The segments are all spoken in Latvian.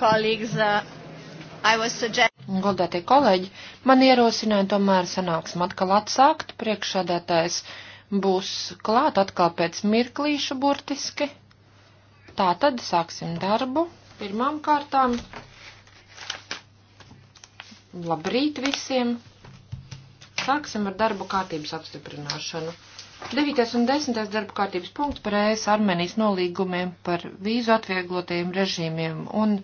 Uh, Godātie kolēģi, man ierosināja tomēr sanāksim atkal atsākt, priekšādātājs būs klāt atkal pēc mirklīšu burtiski. Tā tad sāksim darbu pirmām kārtām. Labrīt visiem! Sāksim ar darbu kārtības apstiprināšanu. 9. un 10. darba kārtības punkts par ES Armēnijas nolīgumiem par vīzu atvieglotajiem režīmiem un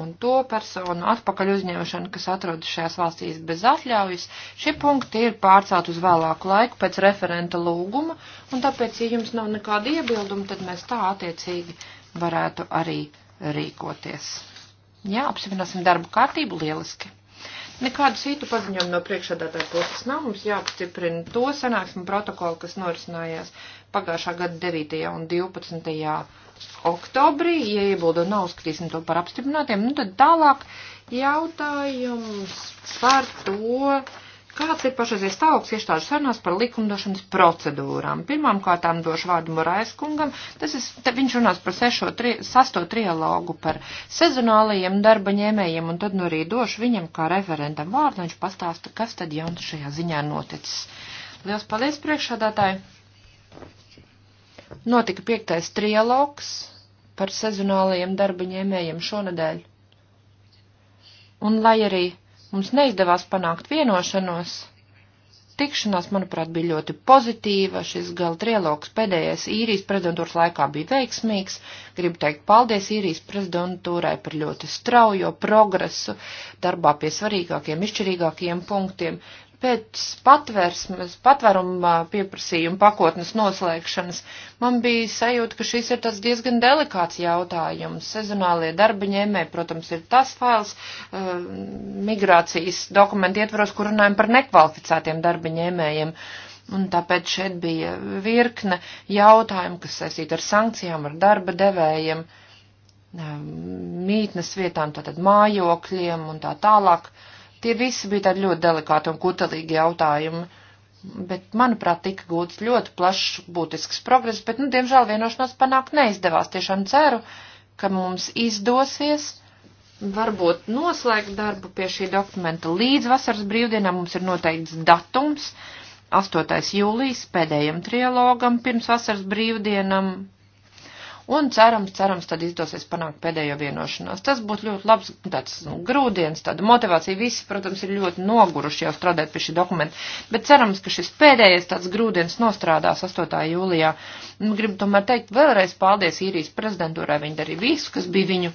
un to personu atpakaļ uzņemšanu, kas atrodas šajās valstīs bez atļaujas, šie punkti ir pārcelt uz vēlāku laiku pēc referenta lūguma, un tāpēc, ja jums nav nekāda iebilduma, tad mēs tā attiecīgi varētu arī rīkoties. Jā, apsvināsim darbu kārtību lieliski. Nekādu citu paziņojumu no priekšādātāja puses nav. Mums jāapstiprina to sanāksmu protokolu, kas norisinājās pagājušā gada 9. un 12 oktobrī, ja iebildumu nav, skatīsim to par apstiprinātiem. Nu, tad tālāk jautājums par to, kāds ir pašreizies stāvoklis iestāžu sarunās par likumdošanas procedūrām. Pirmām kārtām došu vārdu Morais kungam. Tas ir, te, viņš runās par sešo, tri, sasto trialogu par sezonālajiem darba ņēmējiem, un tad nu arī došu viņam kā referentam vārdu, viņš pastāsta, kas tad jauns šajā ziņā noticis. Liels paldies priekšādātāji! Notika piektais trialogs par sezonālajiem darba ņēmējiem šonadēļ. Un lai arī mums neizdevās panākt vienošanos, tikšanās, manuprāt, bija ļoti pozitīva. Šis gala trialogs pēdējais īrijas prezidentūras laikā bija veiksmīgs. Gribu teikt paldies īrijas prezidentūrai par ļoti straujo progresu darbā pie svarīgākiem, izšķirīgākiem punktiem pēc patvērsmes, patvēruma pieprasījuma pakotnes noslēgšanas man bija sajūta, ka šis ir tāds diezgan delikāts jautājums. Sezonālie darba ņēmēji, protams, ir tas fails uh, migrācijas dokumentu ietvaros, kur runājam par nekvalificētiem darba ņēmējiem. Un tāpēc šeit bija virkne jautājumu, kas saistīta ar sankcijām, ar darba devējiem, eh, mītnes vietām, tātad mājokļiem un tā tālāk. Uh, Tie visi bija tādi ļoti delikāti un kutelīgi jautājumi. Bet, manuprāt, tika gūts ļoti plašs, būtisks progress, bet, nu, diemžēl vienošanos panākt neizdevās. Tiešām ceru, ka mums izdosies varbūt noslēgt darbu pie šī dokumenta. Līdz vasaras brīvdienām mums ir noteikts datums, 8. jūlijas pēdējam trialogam pirms vasaras brīvdienam un cerams, cerams, tad izdosies panākt pēdējo vienošanos. Tas būtu ļoti labs tāds nu, grūdienis, tāda motivācija. Visi, protams, ir ļoti noguruši jau strādāt pie šī dokumenta, bet cerams, ka šis pēdējais tāds grūdienis nostrādās 8. jūlijā. Un gribu tomēr teikt vēlreiz paldies īrijas prezidentūrai, viņi darīja visu, kas bija viņu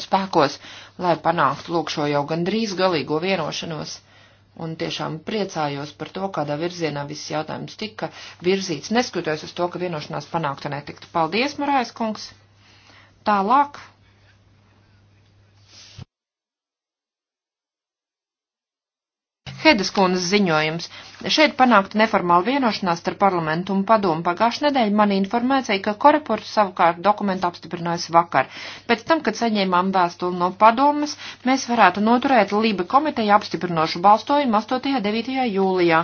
spēkos, lai panāktu lūk šo jau gandrīz galīgo vienošanos. Un tiešām priecājos par to, kādā virzienā viss jautājums tika virzīts, neskatoties uz to, ka vienošanās panākta netikta. Paldies, Marājas kungs! Tālāk Hedas kundas ziņojums. Šeit panākta neformāla vienošanās starp parlamentu un padomu. Pagājušā nedēļa man informēja, ka koreportu savukārt dokumentu apstiprinājis vakar. Pēc tam, kad saņēmām vēstuli no padomas, mēs varētu noturēt Lība komiteja apstiprinošu balstojumu 8. un 9. jūlijā.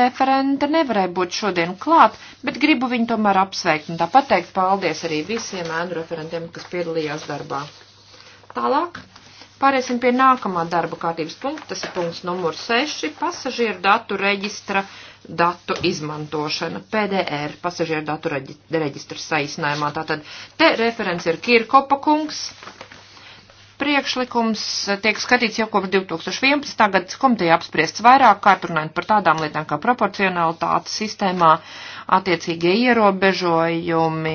Referente nevarēja būt šodien klāt, bet gribu viņu tomēr apsveikt un tā pateikt paldies arī visiem ēnu referentiem, kas piedalījās darbā. Tālāk. Pāriesim pie nākamā darba kārtības punkta, tas ir punkts numur 6 - pasažieru datu reģistra datu izmantošana, PDR, pasažieru datu reģistra saīsinājumā. Tātad te referents ir Kirkopa kungs. Priekšlikums tiek skatīts jau kopš 2011. gada komitejā apspriests vairāk kārt runājot par tādām lietām kā proporcionalitātes sistēmā, attiecīgie ierobežojumi,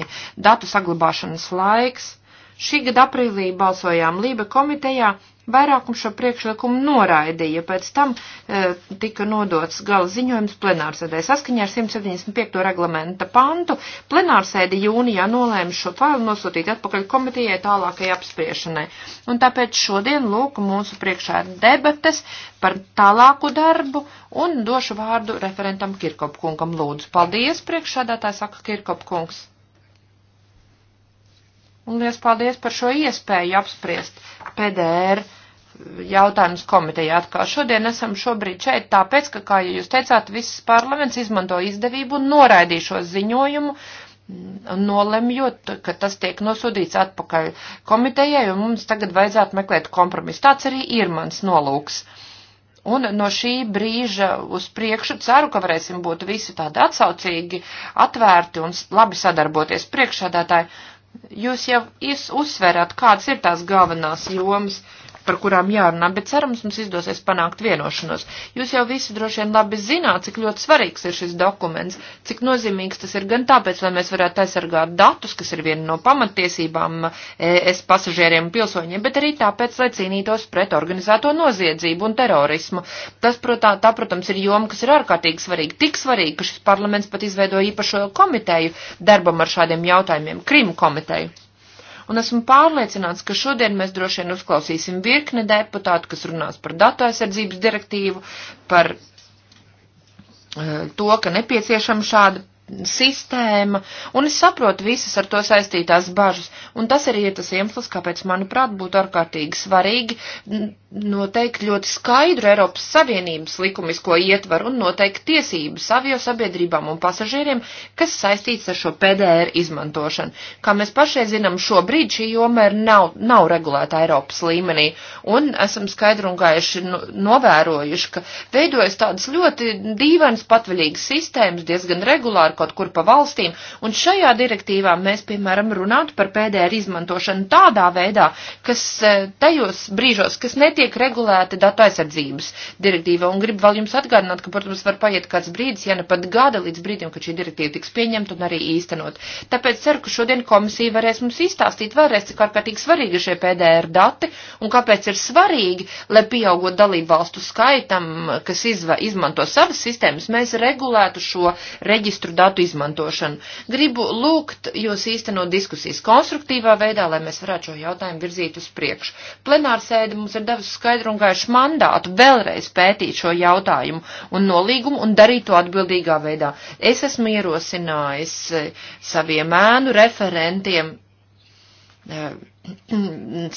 datu saglabāšanas laiks Šī gada aprīlī balsojām Lība komitejā, vairākums šo priekšlikumu noraidīja, pēc tam e, tika nodots gala ziņojums plenārsēdē. Saskaņā ar 175. reglamenta pantu plenārsēdi jūnijā nolēma šo failu nosūtīt atpakaļ komitejai tālākai apspriešanai. Un tāpēc šodien lūk mūsu priekšā ir debates par tālāku darbu un došu vārdu referentam Kirkopkungam lūdzu. Paldies, priekšādātājs saka Kirkopkungs. Un liels paldies par šo iespēju apspriest PDR jautājums komiteja atkal. Šodien esam šobrīd šeit tāpēc, ka, kā jūs teicāt, viss parlaments izmanto izdevību un noraidīja šo ziņojumu, nolemjot, ka tas tiek nosūdīts atpakaļ komitejai, un mums tagad vajadzētu meklēt kompromisu. Tāds arī ir mans nolūks. Un no šī brīža uz priekšu ceru, ka varēsim būt visi tādi atsaucīgi, atvērti un labi sadarboties priekšādātāji Jūs jau uzsverat, kādas ir tās galvenās jomas, par kurām jārunā, bet cerams mums izdosies panākt vienošanos. Jūs jau visi droši vien labi zināt, cik ļoti svarīgs ir šis dokuments, cik nozīmīgs tas ir gan tāpēc, lai mēs varētu aizsargāt datus, kas ir viena no pamatiesībām e, es pasažieriem un pilsoņiem, bet arī tāpēc, lai cīnītos pret organizēto noziedzību un terorismu. Tas, protā, tā, protams, ir joma, kas ir ārkārtīgi svarīga. Tik svarīga, ka šis parlaments pat izveidoja īpašo komiteju darbam ar šādiem jautājumiem - Krimu komiteju un esmu pārliecināts, ka šodien mēs droši vien uzklausīsim virkni deputātu, kas runās par datu aizsardzības direktīvu, par eh, to, ka nepieciešama šāda sistēma, un es saprotu visas ar to saistītās bažas, un tas arī ir tas iemesls, kāpēc, manuprāt, būtu ārkārtīgi svarīgi noteikti ļoti skaidru Eiropas Savienības likumisko ietvaru un noteikti tiesības avio sabiedrībām un pasažieriem, kas saistīts ar šo PDR izmantošanu. Kā mēs pašai zinām, šobrīd šī joma ir nav, nav regulēta Eiropas līmenī un esam skaidru un gaiši novērojuši, ka veidojas tādas ļoti dīvainas patvaļīgas sistēmas diezgan regulāri kaut kur pa valstīm un šajā direktīvā mēs, piemēram, runātu par PDR izmantošanu tādā veidā, kas eh, tajos brīžos, kas netiek tiek regulēti datu aizsardzības direktīva. Un gribu vēl jums atgādināt, ka, protams, var paiet kāds brīdis, ja ne pat gada līdz brīdim, kad šī direktīva tiks pieņemta un arī īstenot. Tāpēc ceru, ka šodien komisija varēs mums izstāstīt vēlreiz, cik ārkārtīgi svarīgi ir šie PDR dati un kāpēc ir svarīgi, lai pieaugot dalību valstu skaitam, kas izva, izmanto savas sistēmas, mēs regulētu šo reģistru datu izmantošanu. Gribu lūgt jūs īstenot diskusijas konstruktīvā veidā, lai mēs varētu šo jautājumu virzīt uz priekšu. Plenārsēde mums ir devusi skaidru un gaišu mandātu vēlreiz pētīt šo jautājumu un nolīgumu un darīt to atbildīgā veidā. Es esmu ierosinājis eh, saviem ēnu referentiem eh,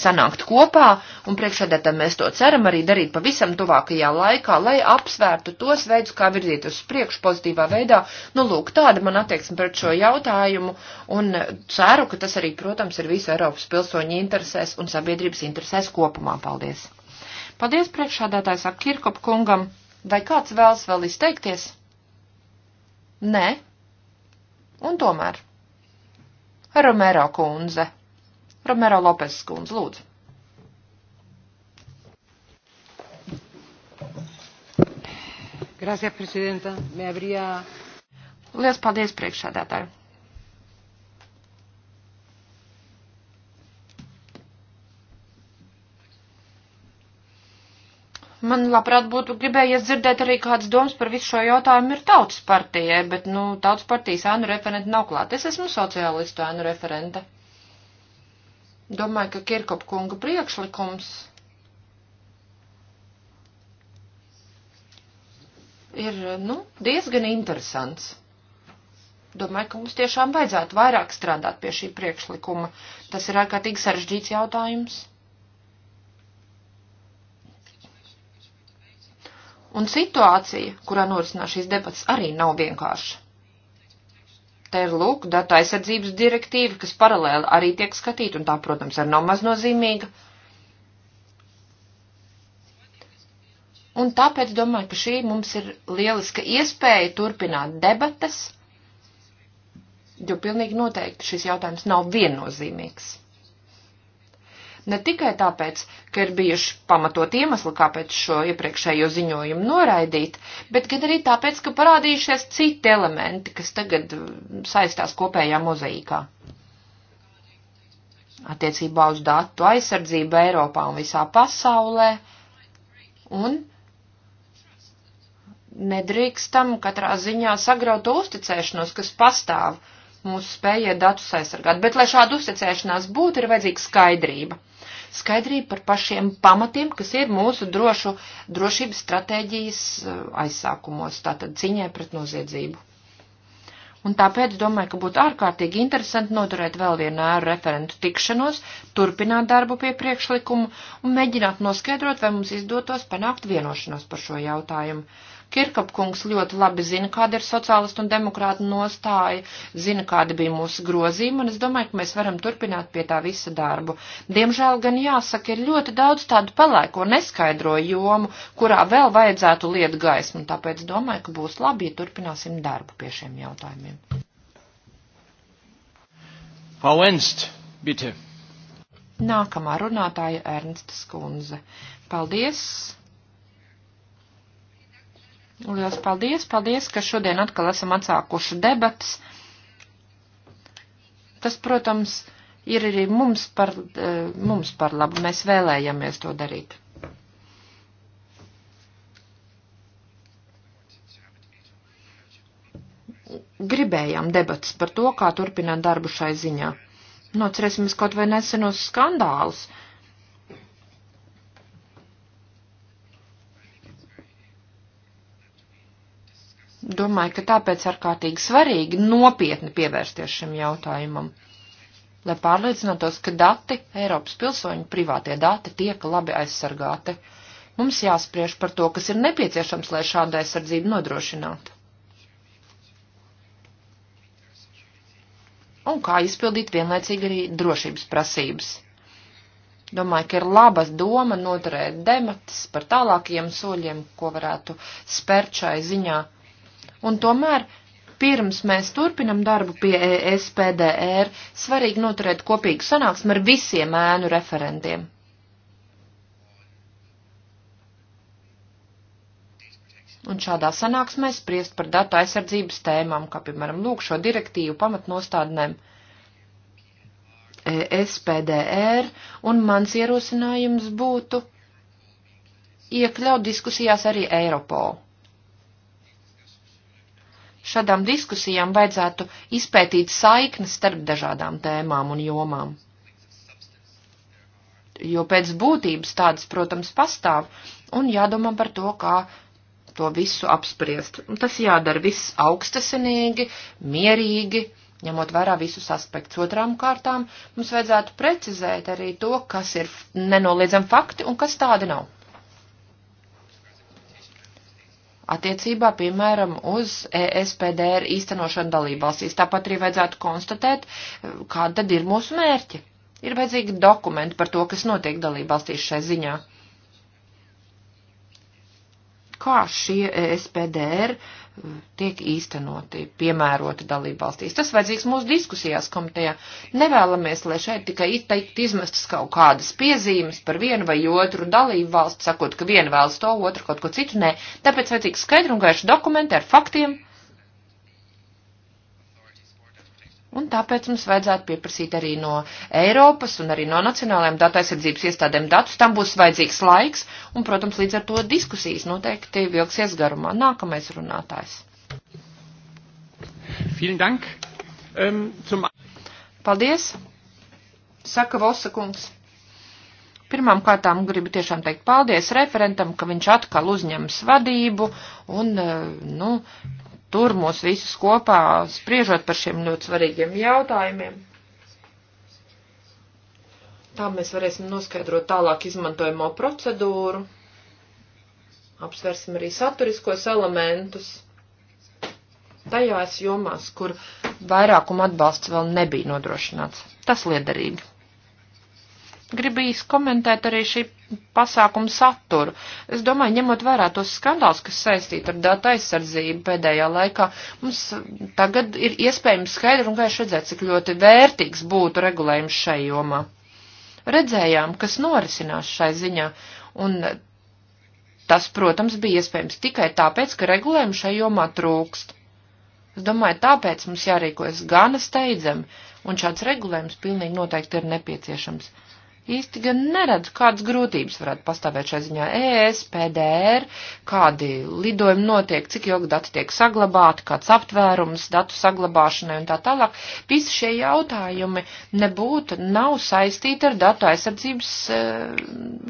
sanākt kopā, un priekšādētā mēs to ceram arī darīt pavisam tuvākajā laikā, lai apsvērtu tos veidus, kā virzīt uz priekšu pozitīvā veidā. Nu, lūk, tāda man attieksme pret šo jautājumu, un eh, ceru, ka tas arī, protams, ir visu Eiropas pilsoņu interesēs un sabiedrības interesēs kopumā. Paldies! Paldies priekšādātājs Akirkop kungam. Vai kāds vēlas vēl izteikties? Nē. Un tomēr. Romero kundze. Romero Lopes kundze, lūdzu. Gracias, presidenta. Me habría... Lielas paldies priekšādātāju. Man labprāt būtu gribējies dzirdēt arī kādas domas par visu šo jautājumu ir tautas partijai, bet, nu, tautas partijas ēnu referenta nav klāt. Es esmu sociālistu ēnu referenta. Domāju, ka Kirkop kunga priekšlikums ir, nu, diezgan interesants. Domāju, ka mums tiešām vajadzētu vairāk strādāt pie šī priekšlikuma. Tas ir ārkārtīgi sarežģīts jautājums. Un situācija, kurā norisinās šīs debats, arī nav vienkārša. Te ir lūk, datu aizsardzības direktīva, kas paralēli arī tiek skatīta, un tā, protams, arī nav maznozīmīga. Un tāpēc domāju, ka šī mums ir lieliska iespēja turpināt debatas, jo pilnīgi noteikti šis jautājums nav viennozīmīgs. Ne tikai tāpēc, ka ir bijuši pamatot iemesli, kāpēc šo iepriekšējo ziņojumu noraidīt, bet gan arī tāpēc, ka parādījušies citi elementi, kas tagad mm, saistās kopējā mozaīkā. Attiecībā uz datu aizsardzību Eiropā un visā pasaulē un nedrīkstam katrā ziņā sagraut uzticēšanos, kas pastāv mūsu spējai datus aizsargāt. Bet, lai šāda uzticēšanās būtu, ir vajadzīga skaidrība skaidrību par pašiem pamatiem, kas ir mūsu drošu, drošības stratēģijas e, aizsākumos, tātad ciņai pret noziedzību. Un tāpēc domāju, ka būtu ārkārtīgi interesanti noturēt vēl vienu ēru referentu tikšanos, turpināt darbu pie priekšlikumu un mēģināt noskaidrot, vai mums izdotos panākt vienošanos par šo jautājumu Kirkapkungs ļoti labi zina, kāda ir sociālistu un demokrātu nostāja, zina, kāda bija mūsu grozīma, un es domāju, ka mēs varam turpināt pie tā visa darbu. Diemžēl gan jāsaka, ir ļoti daudz tādu palēko neskaidro jomu, kurā vēl vajadzētu liet gaismu, tāpēc domāju, ka būs labi, ja turpināsim darbu pie šiem jautājumiem. Frau Ernst, bitte. Nākamā runātāja Ernsta Skunze. Paldies! Lielas paldies, paldies, ka šodien atkal esam atsākuši debats. Tas, protams, ir arī mums par, eh, mums par labu. Mēs vēlējamies to darīt. Gribējām debats par to, kā turpināt darbu šai ziņā. Nocerēsimies nu, kaut vai nesenos skandālus. Uh, domāju, ka tāpēc ārkārtīgi svarīgi nopietni pievērsties šim jautājumam, lai pārliecinātos, ka dati, Eiropas pilsoņu privātie dati, tiek labi aizsargāti. Mums jāspriež par to, kas ir nepieciešams, lai šāda aizsardzība nodrošinātu. Un kā izpildīt vienlaicīgi arī drošības prasības. Domāju, ka ir labas doma noturēt debatas par tālākajiem soļiem, ko varētu spērt šai ziņā Un tomēr, pirms mēs turpinam darbu pie ESPDR, svarīgi noturēt kopīgu sanāksmu ar visiem ēnu referentiem. Un šādā sanāksmē spriest par datu aizsardzības tēmām, kā piemēram lūk šo direktīvu pamatnostādnēm. E SPDR, un mans ierosinājums būtu iekļaut diskusijās arī Eiropolu šādām diskusijām vajadzētu izpētīt saiknes starp dažādām tēmām un jomām. Jo pēc būtības tādas, protams, pastāv, un jādomā par to, kā to visu apspriest. Un tas jādara viss augstasinīgi, mierīgi, ņemot vērā visus aspektus. Otrām kārtām mums vajadzētu precizēt arī to, kas ir nenoliedzami fakti un kas tādi nav. attiecībā, piemēram, uz ESPDR īstenošanu dalībvalstīs. Tāpat arī vajadzētu konstatēt, kāda tad ir mūsu mērķi. Ir vajadzīgi dokumenti par to, kas notiek dalībvalstīs šai ziņā. Kā šie ESPDR tiek īstenoti, piemēroti dalībvalstīs. Tas vajadzīgs mūsu diskusijās komitejā. Nevēlamies, lai šeit tikai izteikt izmestas kaut kādas piezīmes par vienu vai otru dalībvalstu, sakot, ka viena vēlas to, otra kaut ko citu. Nē, tāpēc vajadzīgs skaidru un gaišu dokumentu ar faktiem, Un tāpēc mums vajadzētu pieprasīt arī no Eiropas un arī no nacionālajām datu aizsardzības iestādēm datus. Tam būs vajadzīgs laiks, un, protams, līdz ar to diskusijas noteikti vilksies garumā. Nākamais runātājs. Ähm, paldies, saka Vosakungs. Pirmām kārtām gribu tiešām teikt paldies referentam, ka viņš atkal uzņems vadību un, eh, nu, tur mūs visus kopā spriežot par šiem ļoti svarīgiem jautājumiem. Tā mēs varēsim noskaidrot tālāk izmantojamo procedūru, apsversim arī saturiskos elementus tajās jomās, kur vairākuma atbalsts vēl nebija nodrošināts. Tas liederīgi. Gribu īsi komentēt arī šī pasākumu saturu. Es domāju, ņemot vērā tos skandāls, kas saistīti ar datu aizsardzību pēdējā laikā, mums tagad ir iespējams skaidri un gaiši redzēt, cik ļoti vērtīgs būtu regulējums šai jomā. Redzējām, kas norisinās šai ziņā, un tas, protams, bija iespējams tikai tāpēc, ka regulējumu šai jomā trūkst. Es domāju, tāpēc mums jārīkojas gana steidzami, un šāds regulējums pilnīgi noteikti ir nepieciešams īsti gan neredzu, kādas grūtības varētu pastāvēt šai ziņā. ES, PDR, kādi lidojumi notiek, cik ilgi dati tiek saglabāti, kāds aptvērums datu saglabāšanai un tā tālāk. Visi šie jautājumi nebūtu, nav saistīti ar datu aizsardzības e,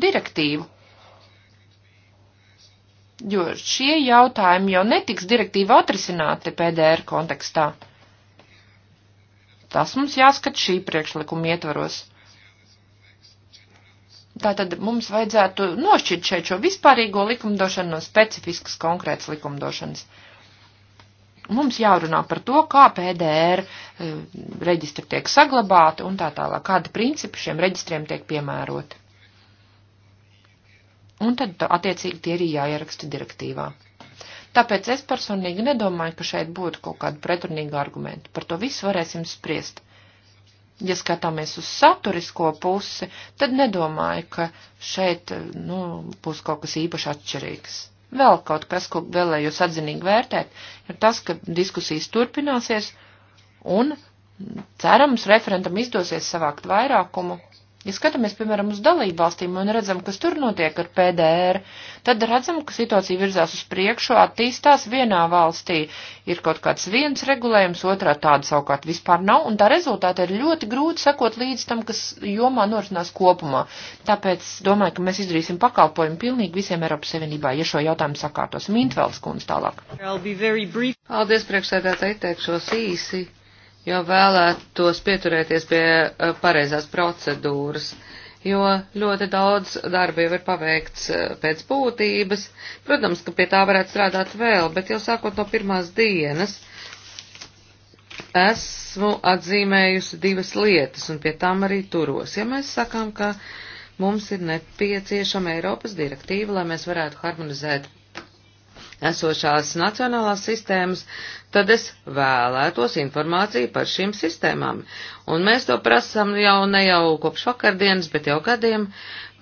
direktīvu. Jo šie jautājumi jau netiks direktīva atrisināti PDR kontekstā. Tas mums jāskat šī priekšlikuma ietvaros. Tātad mums vajadzētu nošķirt šeit šo vispārīgo likumdošanu no specifiskas konkrētas likumdošanas. Mums jārunā par to, kā PDR eh, reģistri tiek saglabāti un tā tālāk, kādi principi šiem reģistriem tiek piemēroti. Un tad attiecīgi tie arī jāieraksta direktīvā. Tāpēc es personīgi nedomāju, ka šeit būtu kaut kāda pretrunīga argumenta. Par to visu varēsim spriest ja skatāmies uz saturisko pusi, tad nedomāju, ka šeit, nu, būs kaut kas īpaši atšķirīgs. Vēl kaut kas, ko vēlējos atzinīgi vērtēt, ir tas, ka diskusijas turpināsies un cerams referentam izdosies savākt vairākumu Ja skatāmies, piemēram, uz dalību valstīm un redzam, kas tur notiek ar PDR, tad redzam, ka situācija virzās uz priekšu, attīstās vienā valstī. Ir kaut kāds viens regulējums, otrā tāda savukārt vispār nav, un tā rezultāti ir ļoti grūti sekot līdz tam, kas jomā norisinās kopumā. Tāpēc domāju, ka mēs izdarīsim pakalpojumu pilnīgi visiem Eiropas Savienībā, ja šo jautājumu sakārtos. Mintvēls kundze tālāk. Paldies, priekšsēdētāji, teikšos īsi jo vēlētos pieturēties pie eh, pareizās procedūras, jo ļoti daudz darba jau ir paveikts eh, pēc būtības. Protams, ka pie tā varētu strādāt vēl, bet jau sākot no pirmās dienas esmu atzīmējusi divas lietas, un pie tām arī turos. Ja mēs sakām, ka mums ir nepieciešama Eiropas direktīva, lai mēs varētu harmonizēt esošās nacionālās sistēmas, tad es vēlētos informāciju par šīm sistēmām. Un mēs to prasam jau ne jau kopš vakardienas, bet jau gadiem.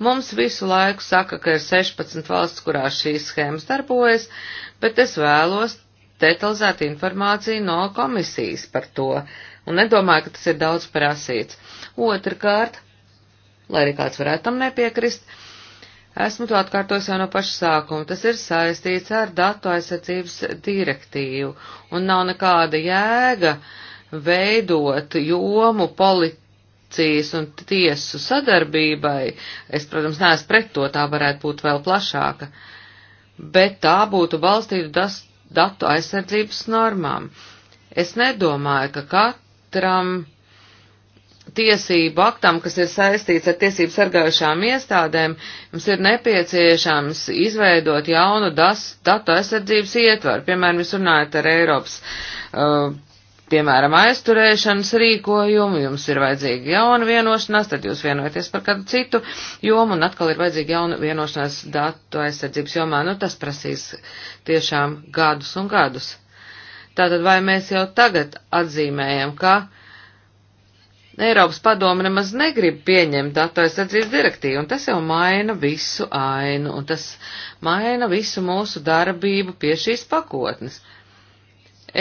Mums visu laiku saka, ka ir 16 valsts, kurās šīs schēmas darbojas, bet es vēlos detalizētu informāciju no komisijas par to, un nedomāju, ka tas ir daudz prasīts. Otrkārt, lai arī kāds varētu tam nepiekrist, uh, Esmu to atkārtos jau no paša sākuma. Tas ir saistīts ar datu aizsardzības direktīvu un nav nekāda jēga veidot jomu policijas un tiesu sadarbībai. Es, protams, neesmu pret to, tā varētu būt vēl plašāka, bet tā būtu balstīta datu aizsardzības normām. Es nedomāju, ka katram tiesību aktam, kas ir saistīts ar tiesību sargājušām iestādēm, mums ir nepieciešams izveidot jaunu das, datu aizsardzības ietvaru. Piemēram, jūs runājat ar Eiropas, uh, piemēram, aizturēšanas rīkojumu, jums ir vajadzīga jauna vienošanās, tad jūs vienojaties par kādu citu jomu un atkal ir vajadzīga jauna vienošanās datu aizsardzības jomā. Nu, tas prasīs tiešām gadus un gadus. Tātad vai mēs jau tagad atzīmējam, ka uh, Eiropas padoma nemaz negrib pieņemt datu aizsardzības direktīvu, un tas jau maina visu ainu, un tas maina visu mūsu darbību pie šīs pakotnes.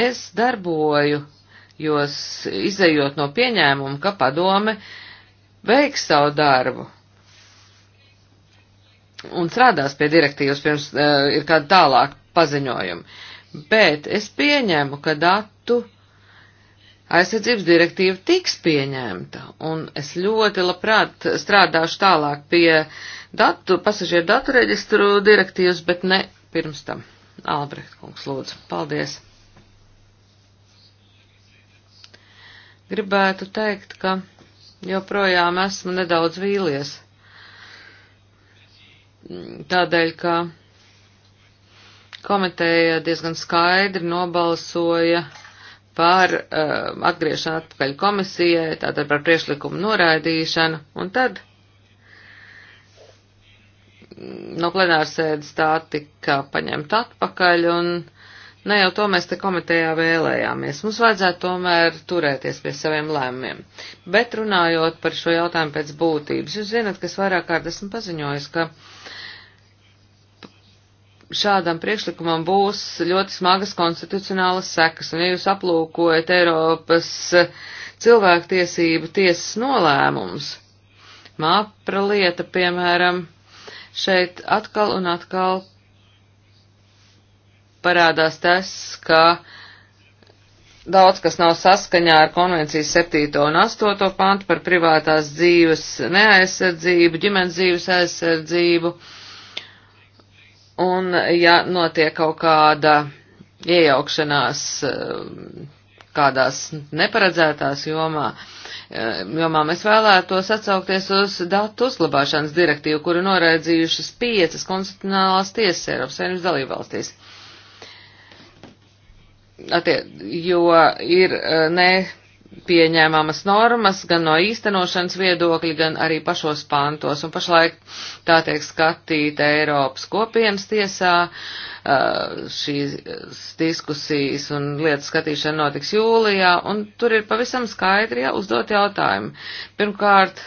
Es darboju, jos izējot no pieņēmuma, ka padome veiks savu darbu un strādās pie direktīvas pirms uh, ir kāda tālāk paziņojuma. Bet es pieņēmu, ka datu aizsardzības direktīva tiks pieņemta, un es ļoti labprāt strādāšu tālāk pie datu, pasažieru datu reģistru direktīvas, bet ne pirms tam. Albrecht kungs, lūdzu, paldies. Gribētu teikt, ka joprojām esmu nedaudz vīlies, tādēļ, ka komiteja diezgan skaidri nobalsoja par uh, um, atgriešanu atpakaļ komisijai, tātad par priešlikumu noraidīšanu, un tad no plenārsēdes tā tika paņemta atpakaļ, un ne jau to mēs te komitejā vēlējāmies. Mums vajadzētu tomēr turēties pie saviem lēmumiem. Bet runājot par šo jautājumu pēc būtības, jūs zinat, ka es vairāk kārt esmu paziņojis, ka uh, šādam priekšlikumam būs ļoti smagas konstitucionālas sekas, un ja jūs aplūkojat Eiropas cilvēktiesību tiesas nolēmums, māpra lieta, piemēram, šeit atkal un atkal parādās tas, ka daudz kas nav saskaņā ar konvencijas 7. un 8. pantu par privātās dzīves neaizsardzību, ģimenes dzīves aizsardzību. Un, ja notiek kaut kāda iejaukšanās eh, kādās neparedzētās jomā, eh, jomā mēs vēlētos atsaukties uz datu uzglabāšanas direktīvu, kuru noraidzījušas piecas konstitucionālās tiesas Eiropas Savienības dalībvalstīs. Atie, jo ir eh, ne pieņēmamas normas, gan no īstenošanas viedokļa, gan arī pašos pantos. Un pašlaik tā tiek skatīta Eiropas kopienas tiesā. Uh, šīs diskusijas un lietas skatīšana notiks jūlijā, un tur ir pavisam skaidri jā, uzdot jautājumu. Pirmkārt,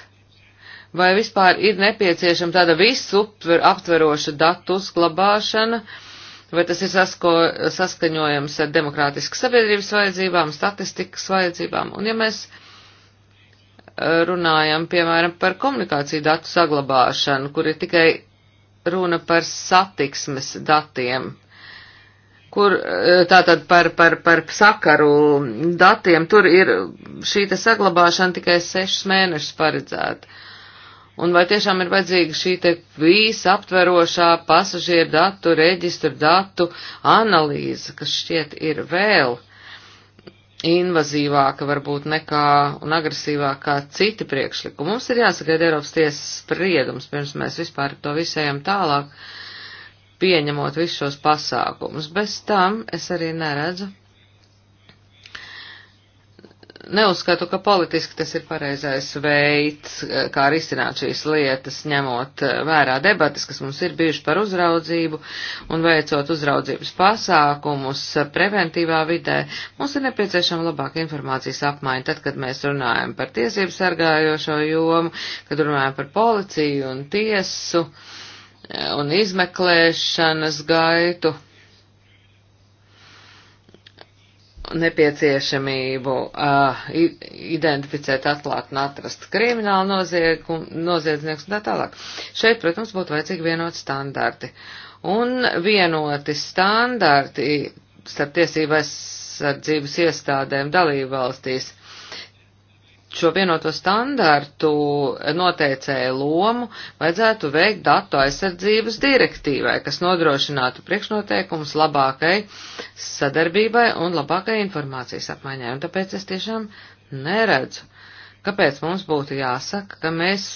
vai vispār ir nepieciešama tāda visu aptveroša datu uzglabāšana? Uh, vai tas ir sasko, saskaņojams ar demokrātiskas sabiedrības vajadzībām, statistikas vajadzībām. Un ja mēs eh, runājam, piemēram, par komunikāciju datu saglabāšanu, kur ir tikai runa par satiksmes datiem, kur eh, tātad par, par, par sakaru datiem, tur ir šī te saglabāšana tikai sešus mēnešus paredzēta. Un vai tiešām ir vajadzīga šī te visaptverošā pasažieru datu, reģistru datu analīze, kas šķiet ir vēl invazīvāka varbūt nekā un agresīvākā citi priekšlikumi. Mums ir jāsagaida Eiropas tiesas spriedums, pirms mēs vispār to visējam tālāk, pieņemot visus šos pasākumus. Bez tam es arī neredzu neuzskatu, ka politiski tas ir pareizais veids, eh, kā risināt šīs lietas, ņemot eh, vērā debatas, kas mums ir bijuši par uzraudzību un veicot uzraudzības pasākumus eh, preventīvā vidē. Mums ir nepieciešama labāka informācijas apmaiņa tad, kad mēs runājam par tiesību sargājošo jomu, kad runājam par policiju un tiesu un izmeklēšanas gaitu nepieciešamību uh, identificēt, atklāt un atrast kriminālu noziedzniekus un tā tālāk. Šeit, protams, būtu vajadzīgi vienot standarti. Un vienoti standarti starp tiesībās sardzības iestādēm dalību valstīs šo vienoto standartu noteicēju lomu vajadzētu veikt datu aizsardzības direktīvai, kas nodrošinātu priekšnoteikumus labākai sadarbībai un labākai informācijas apmaiņai. Un tāpēc es tiešām neredzu, kāpēc mums būtu jāsaka, ka mēs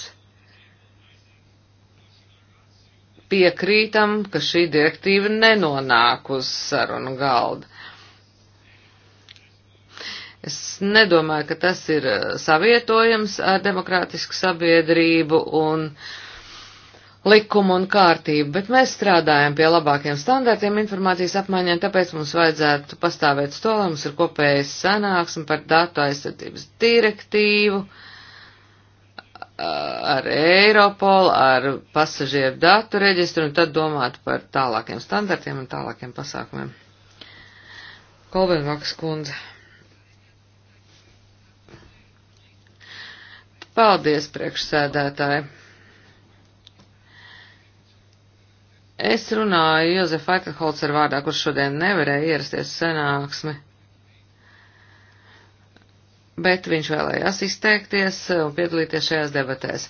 piekrītam, ka šī direktīva nenonāk uz sarunu galda. Es nedomāju, ka tas ir eh, savietojams ar demokrātisku sabiedrību un likumu un kārtību, bet mēs strādājam pie labākiem standartiem informācijas apmaiņiem, tāpēc mums vajadzētu pastāvēt stolā, mums ir kopējas sanāksme par datu aizsardzības direktīvu, ar Eiropolu, ar pasažieru datu reģistru un tad domāt par tālākiem standartiem un tālākiem pasākumiem. Kolbenvaks kundze. Paldies, priekšsēdētāji! Es runāju Jozefa Aikaholcer vārdā, kurš šodien nevarēja ierasties sanāksmi, bet viņš vēlējās izteikties un piedalīties šajās debatēs.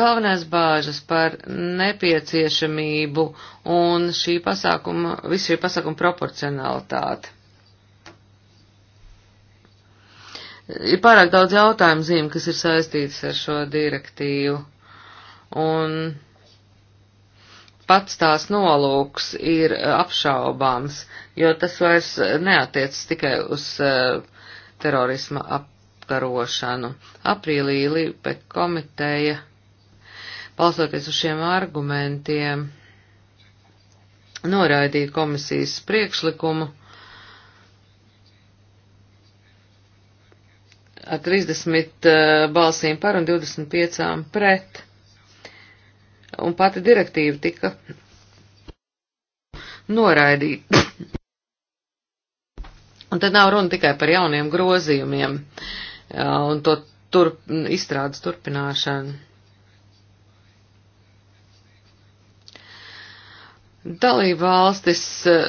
Galvenais bāžas par nepieciešamību un šī pasākuma, visu šī pasākuma proporcionalitāti. ir pārāk daudz jautājumu zīmju, kas ir saistītas ar šo direktīvu. Un pats tās nolūks ir apšaubāms, jo tas vairs neatiec tikai uz uh, terorisma apkarošanu. Aprīlī Lībe komiteja, balsoties uz šiem argumentiem, noraidīja komisijas priekšlikumu ar 30 eh, balsīm par un 25 pret. Un pati direktīva tika noraidīta. Un tad nav runa tikai par jauniem grozījumiem eh, un to tur, izstrādes turpināšanu. Dalībvalstis,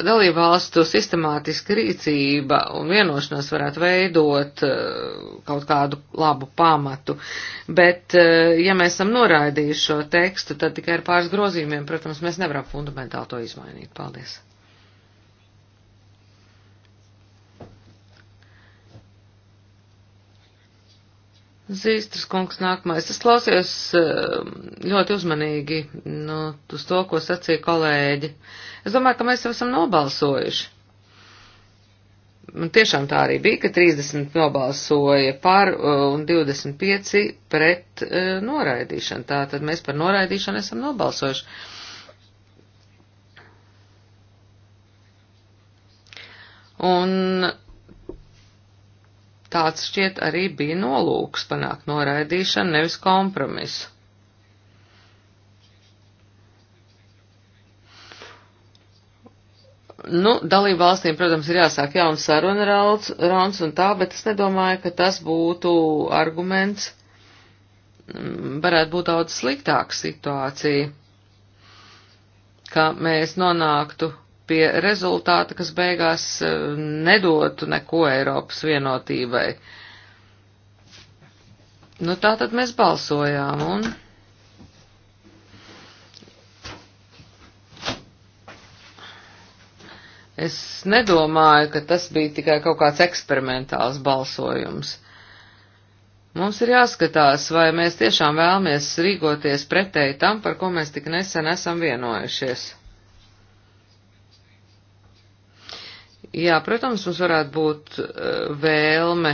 dalībvalstu sistemātiska rīcība un vienošanās varētu veidot eh, kaut kādu labu pamatu, bet eh, ja mēs esam noraidījuši šo tekstu, tad tikai ar pāris grozījumiem, protams, mēs nevaram fundamentāli to izmainīt. Paldies! Zīstras kungs nākamais. Es klausījos ehm, ļoti uzmanīgi nu, uz to, ko sacīja kolēģi. Es domāju, ka mēs jau esam nobalsojuši. Un tiešām tā arī bija, ka 30 nobalsoja par eh, un 25 pret eh, noraidīšanu. Tātad mēs par noraidīšanu esam nobalsojuši. Un Tāds šķiet arī bija nolūks panākt noraidīšanu, nevis kompromisu. Nu, dalību valstīm, protams, ir jāsāk jauns saruna rauns un tā, bet es nedomāju, ka tas būtu arguments. Mm, varētu būt daudz sliktāka situācija, ka mēs nonāktu pie rezultāta, kas beigās e, nedotu neko Eiropas vienotībai. Nu, tā tad mēs balsojām un. Es nedomāju, ka tas bija tikai kaut kāds eksperimentāls balsojums. Mums ir jāskatās, vai mēs tiešām vēlamies rīkoties pretēji tam, par ko mēs tik nesen esam vienojušies. Jā, protams, mums varētu būt eh, vēlme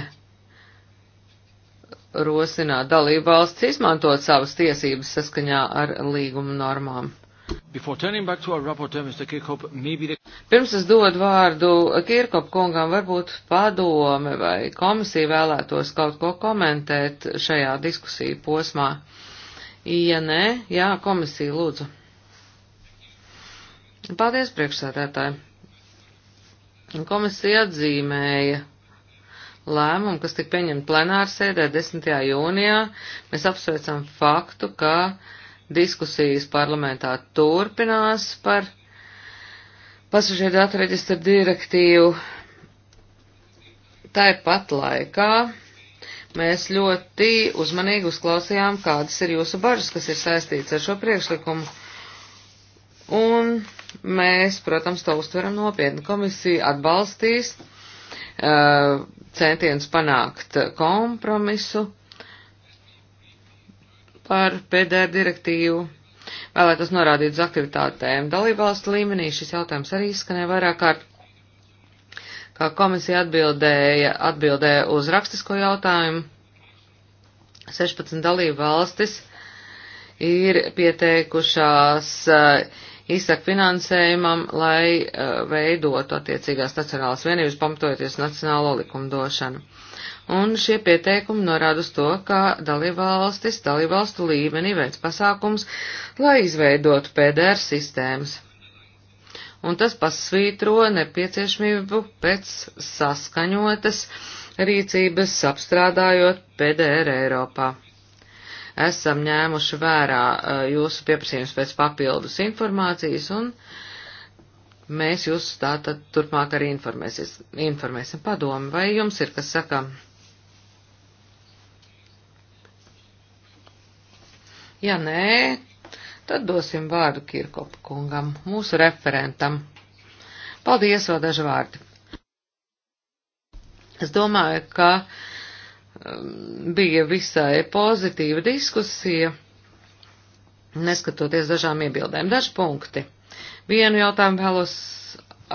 rosināt dalību valsts izmantot savas tiesības saskaņā ar līguma normām. Rapporteur, Kirkhope, the... Pirms es dodu vārdu Kirkop kungam, varbūt padome vai komisija vēlētos kaut ko komentēt šajā diskusiju posmā. Ja nē, jā, komisija lūdzu. Paldies, priekšsēdētāji. Komisija atzīmēja lēmumu, kas tika pieņemta plenāra sēdē 10. jūnijā. Mēs apsveicam faktu, ka diskusijas parlamentā turpinās par pasažieru datu reģistra direktīvu. Tāpat laikā mēs ļoti uzmanīgi uzklausījām, kādas ir jūsu bažas, kas ir saistīts ar šo priekšlikumu. Un Mēs, protams, to uztveram nopietni. Komisija atbalstīs uh, centienus panākt kompromisu par PDR direktīvu. Vēlētos norādīt uz aktivitātēm dalībvalstu līmenī. Šis jautājums arī izskanēja vairāk kārt. Kā komisija atbildēja, atbildēja uz rakstisko jautājumu, 16 dalību valstis ir pieteikušās uh, izsaka finansējumam, lai uh, veidotu attiecīgās nacionālas vienības, pamatojoties nacionālo likumdošanu. Un šie pieteikumi norāda uz to, ka dalībvalstis dalībvalstu līmenī veids pasākums, lai izveidotu PDR sistēmas. Un tas pasvītro nepieciešamību pēc saskaņotas rīcības apstrādājot PDR Eiropā esam ņēmuši vērā eh, jūsu pieprasījums pēc papildus informācijas un mēs jūs tātad turpmāk arī informēsim padomu. Vai jums ir kas sakām? Ja nē, tad dosim vārdu Kirkopu kungam, mūsu referentam. Paldies, vēl daži vārdi. Es domāju, ka Um, bija visai pozitīva diskusija, neskatoties dažām iebildēm. Daži punkti. Vienu jautājumu vēlos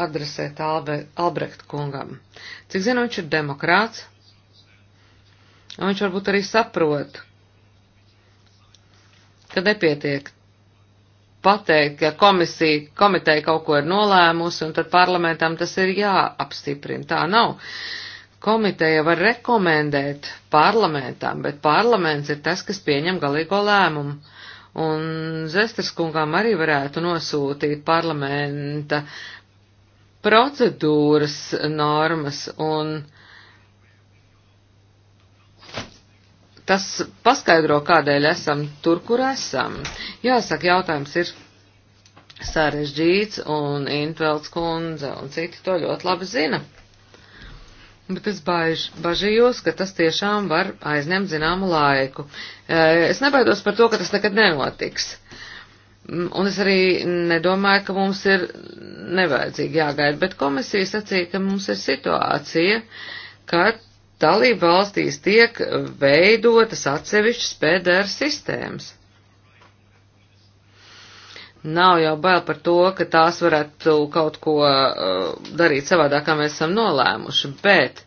adresēt Albe, Albrecht kungam. Cik zinu, viņš ir demokrāts, un viņš varbūt arī saprot, ka nepietiek pateikt, ka komisija, komiteja kaut ko ir nolēmusi, un tad parlamentam tas ir jāapstiprina. Tā nav. Uh, komiteja var rekomendēt parlamentam, bet parlaments ir tas, kas pieņem galīgo lēmumu. Un Zestras kungām arī varētu nosūtīt parlamenta procedūras normas un tas paskaidro, kādēļ esam tur, kur esam. Jāsaka, jautājums ir sarežģīts un Intvelds kundze un citi to ļoti labi zina. Bet es baiž, bažījos, ka tas tiešām var aizņemt zināmu laiku. E, es nebaidos par to, ka tas nekad nenotiks. Un es arī nedomāju, ka mums ir nevajadzīgi jāgaida, bet komisija sacīja, ka mums ir situācija, ka dalība valstīs tiek veidotas atsevišķas PDR sistēmas. Nav jau bail par to, ka tās varētu kaut ko uh, darīt savādāk, kā mēs esam nolēmuši, bet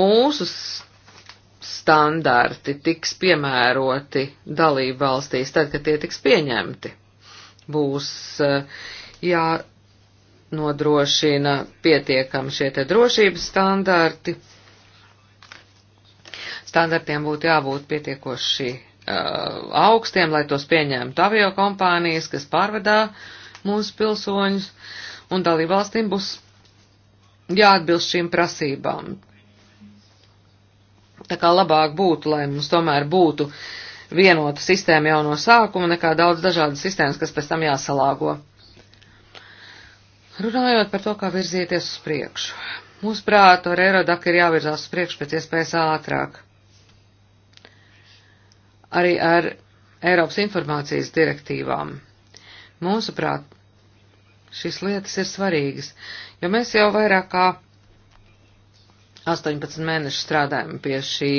mūsu standarti tiks piemēroti dalību valstīs, tad, kad tie tiks pieņemti. Būs uh, jānodrošina pietiekami šie te drošības standarti. Standartiem būtu jābūt pietiekoši Uh, augstiem, lai tos pieņemtu avio kompānijas, kas pārvedā mūsu pilsoņus, un dalībvalstīm būs jāatbilst šīm prasībām. Tā kā labāk būtu, lai mums tomēr būtu vienota sistēma jau no sākuma, nekā daudz dažādas sistēmas, kas pēc tam jāsalāgo. Runājot par to, kā virzīties uz priekšu. Mūsuprāt, ar Eirodaku ir jāvirzās uz priekšu pēc iespējas ātrāk arī ar Eiropas informācijas direktīvām. Mūsuprāt, šīs lietas ir svarīgas, jo mēs jau vairāk kā 18 mēnešu strādājam pie šī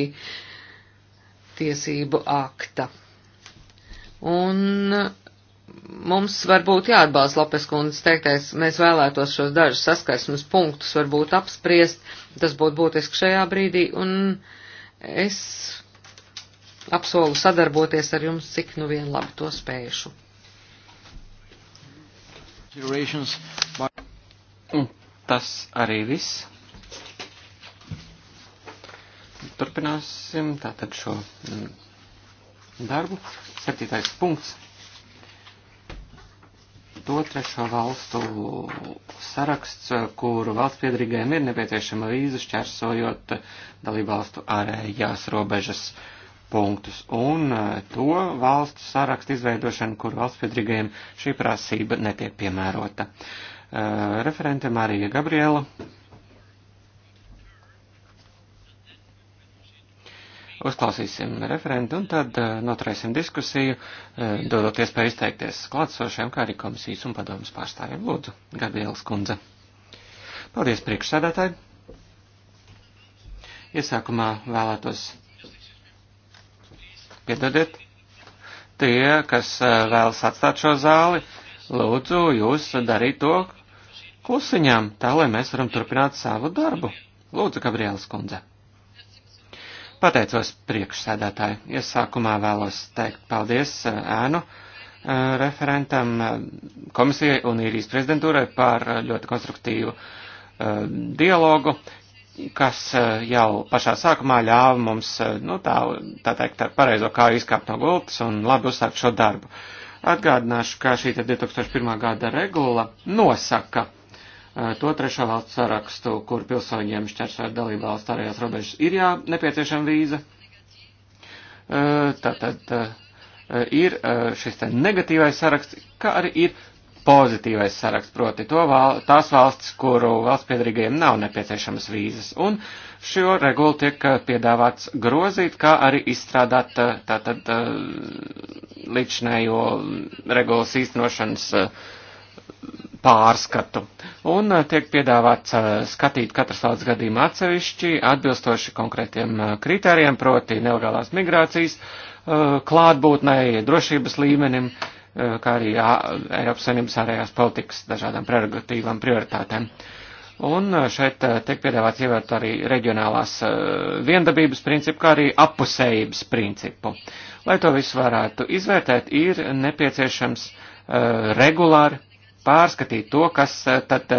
tiesību akta. Un mums varbūt jāatbalsta Lopes kundzes teiktais, mēs vēlētos šos dažus saskarsmes punktus varbūt apspriest, tas būtu būtiski šajā brīdī, un es apsolu sadarboties ar jums, cik nu vien labi to spējušu. Un tas arī viss. Turpināsim tātad šo mm, darbu. Septītais punkts. To trešo valstu saraksts, kuru valsts piedrīgajiem ir nepieciešama vīza šķērsojot dalībvalstu ārējās robežas. Uh, punktus un e, to valstu sarakstu izveidošanu, kur valsts piedrīgajiem šī prasība netiek piemērota. E, referente Marija Gabriela. Uzklausīsim referentu un tad e, noturēsim diskusiju, dodot iespēju izteikties klātsošiem, kā arī komisijas un padomas pārstāvjiem. Lūdzu, Gabrielas kundze. Paldies priekšsēdētāji. Iesākumā vēlētos piedodiet, tie, kas vēlas atstāt šo zāli, lūdzu jūs darīt to klusiņām, tā lai mēs varam turpināt savu darbu. Lūdzu, Gabrielas kundze. Pateicos priekšsēdētāji. Iesākumā vēlos teikt paldies ēnu referentam komisijai un īrijas prezidentūrai par ļoti konstruktīvu dialogu kas eh, jau pašā sākumā ļāva mums, eh, nu tā, tā teikt, ar pareizo kāju izkāpt no gultas un labi uzsākt šo darbu. Atgādināšu, ka šī 2001. gada regula nosaka eh, to trešo valstu sarakstu, kur pilsoņiem šķērsot dalību valsts ārējās robežas ir jā, nepieciešama vīza. Tātad ir šis te negatīvais saraksts, kā arī ir pozitīvais saraksts, proti to val, tās valsts, kuru valsts piedarīgajiem nav nepieciešamas vīzas. Un šo regulu tiek eh, piedāvāts grozīt, kā arī izstrādāt eh, tātad eh, līdzinējo regulas īstenošanas pārskatu. Un tiek piedāvāts skatīt katras valsts gadījumu atsevišķi, atbilstoši konkrētiem kritērijiem, proti nelegālās migrācijas klātbūtnei, drošības līmenim, uh, kā arī Eiropas Savienības ārējās politikas dažādām prerogatīvām prioritātēm. Un šeit tiek piedāvāts ievērt arī reģionālās viendabības principu, kā arī apusējības principu. Lai to visu varētu izvērtēt, ir nepieciešams regulāri pārskatīt to, kas tad,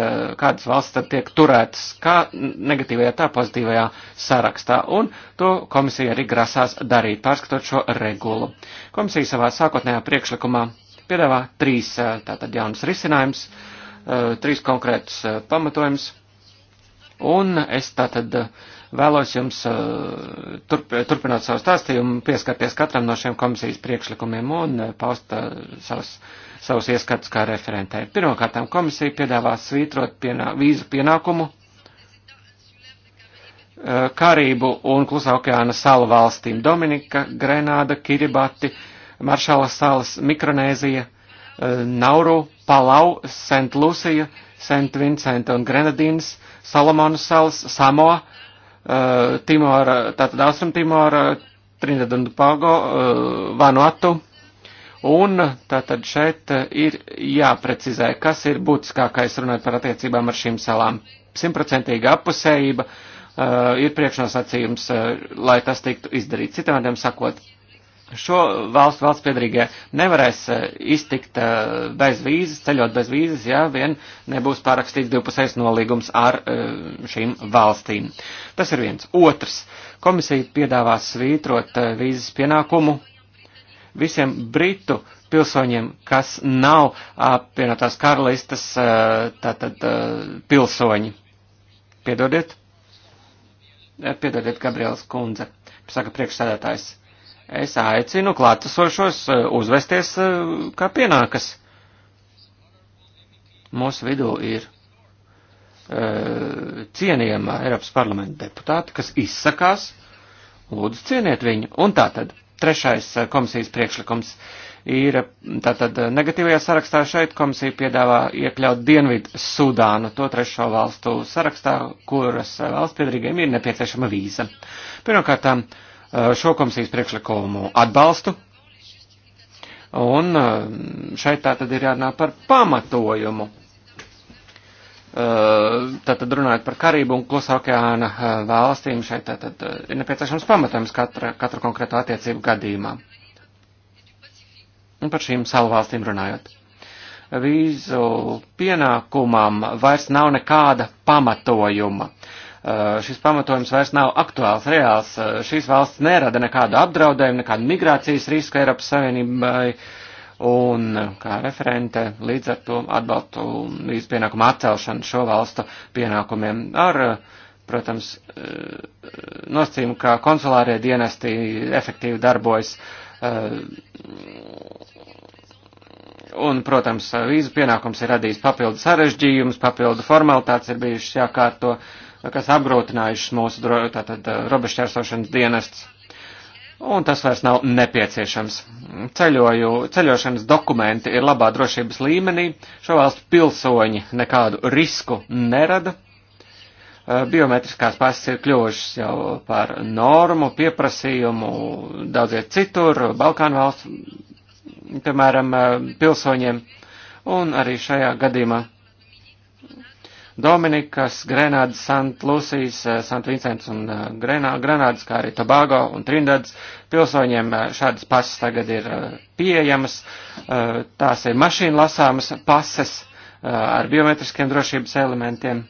kādas valsts tad tiek turētas kā negatīvajā, tā pozitīvajā sarakstā, un to komisija arī grasās darīt, pārskatot šo regulu. Komisija savā sākotnējā priekšlikumā piedāvā trīs eh, tātad jaunas risinājums, eh, trīs konkrētus eh, pamatojums. Un es tātad vēlos jums turp, turpināt savu stāstījumu, pieskarties katram no šiem komisijas priekšlikumiem un paust savus, savus ieskatus kā referentē. Pirmkārtām komisija piedāvā svītrot pienā, vīzu pienākumu Karību un Klusā okeāna salu valstīm - Dominika, Grenāda, Kiribati, Maršalas salas, Mikronēzija, eh, Nauru, Palau, St. Lucija, St. Vincent un Grenadīnas, Salomonu salas, Samoa, eh, Timora, tātad Austrum Timora, Trinidad un Pago, eh, Vanuatu. Un tātad šeit ir jāprecizē, kas ir būtiskākais runāt par attiecībām ar šīm salām. Simtprocentīga apusējība uh, ir priekšnosacījums, uh, lai tas tiktu izdarīts. Citādiem sakot, šo valstu valsts piedarīgie nevarēs eh, iztikt eh, bez vīzes, ceļot bez vīzes, ja vien nebūs pārakstīts divpusējs nolīgums ar eh, šīm valstīm. Tas ir viens. Otrs. Komisija piedāvās svītrot vīzes pienākumu visiem Britu pilsoņiem, kas nav apvienotās karalistas tātad, pilsoņi. Piedodiet? Piedodiet, Gabrielas kundze, saka priekšsēdētājs Es aicinu klātesošos eh, uzvesties, eh, kā pienākas. Mūsu vidū ir eh, cienījamā Eiropas parlamenta deputāti, kas izsakās, lūdzu cieniet viņu. Un tātad trešais komisijas priekšlikums ir, tātad negatīvajā sarakstā šeit komisija piedāvā iekļaut Dienvidu Sudānu, to trešo valstu sarakstā, kuras valsts piedrīgiem ir nepieciešama vīza. Pirmkārtām, uh, šo komisijas priekšlikumu atbalstu. Un šeit tā tad ir jārunā par pamatojumu. Tātad runājot par Karību un Klusā okeāna valstīm, šeit tātad ir nepieciešams pamatojums katra, katra konkrēta attiecību gadījumā. Un par šīm salu valstīm runājot. Vīzu pienākumam vairs nav nekāda pamatojuma. Uh, Eh, šis pamatojums vairs nav aktuāls, reāls. Eh, šīs valsts nerada nekādu apdraudējumu, nekādu migrācijas risku Eiropas Savienībai. Un eh, kā referente līdz ar to atbalstu vīzu pienākumu atcelšanu šo valstu pienākumiem ar, protams, nosacījumu, ka konsulārie dienesti efektīvi darbojas un, protams, vīzu pienākums ir radījis papildu sarežģījumus, papildu formalitātes ir bijušas jākārto. Uh, kas apgrūtinājušas mūsu tātad, robežķērsošanas dienests. Un tas vairs nav nepieciešams. Ceļoju, ceļošanas dokumenti ir labā drošības līmenī, šo valstu pilsoņi nekādu risku nerada. Biometriskās pases ir kļuvušas jau par normu, pieprasījumu daudziet citur, Balkānu valstu, piemēram, pilsoņiem. Un arī šajā gadījumā Dominikas, Grenādas, Sant Lūsijas, eh, Sant Vincents un eh, Grenā, Grenādas, kā arī Tobago un Trindadas pilsoņiem eh, šādas pasas tagad ir pieejamas. Tās ir mašīna lasāmas pases ar biometriskiem drošības elementiem.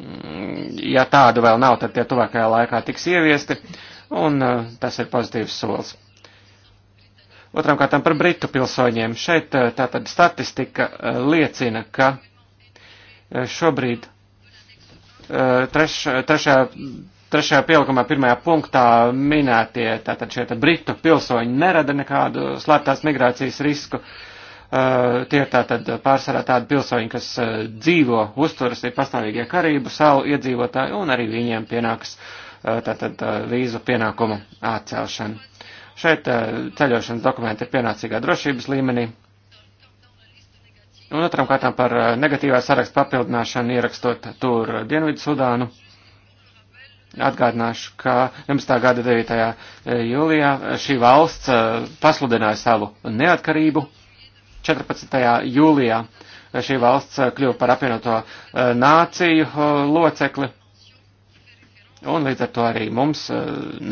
Mm, ja tādu vēl nav, tad tie tuvākajā laikā tiks ieviesti, un tas ir pozitīvs solis. Otram kārtām par britu pilsoņiem. Šeit tātad statistika liecina, ka Eh, šobrīd eh, treš, trešajā, trešajā pielikumā pirmajā punktā minētie, tātad šie tā britu pilsoņi nerada nekādu slēptās migrācijas risku. Eh, tie ir tātad pārsvarā tādi pilsoņi, kas dzīvo, uzturas ir pastāvīgie Karību salu iedzīvotāji un arī viņiem pienāks tātad vīzu pienākumu atcelšana. Šeit ceļošanas dokumenti ir pienācīgā drošības līmenī, Un otram kārtām par eh, negatīvā sarakstu papildināšanu ierakstot tur Dienvidu Sudānu. Atgādināšu, ka 11. gada 9. Eh, jūlijā eh, šī valsts pasludināja savu neatkarību. 14. jūlijā šī valsts kļuva par apvienoto nāciju locekli. Un līdz ar to arī mums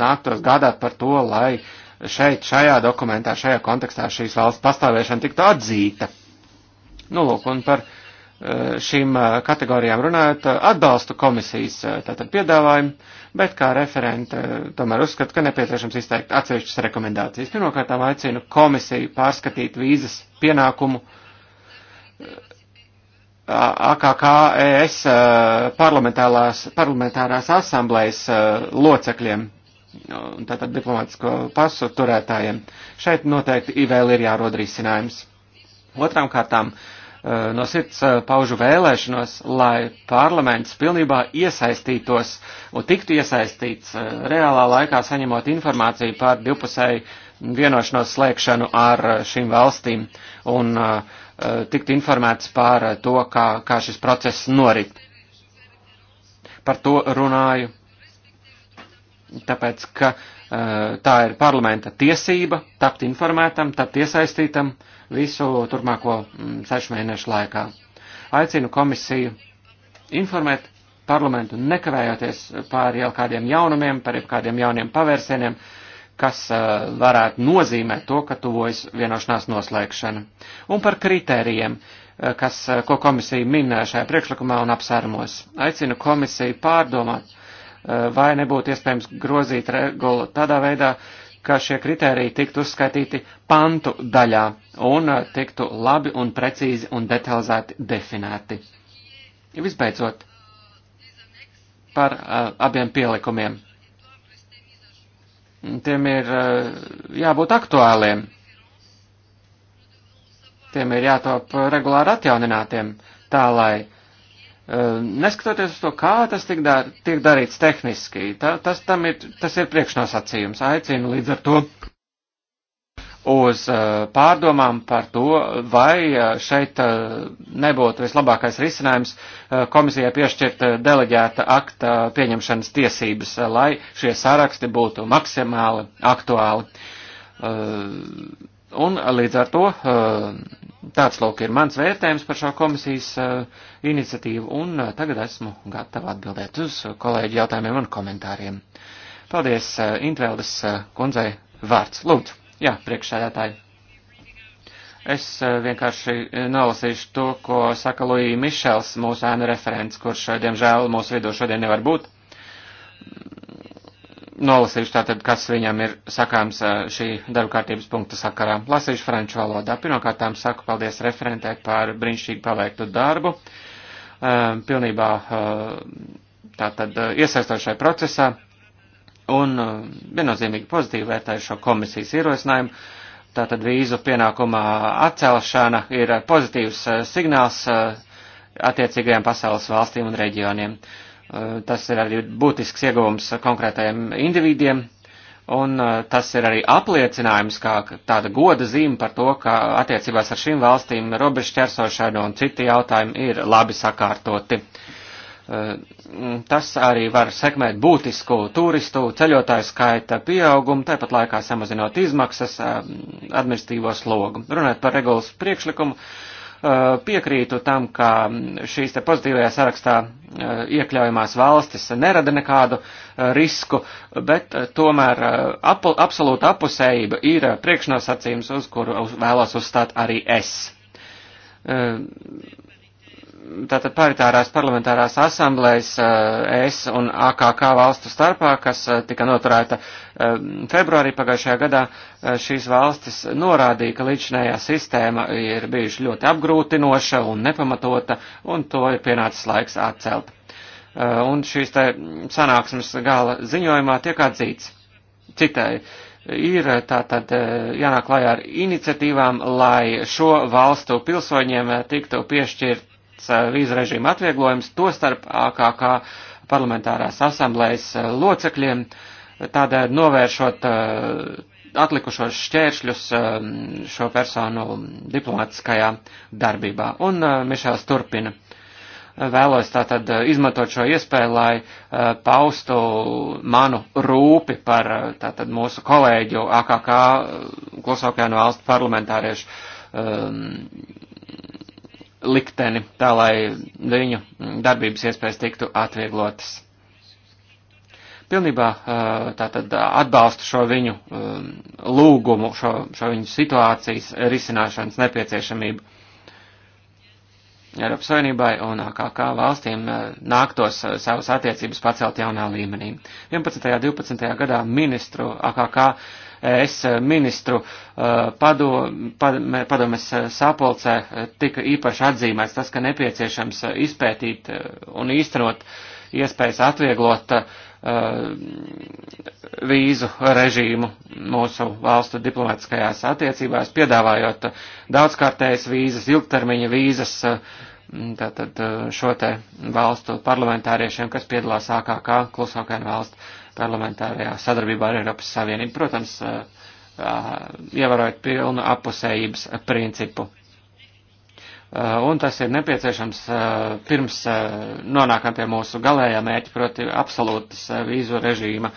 nāktos gādāt par to, lai šeit, šajā dokumentā, šajā kontekstā šīs valsts pastāvēšana tiktu atzīta Nu, lūk, un par e, šīm e, kategorijām runājot, e, atbalstu komisijas tātad piedāvājumu, bet kā referente tomēr uzskata, ka nepieciešams izteikt atsevišķas rekomendācijas. Pirmkārt, aicinu komisiju pārskatīt vīzas pienākumu AKK ES parlamentārās, parlamentārās asamblējas locekļiem, tātad diplomātisko pasu turētājiem. Šeit noteikti vēl ir jārod risinājums. Otram kārtām, uh, Eh, no sirds eh, paužu vēlēšanos, lai parlaments pilnībā iesaistītos un tiktu iesaistīts eh, reālā laikā saņemot informāciju par divpusēju vienošanos slēgšanu ar šīm valstīm un tikt informēts par to, kā, kā šis process norit. Par to runāju, tāpēc, ka uh, Eh, tā ir parlamenta tiesība tapt informētam, tapt iesaistītam visu turpmāko mm, sešu mēnešu laikā. Aicinu komisiju informēt parlamentu nekavējoties par jau kādiem jaunumiem, par jau kādiem jauniem pavērsieniem, kas uh, varētu nozīmēt to, ka tuvojas vienošanās noslēgšana. Un par kritērijiem, eh, kas, ko komisija min šajā priekšlikumā un apsērumos. Aicinu komisiju pārdomāt Eh, vai nebūtu iespējams grozīt regulu tādā veidā, ka šie kriteriji tiktu uzskaitīti pantu daļā un eh, tiktu labi un precīzi un detalizēti definēti. Visbeidzot, par uh, abiem pielikumiem. Tiem ir uh, jābūt aktuāliem. Tiem ir jātop regulāri atjauninātiem, tā lai uh, Ehm, neskatoties uz to, kā tas tiek, dar, tiek darīts tehniski, tā, tas, ir, tas ir priekšnosacījums. Aicinu līdz ar to uz eh, pārdomām par to, vai eh, šeit eh, nebūtu vislabākais risinājums komisijai piešķirt deleģēta akta pieņemšanas tiesības, lai šie saraksti būtu maksimāli aktuāli. Ehm, Un līdz ar to eh, tāds lūk ir mans vērtējums par šo komisijas eh, iniciatīvu, un eh, tagad esmu gatava atbildēt uz kolēģi jautājumiem un komentāriem. Paldies, Intveldes kundzei vārds. Lūdzu, jā, priekšsēdētāji. Es vienkārši nolasīšu to, ko saka Lūija Mišels, mūsu ēnu referents, kurš, diemžēl, mūsu vidū šodien nevar būt nolasīšu tātad, kas viņam ir sakāms šī darba kārtības punkta sakarā. Lasīšu franču valodā. Pirmkārtām saku paldies referentē par brīnišķīgi paveiktu darbu. Pilnībā tātad iesaistošai procesā un viennozīmīgi pozitīvi vērtēju šo komisijas ierosinājumu. Tātad vīzu pienākumā atcelšana ir pozitīvs signāls attiecīgajām pasaules valstīm un reģioniem. Uh, Eh, tas ir arī būtisks ieguvums konkrētajiem individiem, un eh, tas ir arī apliecinājums, kā tāda goda zīme par to, ka attiecībās ar šīm valstīm robežu ķersošana un citi jautājumi ir labi sakārtoti. Eh, tas arī var sekmēt būtisku turistu ceļotāju skaita pieaugumu, tāpat laikā samazinot izmaksas administrīvo slogu. Runājot par regulas priekšlikumu, Eh, piekrītu tam, ka šīs te pozitīvajā sarakstā eh, iekļaujamās valstis nerada nekādu eh, risku, bet tomēr apu, absolūta apusējība ir priekšnosacījums, uz kuru vēlos uzstāt arī es tātad paritārās parlamentārās asamblējas eh, ES un AKK valstu starpā, kas eh, tika noturēta eh, februārī pagājušajā gadā, šīs valstis norādīja, ka līdzinējā sistēma ir bijuši ļoti apgrūtinoša un nepamatota, un to ir pienācis laiks atcelt. Un šīs te sanāksmes gala ziņojumā tiek atzīts. Citai ir tātad jānāk klajā ar iniciatīvām, lai šo valstu pilsoņiem tiktu piešķirt Eh, vīzu režīma atvieglojums to starp AKK parlamentārās asamblējas eh, locekļiem, tādēļ novēršot eh, atlikušos šķēršļus šo personu diplomātiskajā darbībā. Un Mišels turpina. Vēlos tātad izmantot šo iespēju, lai paustu manu rūpi par tātad mūsu kolēģu AKK klusākajā no valstu parlamentāriešu um, likteni, tā lai viņu darbības iespējas tiktu atvieglotas. Pilnībā eh, tātad atbalstu šo viņu eh, lūgumu, šo, šo viņu situācijas risināšanas nepieciešamību. Eiropas Savienībai un AKK valstīm eh, nāktos savas attiecības pacelt jaunā līmenī. 11. un 12. gadā ministru AKK ES eh, ministru eh, padomes eh, sapulcē tika īpaši atzīmēts tas, ka nepieciešams izpētīt un īstenot iespējas atvieglot vīzu režīmu mūsu valstu diplomatiskajās attiecībās, piedāvājot daudzkārtējas vīzas, ilgtermiņa vīzas, tātad šo te valstu parlamentāriešiem, kas piedalās AKK klusākajā valstu parlamentārajā sadarbībā ar Eiropas Savienību, protams, eh, eh, ievērojot pilnu apusējības principu. Eh, un tas ir nepieciešams pirms nonākam pie mūsu galējā mērķa, proti absolūtas vīzu režīma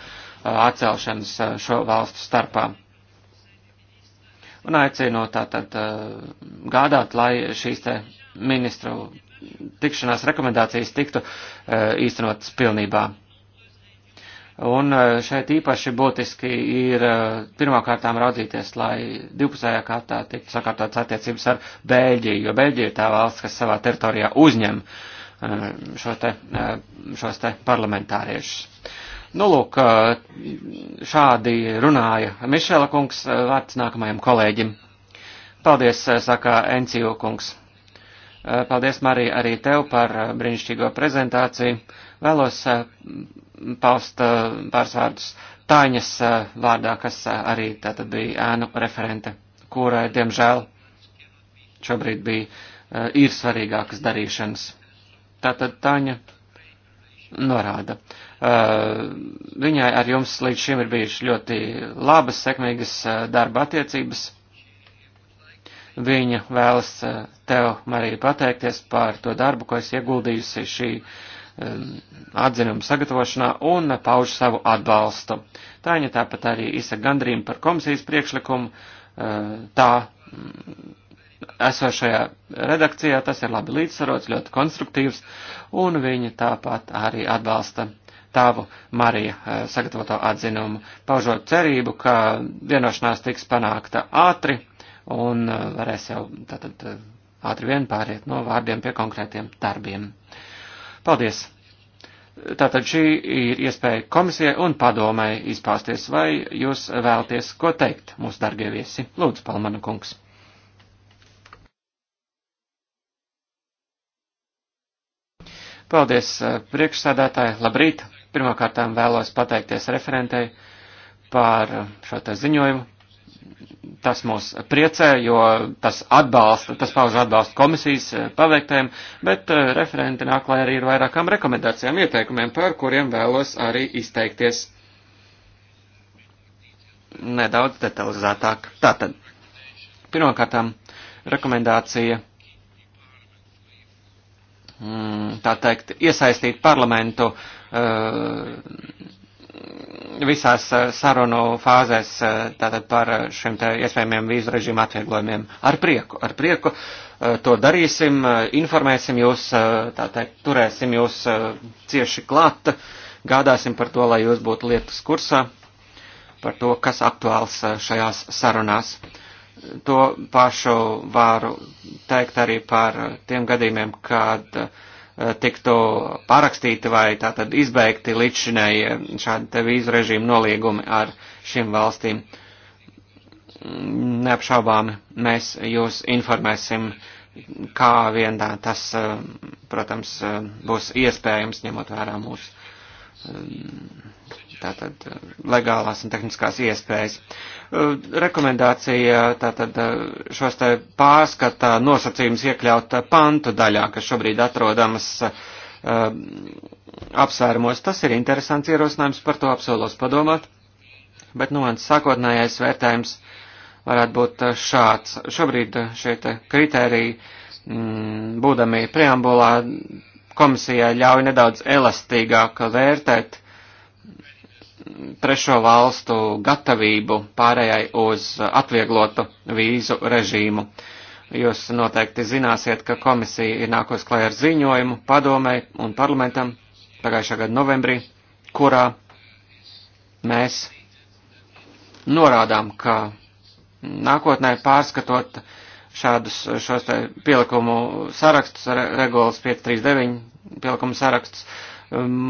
atcelšanas šo valstu starpā un aicinu tātad gādāt, lai šīs te ministru tikšanās rekomendācijas tiktu īstenotas pilnībā. Un eh, šeit īpaši būtiski ir eh, pirmkārtām raudzīties, lai divpusējā kārtā tiktu sakārtotas attiecības ar Bēļģiju, jo Bēļģija ir tā valsts, kas savā teritorijā uzņem eh, šo te, šos te parlamentāriešus. Nu, lūk, šādi runāja Mišela kungs, vārds nākamajam kolēģim. Paldies, saka Enciju kungs. Paldies, Marija, arī tev par brīnišķīgo prezentāciju. Vēlos paust eh, pāris vārdus Tāņas eh, vārdā, kas eh, arī tātad bija ēnu referente, kurai, diemžēl, šobrīd bija ir svarīgākas darīšanas. Tātad Tāņa norāda. Viņai ar jums līdz šim ir bijušas ļoti labas, sekmīgas darba attiecības. Viņa vēlas tev, Marija, pateikties par to darbu, ko es ieguldījusi šī uh, Um, atzinumu sagatavošanā un pauž savu atbalstu. Tāņa tāpat arī izsaka gandrību par komisijas priekšlikumu. Uh, tā mm, esošajā redakcijā tas ir labi līdzsvarots, ļoti konstruktīvs, un viņa tāpat arī atbalsta tēvu Marija uh, sagatavoto atzinumu, paužot cerību, ka vienošanās tiks panākta ātri un uh, varēs jau tātad ātri vien pāriet no vārdiem pie konkrētiem darbiem. Paldies! Tātad šī ir iespēja komisijai un padomai izpāsties, vai jūs vēlties ko teikt, mūsu dargie viesi. Lūdzu, Palmana kungs. Paldies, priekšsādātāji, labrīt. Pirmkārtām vēlos pateikties referentei par šo te ziņojumu tas mūs priecē, jo tas atbalsta, tas pauž atbalstu komisijas eh, paveiktēm, bet eh, referenti nāk lai arī ir vairākām rekomendācijām, ieteikumiem, par kuriem vēlos arī izteikties nedaudz detalizētāk. Tātad, pirmkārtām, rekomendācija, mm, tā teikt, iesaistīt parlamentu uh, visās eh, sarunu fāzēs eh, tātad par eh, šiem te iespējamiem vīzu režīmu atvieglojumiem. Ar prieku, ar prieku to darīsim, informēsim jūs, tā teikt, turēsim jūs cieši klāt, gādāsim par to, lai jūs būtu lietas kursā, par to, kas aktuāls šajās sarunās. To pašu varu teikt arī par tiem gadījumiem, kad uh, tiktu parakstīti vai tātad izbeigti līdzšinēji šādi te vīzu režīmu noliegumi ar šīm valstīm. Neapšaubāmi mēs jūs informēsim, kā vien tā tas, eh, protams, eh, būs iespējams, ņemot vērā mūsu eh, tātad uh, legālās un tehniskās iespējas. Uh, rekomendācija tātad uh, šos te pārskata nosacījumus iekļaut pantu daļā, kas šobrīd atrodamas apsvērumos. Tas ir interesants ierosinājums, par to apsolos padomāt, bet nu mans sākotnējais vērtējums varētu būt šāds. Šobrīd šie kriteriji, mm, būdami preambulā, komisijai ļauj nedaudz elastīgāk vērtēt trešo valstu gatavību pārējai uz atvieglotu vīzu režīmu. Jūs noteikti zināsiet, ka komisija ir nākos klāj ar ziņojumu padomei un parlamentam pagājušā gada novembrī, kurā mēs norādām, ka nākotnē pārskatot šādus šos pielikumu sarakstus, regulas 539 pielikumu sarakstus, uh,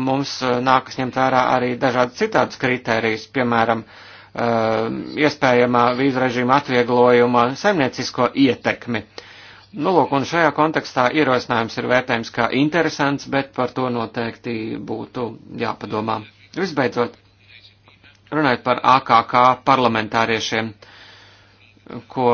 mums eh, nākas ņemt vērā arī dažādas citādas kritērijas, piemēram, eh, iespējamā vīzu režīma atvieglojuma saimniecisko ietekmi. Nu, lūk, un šajā kontekstā ierosinājums ir vērtējums kā interesants, bet par to noteikti būtu jāpadomā. Visbeidzot, runājot par AKK parlamentāriešiem, ko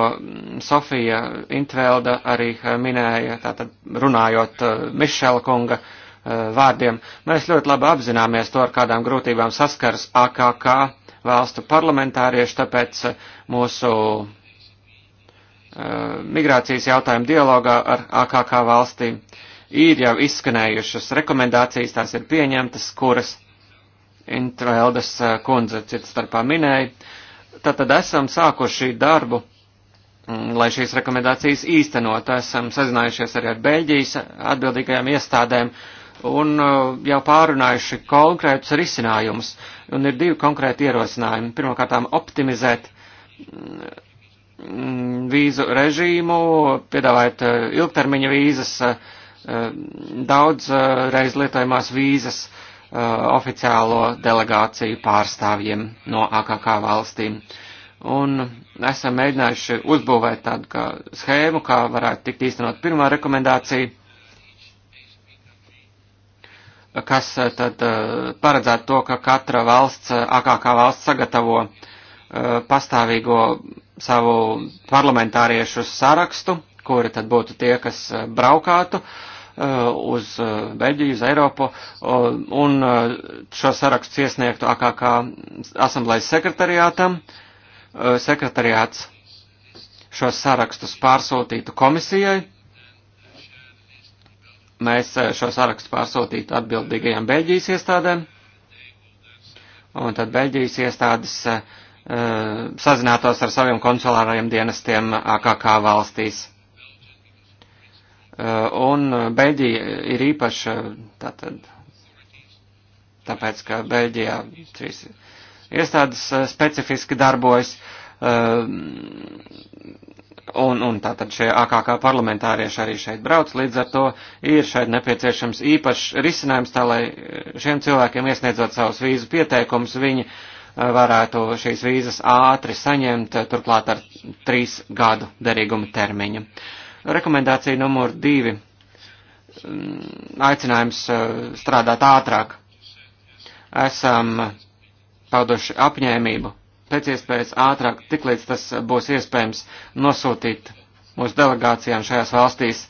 Sofija Intvelda arī minēja, tātad runājot eh, Mišela kunga uh, Eh, vārdiem. Mēs ļoti labi apzināmies to, ar kādām grūtībām saskars AKK valstu parlamentārieši, tāpēc eh, mūsu eh, migrācijas jautājumu dialogā ar AKK valstīm ir jau izskanējušas rekomendācijas, tās ir pieņemtas, kuras Intveldes kundze cits starpā minēja. Tātad esam sākuši darbu, mm, lai šīs rekomendācijas īstenot. Esam sazinājušies arī ar Beļģijas atbildīgajām iestādēm, uh, un uh, jau pārunājuši konkrētus risinājumus. Un ir divi konkrēti ierosinājumi. Pirmkārtām optimizēt mm, mm, vīzu režīmu, piedāvāt uh, ilgtermiņa vīzas, uh, daudz reiz lietojumās vīzas oficiālo delegāciju pārstāvjiem no AKK valstīm. Un esam mēģinājuši uzbūvēt tādu kā schēmu, kā varētu tikt īstenot pirmā rekomendācija kas eh, tad eh, paredzētu to, ka katra valsts, eh, AKK valsts sagatavo pastāvīgo savu parlamentāriešu sarakstu, kuri tad būtu tie, kas braukātu uz Beļģiju, uz Eiropu, un šo sarakstu iesniegtu AKK asamblējas sekretariātam. Sekretariāts šos sarakstus pārsūtītu komisijai mēs eh, šo sarakstu pārsūtītu atbildīgajām Beļģijas iestādēm, un tad Beļģijas iestādes uh, sazinātos ar saviem konsulārajiem dienestiem AKK valstīs. Uh, un Beļģija ir īpaša, tātad, tāpēc, ka Beļģijā šīs iestādes specifiski darbojas, uh, Un, un tātad šie AKK parlamentārieši arī šeit brauc, līdz ar to ir šeit nepieciešams īpašs risinājums, tā lai eh, šiem cilvēkiem iesniedzot savus vīzu pieteikumus, viņi eh, varētu šīs vīzas ātri saņemt, eh, turklāt ar trīs gadu derīguma termiņu. Rekomendācija numur divi mm, - aicinājums strādāt ātrāk. Esam pauduši apņēmību pēc iespējas ātrāk, tiklīdz tas būs iespējams, nosūtīt mūsu delegācijām šajās valstīs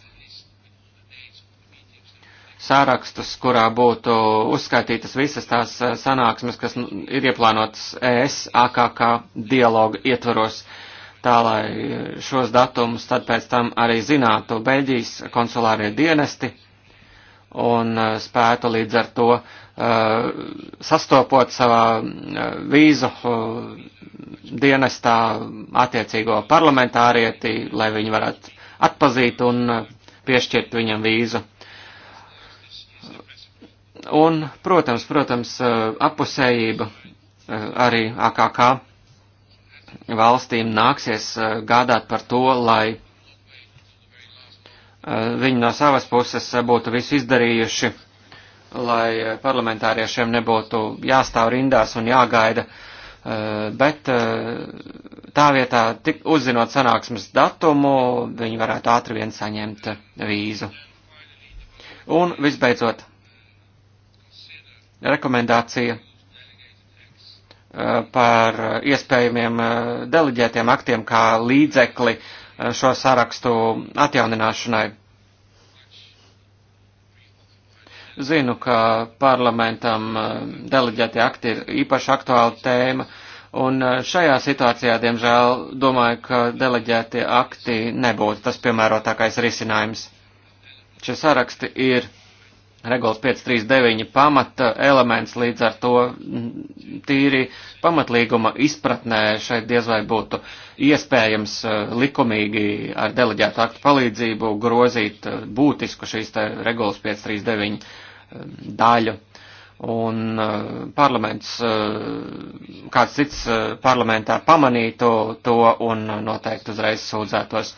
sārakstus, kurā būtu uzskaitītas visas tās eh, sanāksmes, kas ir ieplānotas ES, AKK dialoga ietvaros, tā lai eh, šos datumus tad pēc tam arī zinātu Beļģijas konsulārie dienesti un eh, spētu līdz ar to Uh, sastopot savā uh, vīzu uh, dienestā attiecīgo parlamentārieti, lai viņi varētu atpazīt un piešķirt viņam vīzu. Un, protams, protams, apusējība arī AKK valstīm nāksies gādāt par to, lai viņi no savas puses būtu visu izdarījuši lai eh, parlamentāriešiem nebūtu jāstāv rindās un jāgaida, eh, bet eh, tā vietā, tik uzzinot sanāksmes datumu, viņi varētu ātri vien saņemt vīzu. Un visbeidzot, rekomendācija par iespējamiem deleģētiem aktiem kā līdzekli šo sarakstu atjaunināšanai Zinu, ka parlamentam eh, deleģētie akti ir īpaši aktuāla tēma, un eh, šajā situācijā, diemžēl, domāju, ka deleģētie akti nebūtu tas piemērotākais risinājums. Šie saraksti ir regulas 539 pamata elements, līdz ar to tīri pamatlīguma izpratnē šeit diez vai būtu iespējams eh, likumīgi ar deleģētu aktu palīdzību grozīt būtisku šīs te regulas 539 daļu. Un uh, parlaments, uh, kāds cits uh, parlamentā pamanītu to un noteikti uzreiz sūdzētos.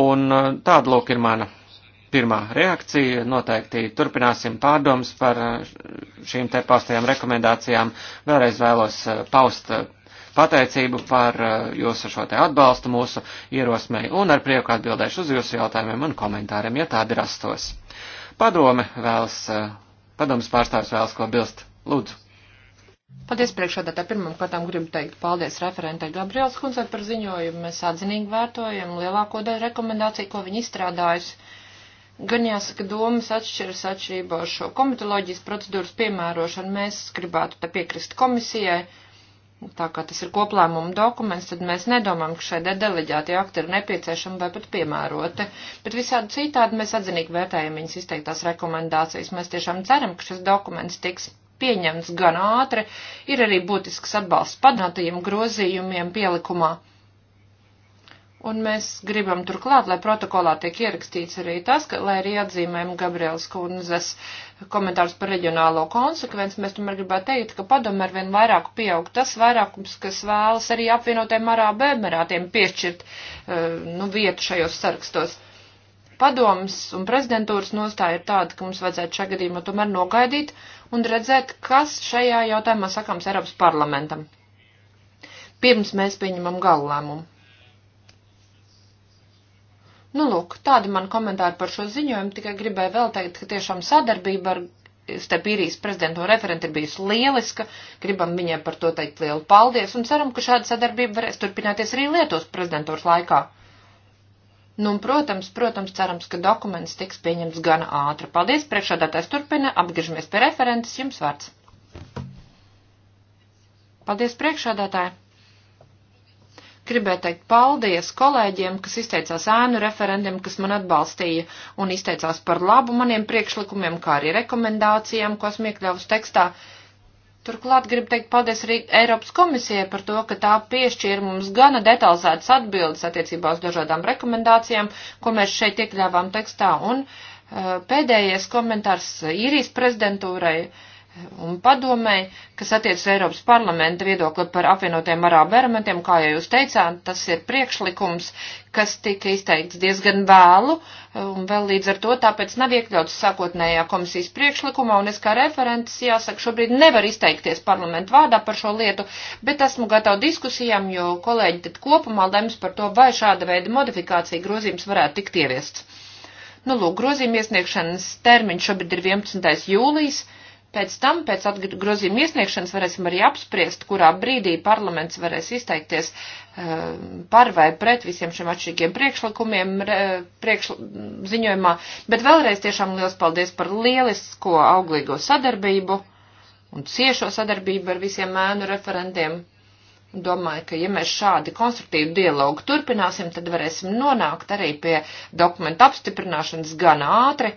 Un tāda lūk ir mana pirmā reakcija. Noteikti turpināsim pārdomas par šīm te paustajām rekomendācijām. Vēlreiz vēlos paust pateicību par jūsu šo te atbalstu mūsu ierosmei un ar prieku atbildēšu uz jūsu jautājumiem un komentāriem, ja tādi rastos. Padome vēlas, eh, padomas pārstāvis vēlas ko bilst. Lūdzu. Paldies priekšādātā. Pirmam kārtām gribu teikt paldies referentei Gabriels Kunzai par ziņojumu. Mēs atzinīgi vērtojam lielāko daļu rekomendāciju, ko viņi izstrādājusi. Gan jāsaka, domas atšķiras atšķirībā ar šo komitoloģijas procedūras piemērošanu. Mēs gribētu te piekrist komisijai tā kā tas ir koplēmuma dokuments, tad mēs nedomājam, ka šai deleģētie akti ir nepieciešami vai pat piemēroti. Bet visādi citādi mēs atzinīgi vērtējam viņas izteiktās rekomendācijas. Mēs tiešām ceram, ka šis dokuments tiks pieņemts gan ātri. Ir arī būtisks atbalsts padātajiem grozījumiem pielikumā. Un mēs gribam turklāt, lai protokolā tiek ierakstīts arī tas, ka, lai arī atzīmēm Gabriels kundzes komentārs par reģionālo konsekvenci, mēs tomēr gribētu teikt, ka padomē ar vien vairāk pieaug tas vairākums, kas vēlas arī apvienotiem Arābu Emirātiem piešķirt eh, nu, vietu šajos sarakstos. Padoms un prezidentūras nostāja ir tāda, ka mums vajadzētu šā gadījumā tomēr nogaidīt un redzēt, kas šajā jautājumā sakams Eiropas parlamentam. Pirms mēs pieņemam galu lēmumu. Nu, lūk, tādi man komentāri par šo ziņojumu, tikai gribēju vēl teikt, ka tiešām sadarbība ar starp īrijas prezidentu un referentu ir bijusi lieliska, gribam viņai par to teikt lielu paldies un ceram, ka šāda sadarbība varēs turpināties arī Lietuvas prezidentūras laikā. Nu, un, protams, protams, cerams, ka dokuments tiks pieņemts gana ātri. Paldies, priekšādātājs turpina, apgriežamies pie referentes, jums vārds. Paldies, priekšādātāji! Gribēju teikt paldies kolēģiem, kas izteicās ēnu referendiem, kas man atbalstīja un izteicās par labu maniem priekšlikumiem, kā arī rekomendācijām, ko esmu iekļāvusi tekstā. Turklāt gribu teikt paldies arī Eiropas komisijai par to, ka tā piešķīra mums gana detalizētas atbildes attiecībā uz dažādām rekomendācijām, ko mēs šeit iekļāvām tekstā. Un uh, pēdējais komentārs īrijas prezidentūrai. Uh, un padomēji, kas attiecas Eiropas parlamenta viedokli par apvienotiem arābu elementiem, kā jau jūs teicāt, tas ir priekšlikums, kas tika izteikts diezgan vēlu, un vēl līdz ar to tāpēc nav iekļauts sākotnējā komisijas priekšlikumā, un es kā referents, jāsaka, šobrīd nevar izteikties parlamentu vārdā par šo lietu, bet esmu gatava diskusijām, jo kolēģi tad kopumā lems par to, vai šāda veida modifikācija grozījums varētu tikt ieviests. Nu, lūk, grozījuma iesniegšanas termiņš šobrīd ir 11. jūlijas. Pēc tam, pēc grozījuma iesniegšanas, varēsim arī apspriest, kurā brīdī parlaments varēs izteikties eh, par vai pret visiem šiem atšķirīgiem priekšlikumiem priekšl ziņojumā. Bet vēlreiz tiešām liels paldies par lielisko auglīgo sadarbību un ciešo sadarbību ar visiem mēnu referentiem. Domāju, ka ja mēs šādi konstruktīvu dialogu turpināsim, tad varēsim nonākt arī pie dokumentu apstiprināšanas gan ātri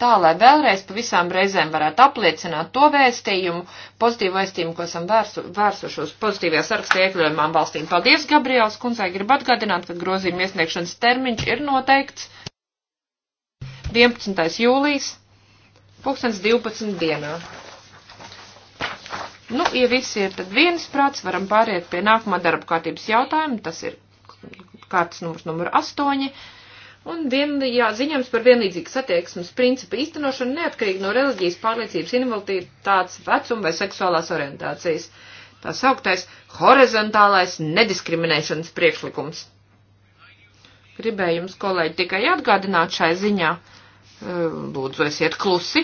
tā, lai vēlreiz pa visām reizēm varētu apliecināt to vēstījumu, pozitīvu vēstījumu, ko esam vērsu, vērsuši uz pozitīvajā sarakstā iekļaujumām valstīm. Paldies, Gabriels kundzei, gribu atgādināt, ka grozījuma iesniegšanas termiņš ir noteikts 11. jūlijas 2012. dienā. Nu, ja visi ir tad viens prāts, varam pāriet pie nākamā darba kārtības jautājuma, tas ir kārtas numurs numur 8 un vien, jā, ziņojums par vienlīdzīgas attieksmes principu īstenošanu neatkarīgi no reliģijas, pārliecības, invaliditātes, vecuma vai seksuālās orientācijas. Tā sauktais horizontālais nediskriminēšanas priekšlikums. Gribēju jums, kolēģi, tikai atgādināt šai ziņā. Uh, lūdzu, esiet klusi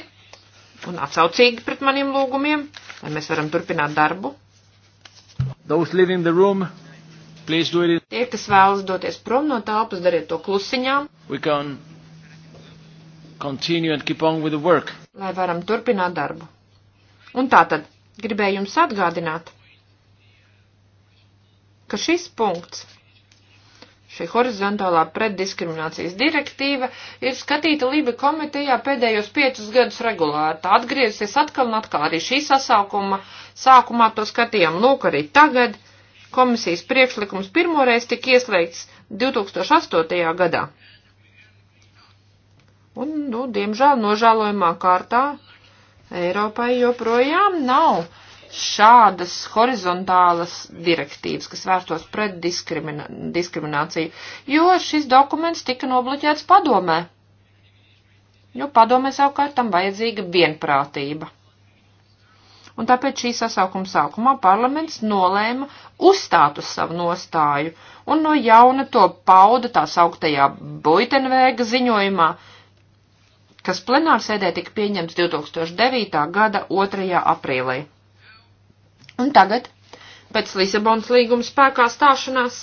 un atsaucīgi pret maniem lūgumiem, lai mēs varam turpināt darbu. Those living the room Tie, kas vēlas doties prom no telpas, dariet to klusiņām. Lai varam turpināt darbu. Un tā tad gribēju jums atgādināt, ka šis punkts Šī horizontālā preddiskriminācijas direktīva ir skatīta Lība komitejā pēdējos piecus gadus regulāri. Tā atgriezusies atkal un atkal arī šī sasaukuma sākumā to skatījām. Lūk, arī tagad Komisijas priekšlikums pirmoreiz tika ieslēgts 2008. gadā. Un, nu, diemžēl nožēlojumā kārtā Eiropai joprojām nav šādas horizontālas direktīvas, kas vērstos pret diskrimina diskrimināciju, jo šis dokuments tika nobloķēts padomē. Jo padomē savukārt tam vajadzīga vienprātība un tāpēc šī sasaukuma sākumā parlaments nolēma uzstāt uz savu nostāju, un no jauna to pauda tā sauktajā Buitenvēga ziņojumā, kas plenārsēdē tika pieņemts 2009. gada 2. aprīlī. Un tagad, pēc Lisabonas līguma spēkā stāšanās,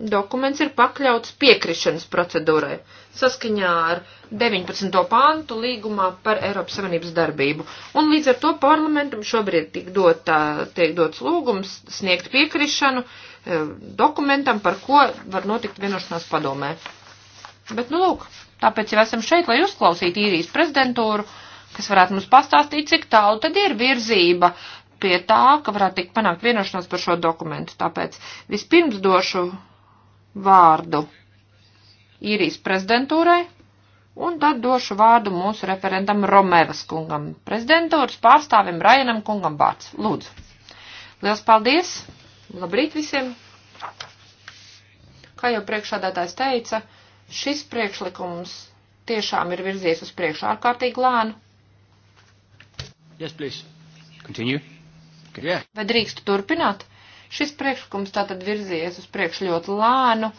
dokuments ir pakļauts piekrišanas procedūrai saskaņā ar 19. pāntu līgumā par Eiropas Savienības darbību. Un līdz ar to parlamentam šobrīd tiek, dot, tiek dots lūgums sniegt piekrišanu eh, dokumentam, par ko var notikt vienošanās padomē. Bet, nu lūk, tāpēc jau esam šeit, lai uzklausītu īrijas prezidentūru, kas varētu mums pastāstīt, cik tālu tad ir virzība pie tā, ka varētu tikt panākt vienošanās par šo dokumentu. Tāpēc vispirms došu vārdu īrijas prezidentūrai, un tad došu vārdu mūsu referentam Romevas kungam, prezidentūras pārstāvim Rajanam kungam vārds. Lūdzu. Liels paldies! Labrīt visiem! Kā jau priekšādātājs teica, šis priekšlikums tiešām ir virzies uz priekšu ārkārtīgi lēnu. Yes, please. Continue. Okay. Yeah. Vai drīkstu turpināt? Šis priekšlikums tātad virzies uz priekšu ļoti lēnu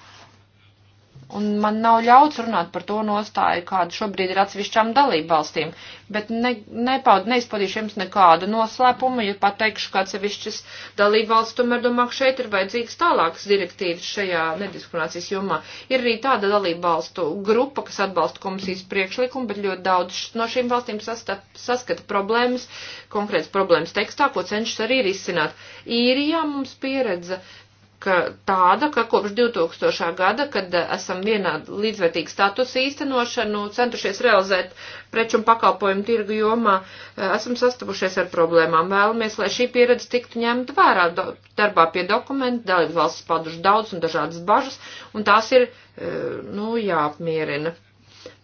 Un man nav ļauts runāt par to nostāju, kāda šobrīd ir atsevišķām dalību valstīm, bet ne, nepaud, neizpadīšu jums nekādu noslēpumu, ja pateikšu, ka atsevišķas dalību valsts tomēr domā, ka šeit ir vajadzīgs tālākas direktīvas šajā nediskriminācijas jomā. Ir arī tāda dalību valstu grupa, kas atbalsta komisijas priekšlikumu, bet ļoti daudz no šīm valstīm sastap, saskata problēmas, konkrētas problēmas tekstā, ko cenšas arī risināt. Īrijā mums pieredze. Uh, ka tāda, ka kopš 2000. gada, kad eh, esam vienādi līdzvērtīgi status īstenošanu centušies realizēt preču un pakalpojumu tirgu jomā, eh, esam sastapušies ar problēmām. Vēlamies, lai šī pieredze tiktu ņemta vērā darbā pie dokumentu, dalību valsts paduši daudz un dažādas bažas, un tās ir, eh, nu, jāapmierina.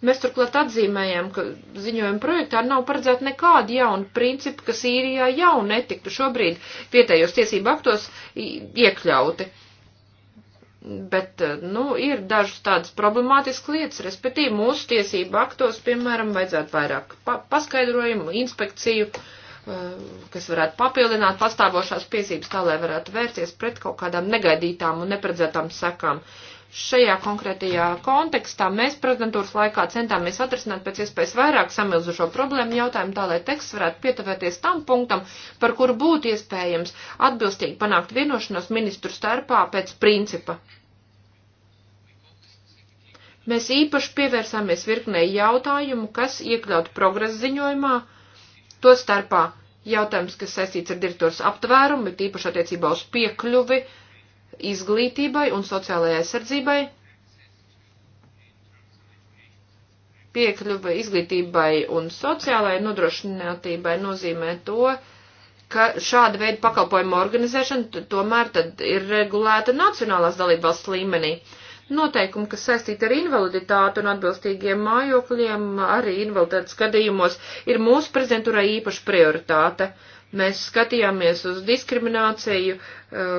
Mēs turklāt atzīmējām, ka ziņojuma projektā nav paredzēta nekāda jauna principa, kas īrijā jau netiktu šobrīd vietējos tiesību aktos iekļauti. Bet, eh, nu, ir dažas tādas problemātiskas lietas, respektīvi mūsu tiesību aktos, piemēram, vajadzētu vairāk pa paskaidrojumu, inspekciju, eh, kas varētu papildināt pastāvošās tiesības tā, lai varētu vērsties pret kaut kādām negaidītām un neparedzētām sekām. Uh, Šajā konkrētajā kontekstā mēs prezidentūras laikā centāmies atrasināt pēc iespējas vairāk samilzušo problēmu jautājumu, tā lai teksts varētu pietuvēties tam punktam, par kuru būtu iespējams atbilstīgi panākt vienošanos ministru starpā pēc principa. Mēs īpaši pievērsāmies virknei jautājumu, kas iekļaut progresa ziņojumā, to starpā jautājums, kas saistīts ar direktors aptvērumu, bet īpaši attiecībā uz piekļuvi uh, izglītībai un sociālajai aizsardzībai, piekļuva izglītībai un sociālajai nodrošinātībai nozīmē to, ka šāda veida pakalpojumu organizēšana tomēr tad ir regulēta nacionālās dalībvalsts līmenī. Noteikumi, kas saistīti ar invaliditātu un atbilstīgiem mājokļiem, arī invaliditātes gadījumos, ir mūsu prezidentūrai īpaša prioritāte. Uh, Mēs skatījāmies uz diskrimināciju eh,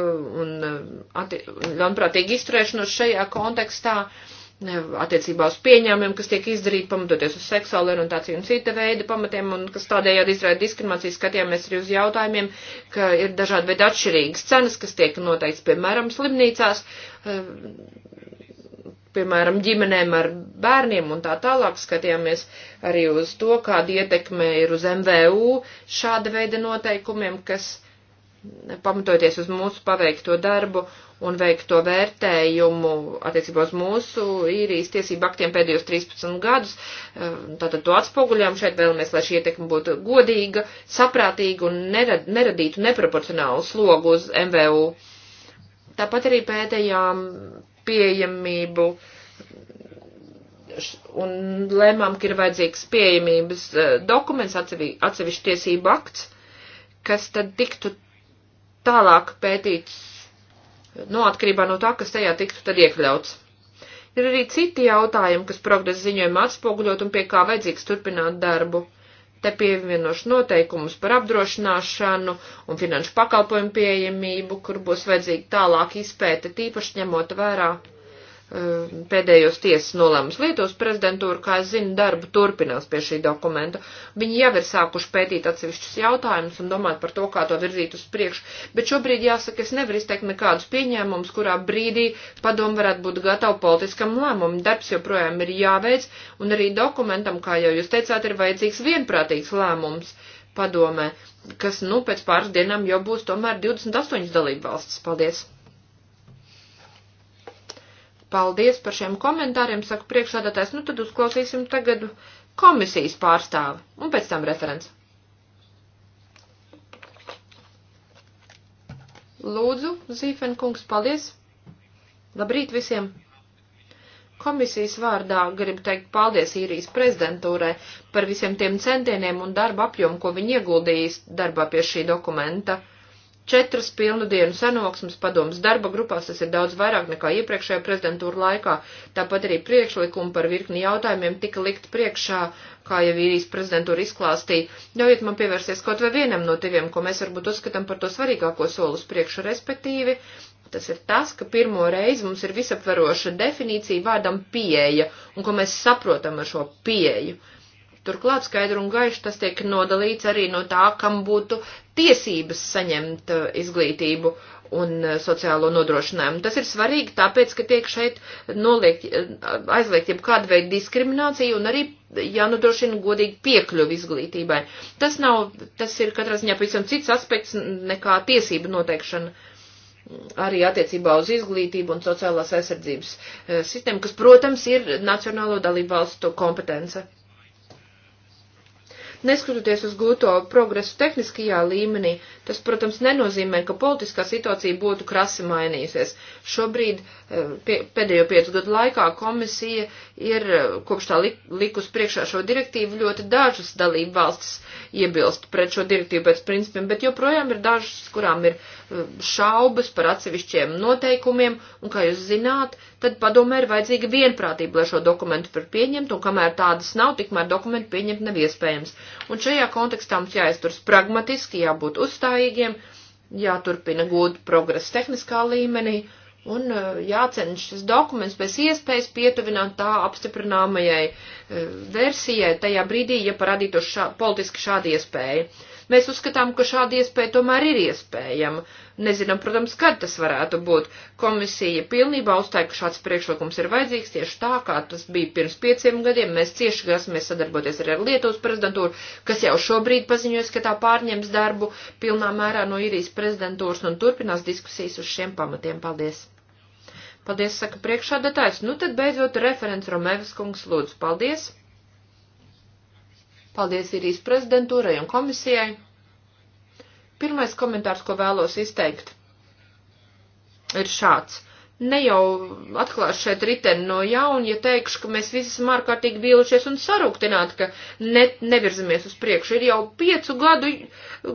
un eh, ļaunprātīgu izturēšanos šajā kontekstā eh, attiecībā uz pieņēmumiem, kas tiek izdarīti pamatoties uz seksuālu orientāciju un cita veida pamatiem, un kas tādējādi izraida diskrimināciju, skatījāmies arī uz jautājumiem, ka ir dažādi veidi atšķirīgas cenas, kas tiek noteikts, piemēram, slimnīcās, piemēram, ģimenēm ar bērniem un tā tālāk skatījāmies arī uz to, kāda ietekme ir uz MVU šāda veida noteikumiem, kas pamatoties uz mūsu paveikto darbu un veikto vērtējumu attiecībā uz mūsu īrijas tiesību aktiem pēdējos 13 gadus. Eh, tātad to atspoguļām šeit vēlamies, lai šī ietekme būtu godīga, saprātīga un nerad, neradītu neproporcionālu slogu uz MVU. Tāpat arī pētējām pieejamību un lēmām, ka ir vajadzīgs pieejamības eh, dokuments, atsevišķi tiesību akts, kas tad tiktu tālāk pētīts, no nu, atkarībā no tā, kas tajā tiktu tad iekļauts. Ir arī citi jautājumi, kas progresa ziņojumā atspoguļot un pie kā vajadzīgs turpināt darbu te pievienošu noteikumus par apdrošināšanu un finanšu pakalpojumu pieejamību, kur būs vajadzīga tālāk izpēta, tīpaši ņemot vērā Eh, pēdējos tiesas nolēmums. Lietuvas prezidentūra, kā es zinu, darbu turpinās pie šī dokumenta. Viņi jau ir sākuši pētīt atsevišķus jautājumus un domāt par to, kā to virzīt uz priekšu, bet šobrīd jāsaka, es nevaru izteikt nekādus pieņēmumus, kurā brīdī padomu varētu būt gatava politiskam lēmumam. Darbs joprojām ir jāveic, un arī dokumentam, kā jau jūs teicāt, ir vajadzīgs vienprātīgs lēmums padomē, kas, nu, pēc pāris dienām jau būs tomēr 28 dalību valstis. Paldies! Paldies par šiem komentāriem, saka priekšsādātājs. Nu, tad uzklausīsim tagad komisijas pārstāvi un pēc tam referents. Lūdzu, Zīfenkungs, paldies! Labrīt visiem! Komisijas vārdā gribu teikt paldies īrijas prezidentūrai par visiem tiem centieniem un darba apjomu, ko viņi ieguldījis darbā pie šī dokumenta. Uh, četras pilnu dienu sanoksmes padomas darba grupās, tas ir daudz vairāk nekā iepriekšējā prezidentūra laikā. Tāpat arī priekšlikumi par virkni jautājumiem tika likt priekšā, kā jau īrijas prezidentūra izklāstīja. Ļaujiet man pievērsties kaut vai vienam no teviem, ko mēs varbūt uzskatām par to svarīgāko solus priekšu, respektīvi. Tas ir tas, ka pirmo reizi mums ir visaptvaroša definīcija vārdam pieeja un ko mēs saprotam ar šo pieeju. Uh, Turklāt skaidru un gaišu tas tiek nodalīts arī no tā, kam būtu tiesības saņemt eh, izglītību un eh, sociālo nodrošinājumu. Tas ir svarīgi, tāpēc, ka tiek šeit noliekt, eh, aizliegt jau kāda veida diskriminācija un arī jānodrošina godīgi piekļuvi izglītībai. Tas nav, tas ir katrā ziņā pavisam cits aspekts nekā tiesību noteikšana mm, arī attiecībā uz izglītību un sociālās aizsardzības sistēmu, kas, protams, ir Nacionālo dalību valstu kompetence. Neskatoties uz gūto progresu tehniskajā līmenī, tas, protams, nenozīmē, ka politiskā situācija būtu krasi mainījusies. Šobrīd eh, pie, pēdējo piecu gadu laikā komisija ir, eh, kopš tā lik, likus priekšā šo direktīvu, ļoti dažas dalību valstis iebilst pret šo direktīvu pēc principiem, bet joprojām ir dažas, kurām ir eh, šaubas par atsevišķiem noteikumiem, un, kā jūs zināt, tad padomē ir vajadzīga vienprātība, lai šo dokumentu var pieņemt, un kamēr tādas nav, tikmēr dokumentu pieņemt nav iespējams. Un šajā kontekstā mums jāizturas pragmatiski, jābūt uzstājīgiem, jāturpina gūt progresu tehniskā līmenī, un eh, jācenšas dokuments pēc iespējas pietuvināt tā apstiprināmajai eh, versijai tajā brīdī, ja parādītos šā, politiski šāda iespēja. Mēs uzskatām, ka šāda iespēja tomēr ir iespējama. Nezinām, protams, kad tas varētu būt. Komisija pilnībā uzstāja, ka šāds priekšlikums ir vajadzīgs tieši tā, kā tas bija pirms pieciem gadiem. Mēs cieši grasamies sadarboties ar Lietuvas prezidentūru, kas jau šobrīd paziņojas, ka tā pārņems darbu pilnā mērā no īrijas prezidentūras un turpinās diskusijas uz šiem pamatiem. Paldies! Paldies, saka priekšādātājs. Nu tad beidzot referents Romēvis kungs lūdzu. Paldies! Paldies Irijas prezidentūrai un komisijai. Pirmais komentārs, ko vēlos izteikt, ir šāds ne jau atklāšu šeit riteni no jauna, ja teikšu, ka mēs visi esam ārkārtīgi vīlušies un sarūktināti, ka ne, nevirzamies uz priekšu. Ir jau piecu gadu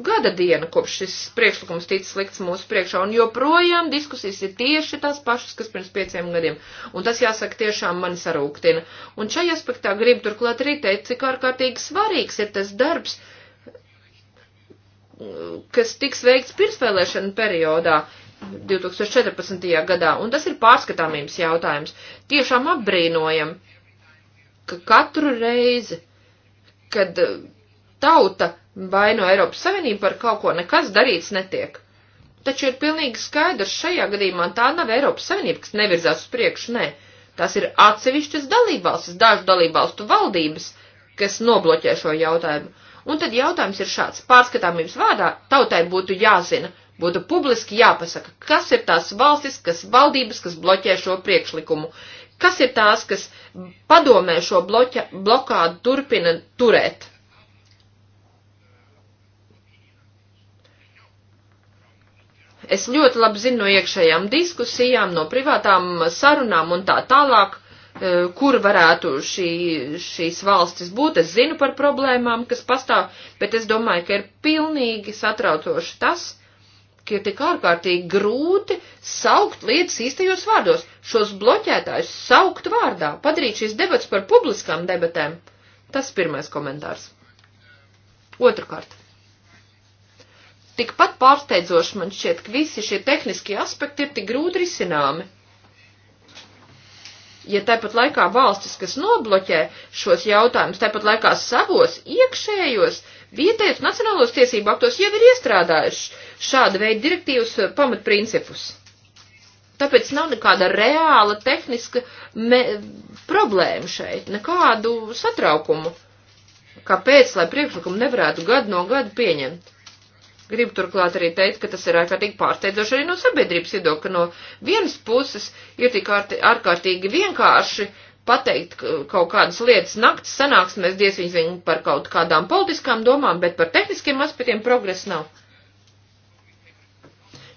gada diena, kopš šis priekšlikums ticis likts mūsu priekšā, un joprojām diskusijas ir tieši tās pašas, kas pirms pieciem gadiem. Un tas, jāsaka, tiešām mani sarūktina. Un šajā aspektā gribu turklāt arī teikt, cik ārkārtīgi svarīgs ir tas darbs, kas tiks veikts pirmsvēlēšana periodā 2014. gadā, un tas ir pārskatāmības jautājums. Tiešām apbrīnojam, ka katru reizi, kad uh, tauta vaino Eiropas Savienību par kaut ko, nekas darīts netiek. Taču ir pilnīgi skaidrs šajā gadījumā tā nav Eiropas Savienība, kas nevirzās uz priekšu, nē. Tas ir atsevišķas dalībvalstis, dažu dalībvalstu valdības, kas nobloķē šo jautājumu. Un tad jautājums ir šāds. Pārskatāmības vārdā tautai būtu jāzina, būtu publiski jāpasaka, kas ir tās valstis, kas valdības, kas bloķē šo priekšlikumu, kas ir tās, kas padomē šo bloķa, blokādu turpina turēt. Es ļoti labi zinu no iekšējām diskusijām, no privātām sarunām un tā tālāk, e, kur varētu šī, šīs valstis būt. Es zinu par problēmām, kas pastāv, bet es domāju, ka ir pilnīgi satraucoši tas, ka ir tik ārkārtīgi grūti saukt lietas īstajos vārdos, šos bloķētājus saukt vārdā, padarīt šīs debats par publiskām debatēm. Tas pirmais komentārs. Otrakārt. Tikpat pārsteidzoši man šķiet, ka visi šie tehniskie aspekti ir tik grūti risināmi. Ja tāpat laikā valstis, kas nobloķē šos jautājumus, tāpat laikā savos iekšējos uh, vietējos nacionālos tiesību aktos jau ir iestrādājuši šāda veida direktīvas eh, pamatprincipus. Tāpēc nav nekāda reāla tehniska me, problēma šeit, nekādu satraukumu. Kāpēc, lai priekšlikumu nevarētu gadu no gada pieņemt? Gribu turklāt arī teikt, ka tas ir ārkārtīgi pārsteidzoši arī no sabiedrības viedokļa. No vienas puses ir tik ārkārtīgi vienkārši uh, pateikt kaut kādas lietas naktas sanāksmēs, diez viņas viņu par kaut kādām politiskām domām, bet par tehniskiem aspektiem progresa nav.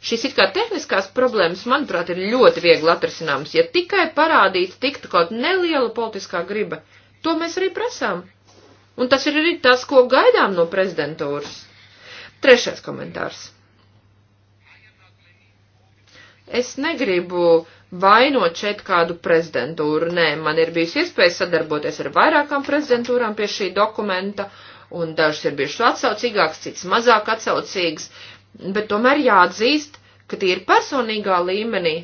Šīs it kā tehniskās problēmas, manuprāt, ir ļoti viegli atrisināmas, ja tikai parādīt tiktu kaut neliela politiskā griba. To mēs arī prasām. Un tas ir arī tas, ko gaidām no prezidentūras. Trešais komentārs. Es negribu vainot šeit kādu prezidentūru. Nē, man ir bijusi iespēja sadarboties ar vairākām prezidentūrām pie šī dokumenta, un dažas ir bijušas atsaucīgākas, citas mazāk atsaucīgas, bet tomēr jāatzīst, ka tie ir personīgā līmenī.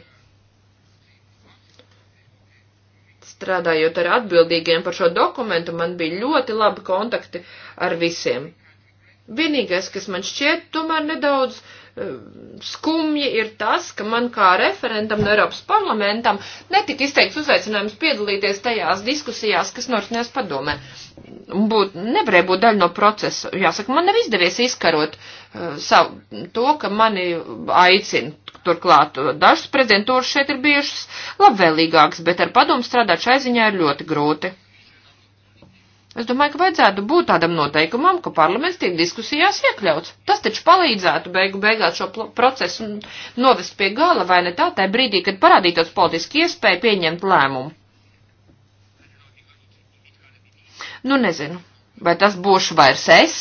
Strādājot ar atbildīgiem par šo dokumentu, man bija ļoti labi kontakti ar visiem. Vienīgais, kas man šķiet tomēr nedaudz uh, skumji ir tas, ka man kā referentam no Eiropas parlamentam netika izteikts uzaicinājums piedalīties tajās diskusijās, kas norisinās padomē. Būt, nevarēja būt daļa no procesa. Jāsaka, man nav izdevies izkarot uh, savu, to, ka mani aicina. Turklāt dažas prezentūras šeit ir bijušas labvēlīgākas, bet ar padomu strādāt šai ziņā ir ļoti grūti. Es domāju, ka vajadzētu būt tādam noteikumam, ka parlaments tiek diskusijās iekļauts. Tas taču palīdzētu beigu beigās šo procesu novest pie gala, vai ne tā, tajā brīdī, kad parādītos politiski iespēja pieņemt lēmumu. Nu, nezinu, vai tas būšu vairs es,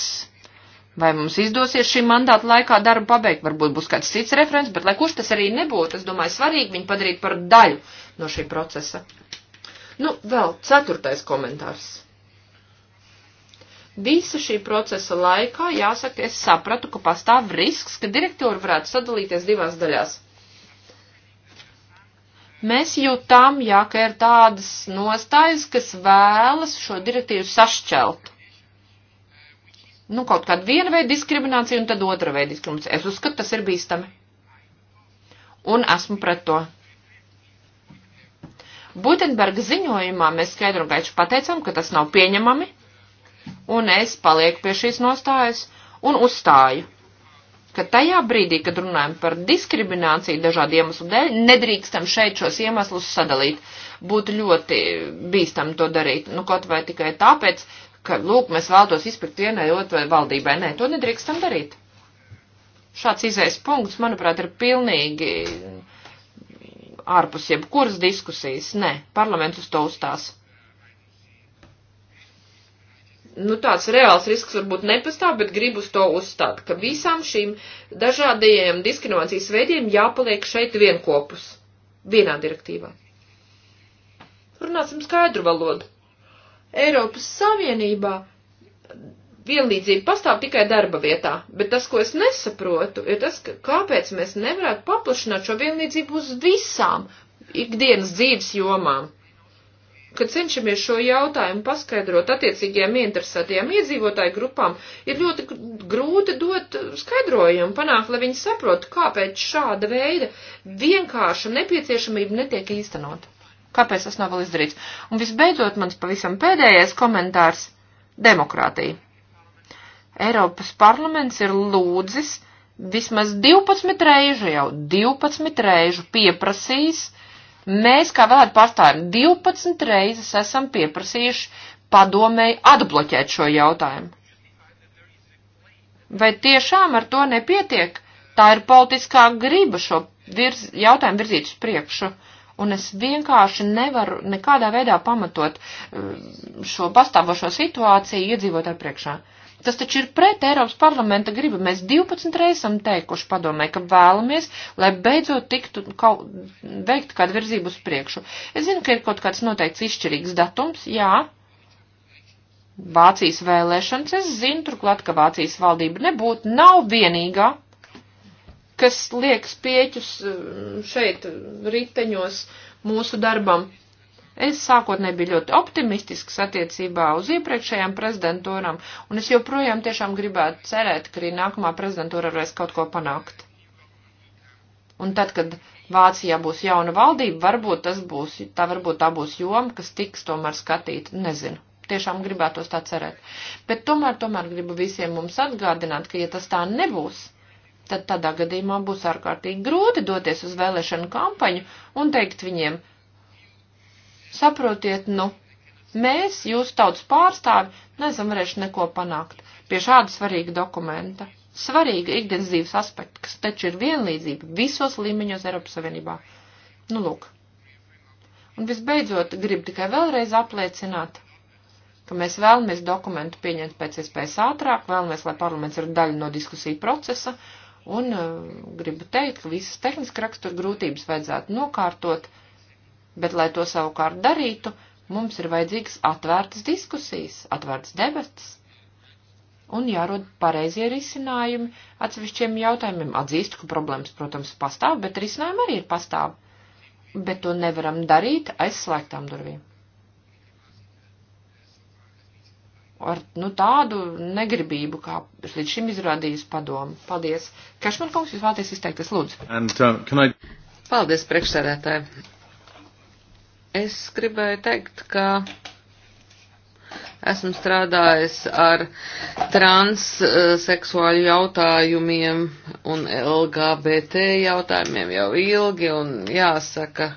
Vai mums izdosies šī mandāta laikā darbu pabeigt? Varbūt būs kāds cits referents, bet lai kurš tas arī nebūtu, es domāju, svarīgi viņu padarīt par daļu no šī procesa. Nu, vēl ceturtais komentārs. Visa šī procesa laikā, jāsaka, es sapratu, ka pastāv risks, ka direktori varētu sadalīties divās daļās. Mēs jūtām, jā, ka ir tādas nostājas, kas vēlas šo direktīvu sašķelt nu, kaut kāda viena veida diskriminācija un tad otra veida diskriminācija. Es uzskatu, tas ir bīstami. Un esmu pret to. Butenberga ziņojumā mēs skaidru un gaišu pateicām, ka tas nav pieņemami un es palieku pie šīs nostājas un uzstāju, ka tajā brīdī, kad runājam par diskrimināciju dažādu iemeslu dēļ, nedrīkstam šeit šos iemeslus sadalīt. Būtu ļoti bīstam to darīt, nu kaut vai tikai tāpēc, ka, lūk, mēs vēlamies izpirkt vienai otrai valdībai. Nē, to nedrīkstam darīt. Šāds izējas punkts, manuprāt, ir pilnīgi ārpus jebkuras diskusijas. Nē, parlaments uz to uzstās nu, tāds reāls risks varbūt nepastāv, bet gribu uz to uzstāt, ka visām šīm dažādajiem diskriminācijas veidiem jāpaliek šeit vienkopus, vienā direktīvā. Runāsim skaidru valodu. Eiropas Savienībā vienlīdzība pastāv tikai darba vietā, bet tas, ko es nesaprotu, ir tas, ka kāpēc mēs nevarētu paplašināt šo vienlīdzību uz visām ikdienas dzīves jomām kad cenšamies šo jautājumu paskaidrot attiecīgajām interesētajām iedzīvotāju grupām, ir ļoti grūti dot skaidrojumu, panākt, lai viņi saprotu, kāpēc šāda veida vienkārša nepieciešamība netiek īstenot. Kāpēc tas nav vēl izdarīts? Un visbeidzot, mans pavisam pēdējais komentārs - demokrātija. Eiropas parlaments ir lūdzis vismaz 12 reižu jau, 12 reižu pieprasījis, Mēs, kā vēlēt pārstāvjiem, 12 reizes esam pieprasījuši padomēji atbloķēt šo jautājumu. Vai tiešām ar to nepietiek? Tā ir politiskā griba šo virz, jautājumu virzīt uz priekšu. Un es vienkārši nevaru nekādā veidā pamatot uh, šo pastāvošo situāciju iedzīvotāju priekšā. Uh, Tas taču ir pret Eiropas parlamenta gribu. Mēs 12 reizes esam teikuši padomē, ka vēlamies, lai beidzot tiktu kaut, veikt kādu virzību uz priekšu. Es zinu, ka ir kaut kāds noteikts izšķirīgs datums, jā. Vācijas vēlēšanas, es zinu turklāt, ka Vācijas valdība nebūtu, nav vienīgā, kas liek spieķus eh, šeit riteņos mūsu darbam. Es sākotnēji biju ļoti optimistisks attiecībā uz iepriekšējām prezidentūram, un es joprojām tiešām gribētu cerēt, ka arī nākamā prezidentūra varēs kaut ko panākt. Un tad, kad Vācijā būs jauna valdība, varbūt tas būs, tā varbūt tā būs joma, kas tiks tomēr skatīt, nezinu. Tiešām gribētos tā cerēt. Bet tomēr, tomēr gribu visiem mums atgādināt, ka ja tas tā nebūs, tad tādā gadījumā būs ārkārtīgi grūti doties uz vēlēšanu kampaņu un teikt viņiem, Saprotiet, nu, mēs, jūs tautas pārstāvi, neesam varējuši neko panākt pie šāda svarīga dokumenta. Svarīga ikdienas dzīves aspekta, kas taču ir vienlīdzība visos līmeņos Eiropas Savienībā. Nu, lūk. Un visbeidzot, gribu tikai vēlreiz apliecināt, ka mēs vēlamies dokumentu pieņemt pēc iespējas ātrāk, vēlamies, lai parlaments ir daļa no diskusiju procesa, un uh, gribu teikt, ka visas tehniski rakstura grūtības vajadzētu nokārtot. Uh, bet, lai to savukārt darītu, mums ir vajadzīgas atvērtas diskusijas, atvērtas debatas un jārod pareizie risinājumi atsevišķiem jautājumiem. Atzīstu, ka problēmas, protams, pastāv, bet risinājumi arī ir pastāv. Bet to nevaram darīt aizslēgtām durvīm. ar nu, tādu negribību, kā līdz šim izrādījis padomu. Paldies. Kašman kungs, jūs vēlaties izteikties, lūdzu. And, uh, I... Paldies, priekšsēdētāji. Es gribēju teikt, ka esmu strādājis ar transseksuāļu jautājumiem un LGBT jautājumiem jau ilgi, un jāsaka,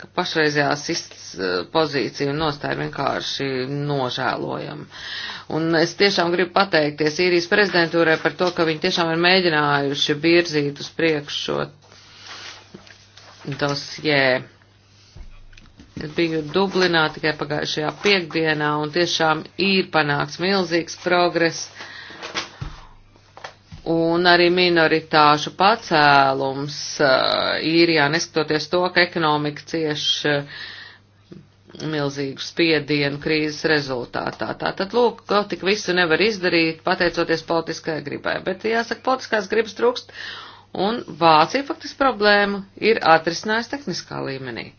ka pašreizējā pozīcija un nostāja vienkārši nožēlojama. Un es tiešām gribu pateikties īrijas prezidentūrai par to, ka viņi tiešām ir mēģinājuši virzīt uz priekšu šo dosjē. Yeah kad biju Dublinā tikai pagājušajā piekdienā, un tiešām ir panāks milzīgs progress, un arī minoritāšu pacēlums eh, īrijā, neskatoties to, ka ekonomika cieš eh, milzīgu spiedienu krīzes rezultātā. Tātad, lūk, ko tik visu nevar izdarīt, pateicoties politiskajai gribai, bet, jāsaka, politiskās gribas trūkst, un Vācija faktiski problēmu ir atrisinājusi tehniskā līmenī.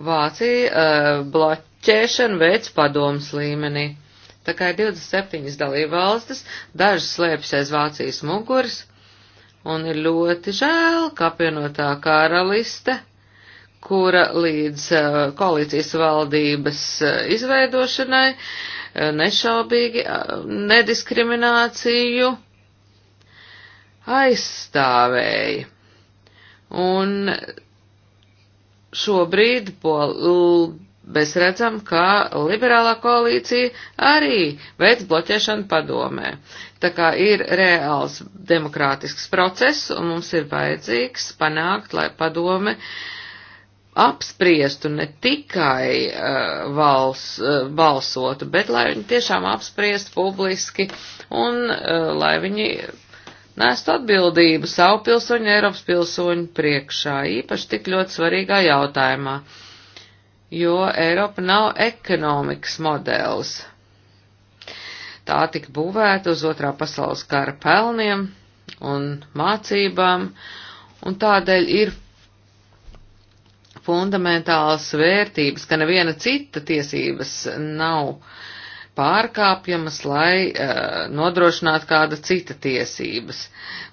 Vācija uh, eh, bloķēšanu veids padomas līmenī. Tā kā ir 27 dalībvalstis, dažas slēpjas aiz Vācijas muguras, un ir ļoti žēl, ka apvienotā karaliste, kura līdz uh, koalīcijas valdības uh, izveidošanai uh, nešaubīgi nediskrimināciju aizstāvēja. Un šobrīd pol, mēs redzam, ka liberālā koalīcija arī veids bloķēšanu padomē. Tā kā ir reāls demokrātisks process, un mums ir vajadzīgs panākt, lai padome apspriestu ne tikai uh, vals, uh, balsotu, bet lai viņi tiešām apspriest publiski un uh, lai viņi nēst atbildību savu pilsoņu Eiropas pilsoņu priekšā, īpaši tik ļoti svarīgā jautājumā, jo Eiropa nav ekonomikas modelis. Tā tika būvēta uz otrā pasaules kara pelniem un mācībām, un tādēļ ir fundamentālas vērtības, ka neviena cita tiesības nav uh, pārkāpjamas, lai uh, nodrošinātu kāda cita tiesības.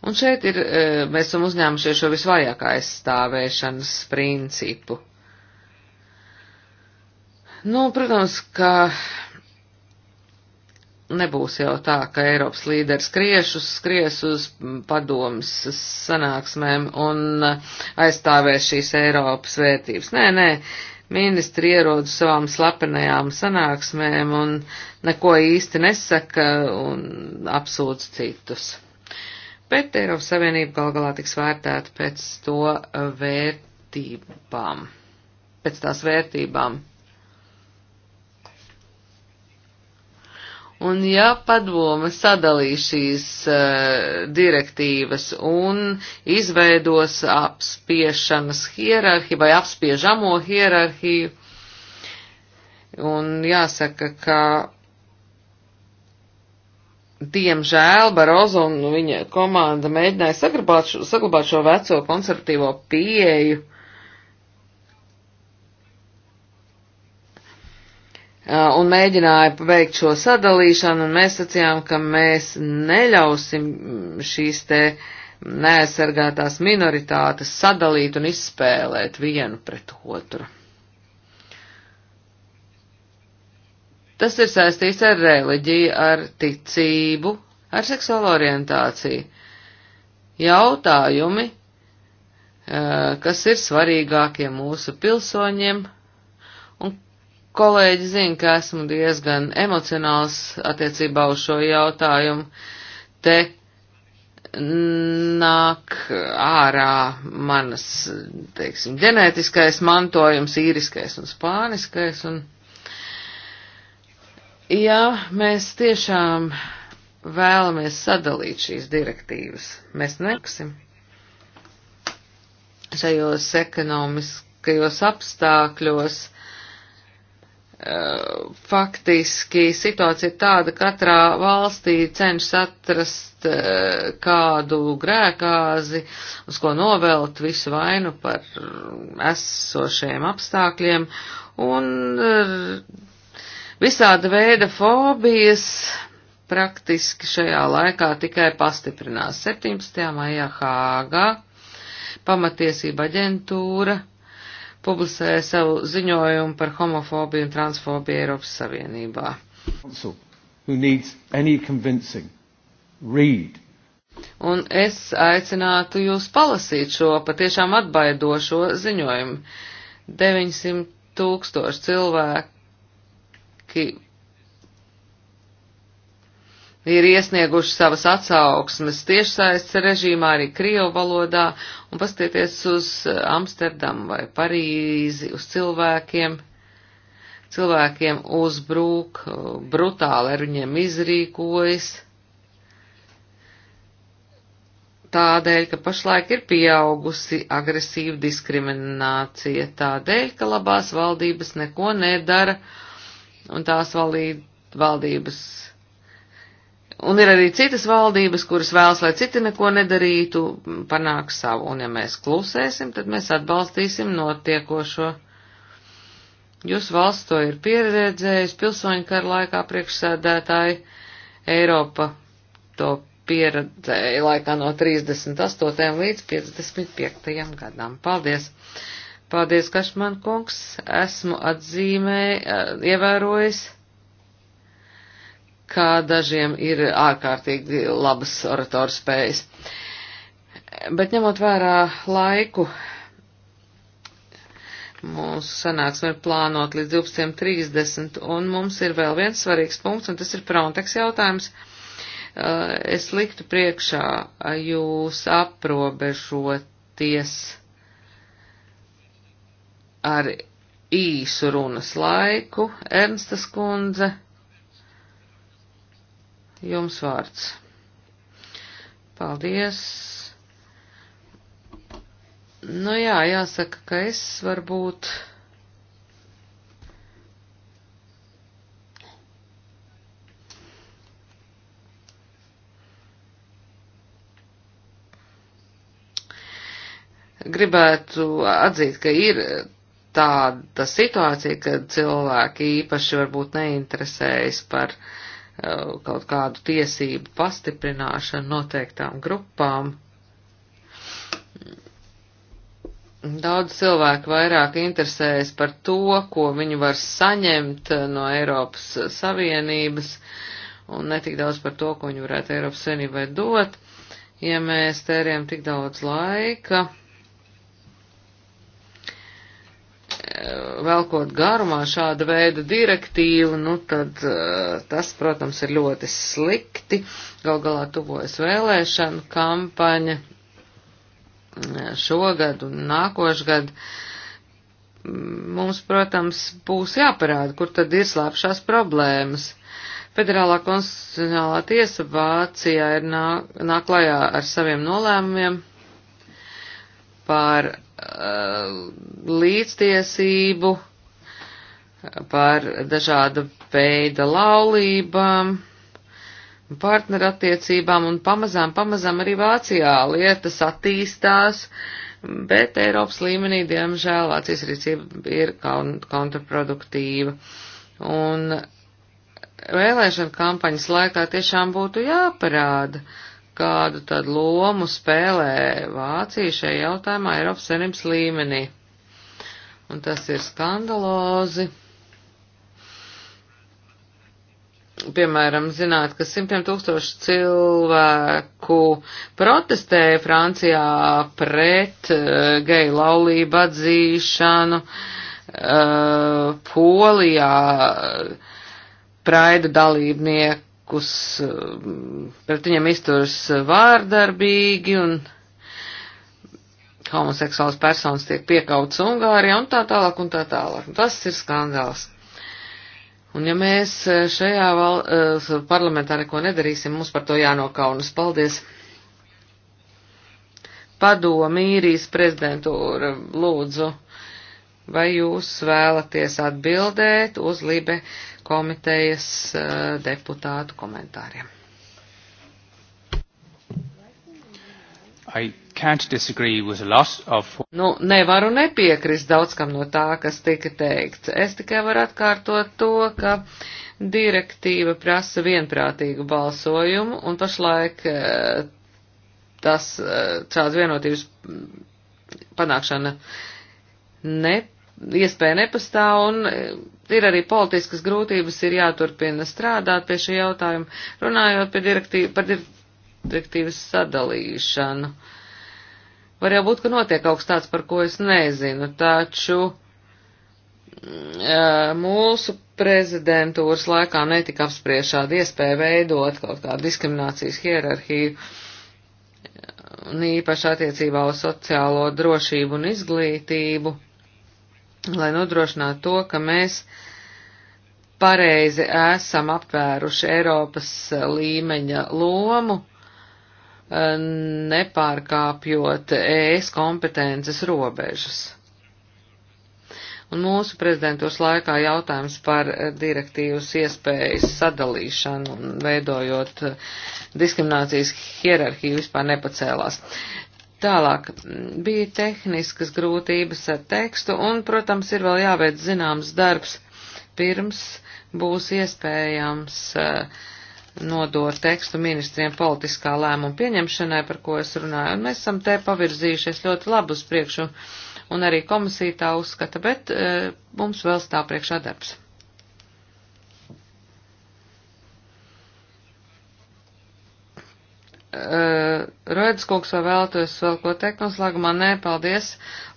Un šeit ir, uh, mēs esam uzņēmušies šo visvājāk aizstāvēšanas principu. Nu, protams, ka nebūs jau tā, ka Eiropas līderis skrieš uz, skries uz padomas sanāksmēm un aizstāvēs šīs Eiropas vērtības. Nē, nē, uh, ministri ierod savām slepenajām sanāksmēm un neko īsti nesaka un apsūdz citus. Bet Eiropas Savienība gal galā tiks vērtēta pēc to vērtībām, pēc tās vērtībām. Un ja padome sadalīs šīs uh, direktīvas un izveidos apspiešanas hierarhiju vai apspiežamo hierarhiju, un jāsaka, ka diemžēl Barozo un viņa komanda mēģināja saglabāt šo, saglabāt šo veco konservatīvo pieeju, Uh, un mēģināja paveikt šo sadalīšanu, un mēs sacījām, ka mēs neļausim šīs te neaizsargātās minoritātes sadalīt un izspēlēt vienu pret otru. Tas ir saistīts ar reliģiju, ar ticību, ar seksuālo orientāciju. Jautājumi, uh, kas ir svarīgākie mūsu pilsoņiem, Kolēģi zina, ka esmu diezgan emocionāls attiecībā uz šo jautājumu. Te nāk ārā manas, teiksim, ģenētiskais mantojums, īriskais un spāniskais. Un, ja mēs tiešām vēlamies sadalīt šīs direktīvas, mēs neksim šajos ekonomiskajos apstākļos faktiski situācija ir tāda, katrā valstī cenšas atrast eh, kādu grēkāzi, uz ko novelt visu vainu par esošiem apstākļiem, un eh, visāda veida fobijas praktiski šajā laikā tikai pastiprinās. 17. maijā Hāgā pamatiesība aģentūra publicēja savu ziņojumu par homofobiju un transfobiju Eiropas Savienībā. Un es aicinātu jūs palasīt šo patiešām atbaidošo ziņojumu. 900 tūkstoši cilvēki ir iesnieguši savas atsauksmes tiešsaistes režīmā arī Krievu valodā, un pastieties uz Amsterdamu vai Parīzi, uz cilvēkiem. Cilvēkiem uzbrūk, brutāli ar viņiem izrīkojas tādēļ, ka pašlaik ir pieaugusi agresīva diskriminācija, tādēļ, ka labās valdības neko nedara, un tās valdības Un ir arī citas valdības, kuras vēlas, lai citi neko nedarītu, panāks savu. Un ja mēs klusēsim, tad mēs atbalstīsim notiekošo. Jūs valsts to ir pieredzējis, pilsoņu kara laikā priekšsēdētāji Eiropa to pieredzēja laikā no 38. līdz 55. gadam. Paldies! Paldies, Kašman kungs! Esmu atzīmē, eh, ievērojis kā dažiem ir ārkārtīgi labas oratoru spējas. Bet ņemot vērā laiku, mūsu sanāksme ir plānot līdz 12.30, un mums ir vēl viens svarīgs punkts, un tas ir Frontex jautājums. Uh, es liktu priekšā jūs aprobežoties ar īsu runas laiku, Ernstas kundze Jums vārds. Paldies. Nu jā, jāsaka, ka es varbūt. gribētu atzīt, ka ir tāda situācija, kad cilvēki īpaši varbūt neinteresējas par uh, Eh, kaut kādu tiesību pastiprināšanu noteiktām grupām. Daudz cilvēku vairāk interesējas par to, ko viņi var saņemt eh, no Eiropas Savienības, un netik daudz par to, ko viņi varētu Eiropas Savienībai dot. Ja mēs tērējam tik daudz laika velkot garumā šāda veida direktīvu, nu tad eh, tas, protams, ir ļoti slikti. Gal galā tuvojas vēlēšanu kampaņa eh, šogad un nākošgad. Mums, protams, būs jāparāda, kur tad ir slēpšās problēmas. Federālā konstitucionālā tiesa Vācijā ir nāk, nāk klajā ar saviem nolēmumiem, par Uh, līdztiesību, par dažāda veida laulībām, partnerattiecībām un pamazām, pamazām arī Vācijā lietas attīstās, bet Eiropas līmenī, diemžēl, Vācijas rīcība ir kontraproduktīva. Un vēlēšana kampaņas laikā tiešām būtu jāparāda, uh, kādu tad lomu spēlē Vācija šajā jautājumā Eiropas Savienības līmenī. Un tas ir skandalozi. Piemēram, zināt, ka simtiem tūkstoši cilvēku protestēja Francijā pret uh, geju laulību atzīšanu, uh, Polijā uh, praidu dalībnieku cilvēkus, eh, pret viņiem izturas vārdarbīgi un homoseksuāls personas tiek piekauts Ungārijā un tā tālāk un tā tālāk. Un tas ir skandāls. Un ja mēs eh, šajā val, eh, parlamentā neko nedarīsim, mums par to jānokaunas. Paldies! Padomi īrijas prezidentūra, lūdzu, vai jūs vēlaties atbildēt uz Libe komitejas eh, deputātu komentāriem. Of... Nu, nevaru nepiekrist daudz kam no tā, kas tika teikts. Es tikai varu atkārtot to, ka direktīva prasa vienprātīgu balsojumu, un pašlaik eh, tas eh, šāds vienotības panākšana ne, iespēja nepastāv, un ir arī politiskas grūtības, ir jāturpina strādāt pie šī jautājuma, runājot pie direktīva, par direktīvas sadalīšanu. Var jau būt, ka notiek kaut kas tāds, par ko es nezinu, taču mm, mūsu prezidentūras laikā netika apspriest šāda iespēja veidot kaut kādu diskriminācijas hierarhiju, un īpaši attiecībā uz sociālo drošību un izglītību lai nodrošinātu to, ka mēs pareizi esam apvēruši Eiropas līmeņa lomu, eh, nepārkāpjot ES kompetences robežas. Un mūsu prezidentūras laikā jautājums par direktīvas iespējas sadalīšanu un veidojot diskriminācijas hierarhiju vispār nepacēlās. Tālāk bija tehniskas grūtības ar tekstu, un, protams, ir vēl jāveic zināms darbs, pirms būs iespējams uh, nodot tekstu ministriem politiskā lēmuma pieņemšanai, par ko es runāju, un mēs esam te pavirzījušies ļoti labi uz priekšu, un arī komisija tā uzskata, bet uh, mums vēl stāv priekšā darbs. Uh, eh, Roedas kungs vai vēlētos vēl ko teikt noslēgumā? Nē, paldies.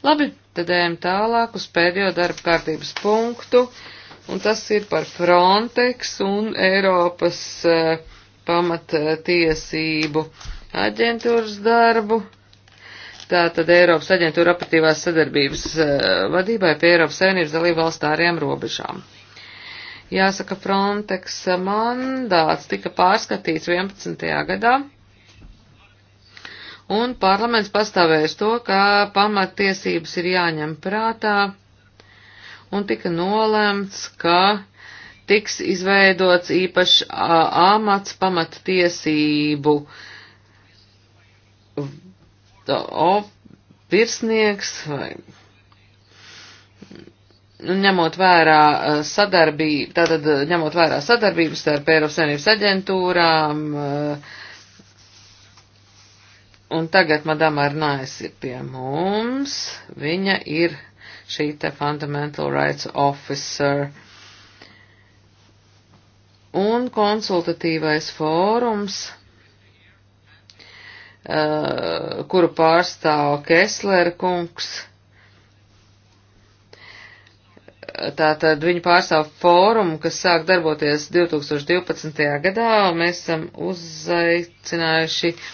Labi, tad ejam tālāk uz pēdējo darba kārtības punktu, un tas ir par Frontex un Eiropas uh, pamattiesību aģentūras darbu. Tātad Eiropas aģentūra operatīvās sadarbības uh, vadībai pie Eiropas Savienības dalību valstu ārējām robežām. Jāsaka, Frontex mandāts tika pārskatīts 11. gadā Un parlaments pastāvēs to, ka pamatiesības ir jāņem prātā, un tika nolēmts, ka tiks izveidots īpašs āmats pamattiesību virsnieks vai nu, ņemot vērā sadarbību, tātad ņemot vērā sadarbību starp Eiropas Savienības aģentūrām, uh, Un tagad Madama Arnais ir pie mums. Viņa ir šī te Fundamental Rights Officer. Un konsultatīvais fórums, uh, kuru pārstāv Keslera kungs. Tātad viņi pārstāv fórumu, kas sāk darboties 2012. gadā, un mēs esam uzaicinājuši uh,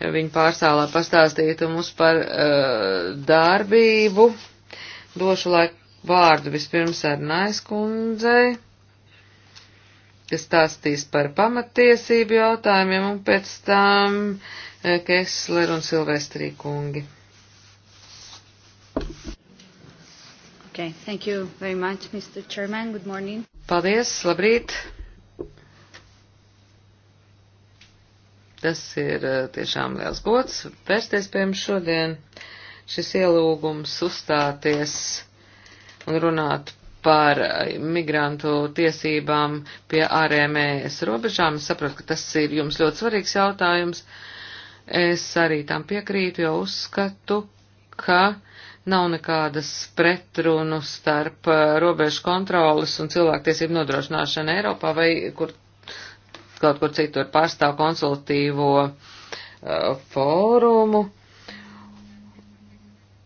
viņu pārstāvā pastāstītu mums par uh, darbību. Došu laiku vārdu vispirms ar Naiskundzei, kas stāstīs par pamatiesību jautājumiem, un pēc tam uh, eh, Kesler un Silvestrī kungi. Okay, thank you very much, Mr. Chairman. Good morning. Paldies, labrīt. Tas ir eh, tiešām liels gods vērsties pie jums šodien. Šis ielūgums uzstāties un runāt par eh, migrantu tiesībām pie ārēmējas robežām. Es saprotu, ka tas ir jums ļoti svarīgs jautājums. Es arī tam piekrītu, jo uzskatu, ka nav nekādas pretrunu starp eh, robežu kontrolas un cilvēktiesību nodrošināšanu Eiropā vai kur kaut kur citur pārstāv konsultīvo uh, fórumu.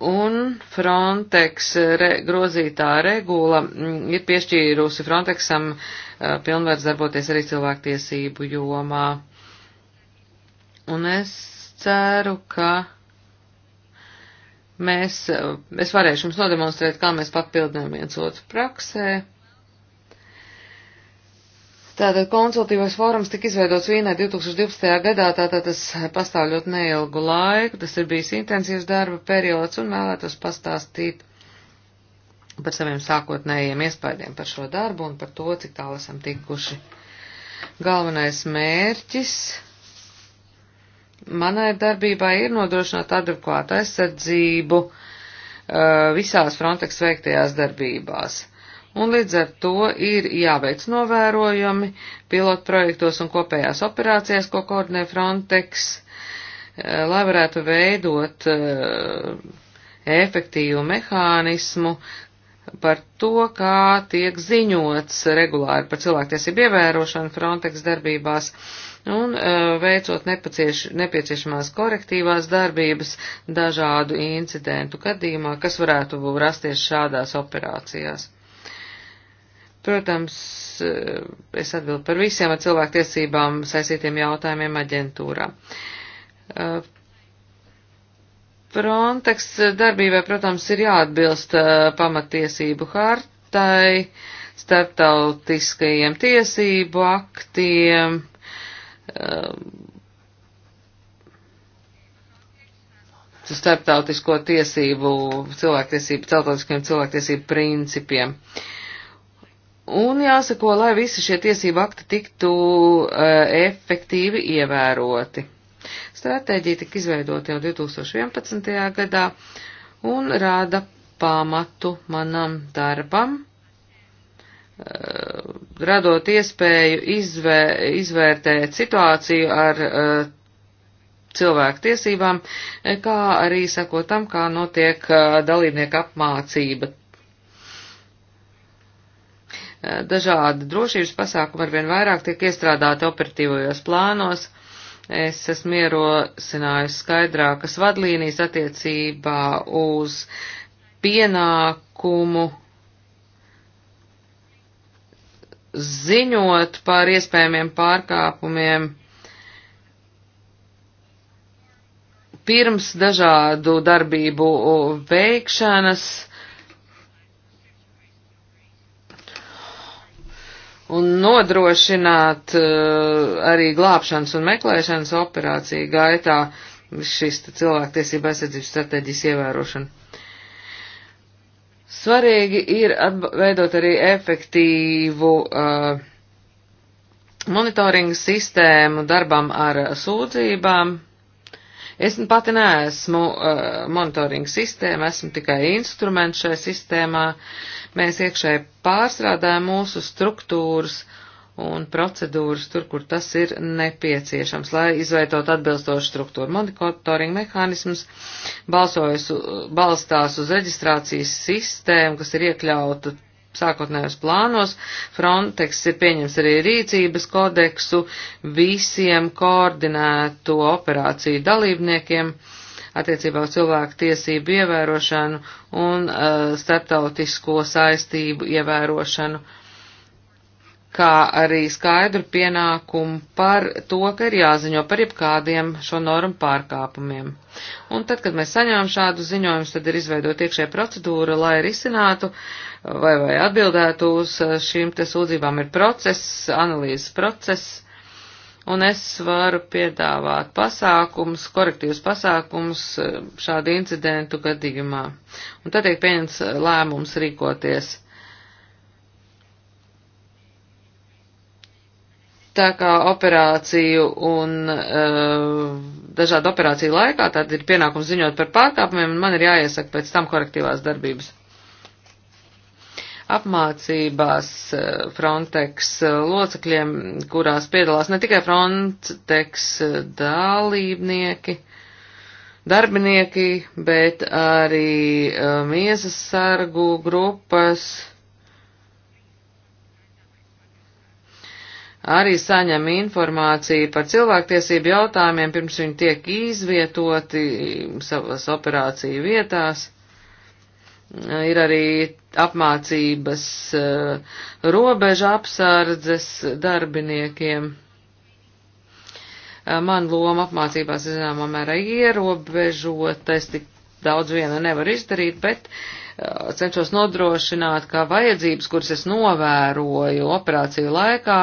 Un Frontex re, grozītā regula mm, ir piešķīrusi Frontexam uh, pilnvērts darboties arī cilvēktiesību jomā. Un es ceru, ka mēs, uh, es varēšu jums nodemonstrēt, kā mēs papildinām viens otru praksē. Tātad konsultīvais fórums tika izveidots Vīnē 2012. gadā, tātad tas pastāv ļoti neilgu laiku, tas ir bijis intensīvs darba periods un vēlētos pastāstīt par saviem sākotnējiem iespējiem par šo darbu un par to, cik tālu esam tikuši. Galvenais mērķis manai darbībai ir nodrošināt adekvātu aizsardzību uh, visās Frontex veiktajās darbībās. Uh, un līdz ar to ir jāveic novērojumi pilotprojektos un kopējās operācijās, ko koordinē Frontex, eh, lai varētu veidot eh, efektīvu mehānismu par to, kā tiek ziņots regulāri par cilvēktiesību ievērošanu Frontex darbībās un eh, veicot nepieciešamās korektīvās darbības dažādu incidentu gadījumā, kas varētu rasties šādās operācijās. Protams, eh, es atbildu par visiem ar cilvēktiesībām saistītiem jautājumiem aģentūrā. Eh, Frontex darbībai, protams, ir jāatbilst eh, pamatiesību hartai, starptautiskajiem tiesību aktiem, starptautisko tiesību, cilvēktiesību, celtautiskiem cilvēktiesību principiem. Uh, Un jāsako, lai visi šie tiesību akti tiktu uh, efektīvi ievēroti. Stratēģija tika izveidota jau 2011. gadā un rāda pamatu manam darbam e, radot iespēju izvē, izvērtēt situāciju ar uh, cilvēku tiesībām, kā arī sakot tam, kā notiek uh, dalībnieku apmācība dažādi drošības pasākumi arvien vairāk tiek iestrādāti operatīvajos plānos. Es esmu ierosinājusi skaidrākas vadlīnijas attiecībā uz pienākumu ziņot par iespējamiem pārkāpumiem pirms dažādu darbību veikšanas un nodrošināt uh, arī glābšanas un meklēšanas operāciju gaitā šīs cilvēktiesība aizsardzības stratēģijas ievērošanu. Svarīgi ir veidot arī efektīvu uh, eh, monitoringa sistēmu darbam ar sūdzībām Es pati neesmu uh, monitoringa sistēma, esmu tikai instruments šajā sistēmā. Mēs iekšēji pārstrādājam mūsu struktūras un procedūras tur, kur tas ir nepieciešams, lai izveidot atbilstošu struktūru. Monitoringa mehānisms balsojas, balstās uz reģistrācijas sistēmu, kas ir iekļauta sākotnējos plānos. Frontex ir pieņems arī rīcības kodeksu visiem koordinēto operāciju dalībniekiem attiecībā uz cilvēku tiesību ievērošanu un uh, starptautisko saistību ievērošanu. Uh, kā arī skaidru pienākumu par to, ka ir jāziņo par jebkādiem šo normu pārkāpumiem. Un tad, kad mēs saņēmām šādu ziņojumus, tad ir izveidot iekšē procedūra, lai risinātu vai, vai atbildētu uz šīm te sūdzībām ir process, analīzes process, un es varu piedāvāt pasākums, korektīvs pasākums šādu incidentu gadījumā. Un tad tiek pieņemts lēmums rīkoties Tā kā operāciju un uh, dažādu operāciju laikā tad ir pienākums ziņot par pārkāpumiem un man ir jāiesaka pēc tam korektīvās darbības. Apmācībās eh, Frontex eh, locekļiem, kurās piedalās ne tikai Frontex dalībnieki, darbinieki, bet arī miesas sargu grupas arī saņem informāciju par cilvēktiesību jautājumiem, pirms viņi tiek izvietoti savas operāciju vietās. Ir arī apmācības eh, robeža apsardzes darbiniekiem. Eh, man loma apmācībās, zināmā mērā, ierobežota. Es tik daudz viena nevaru izdarīt, bet eh, cenšos nodrošināt, ka vajadzības, kuras es novēroju operāciju laikā,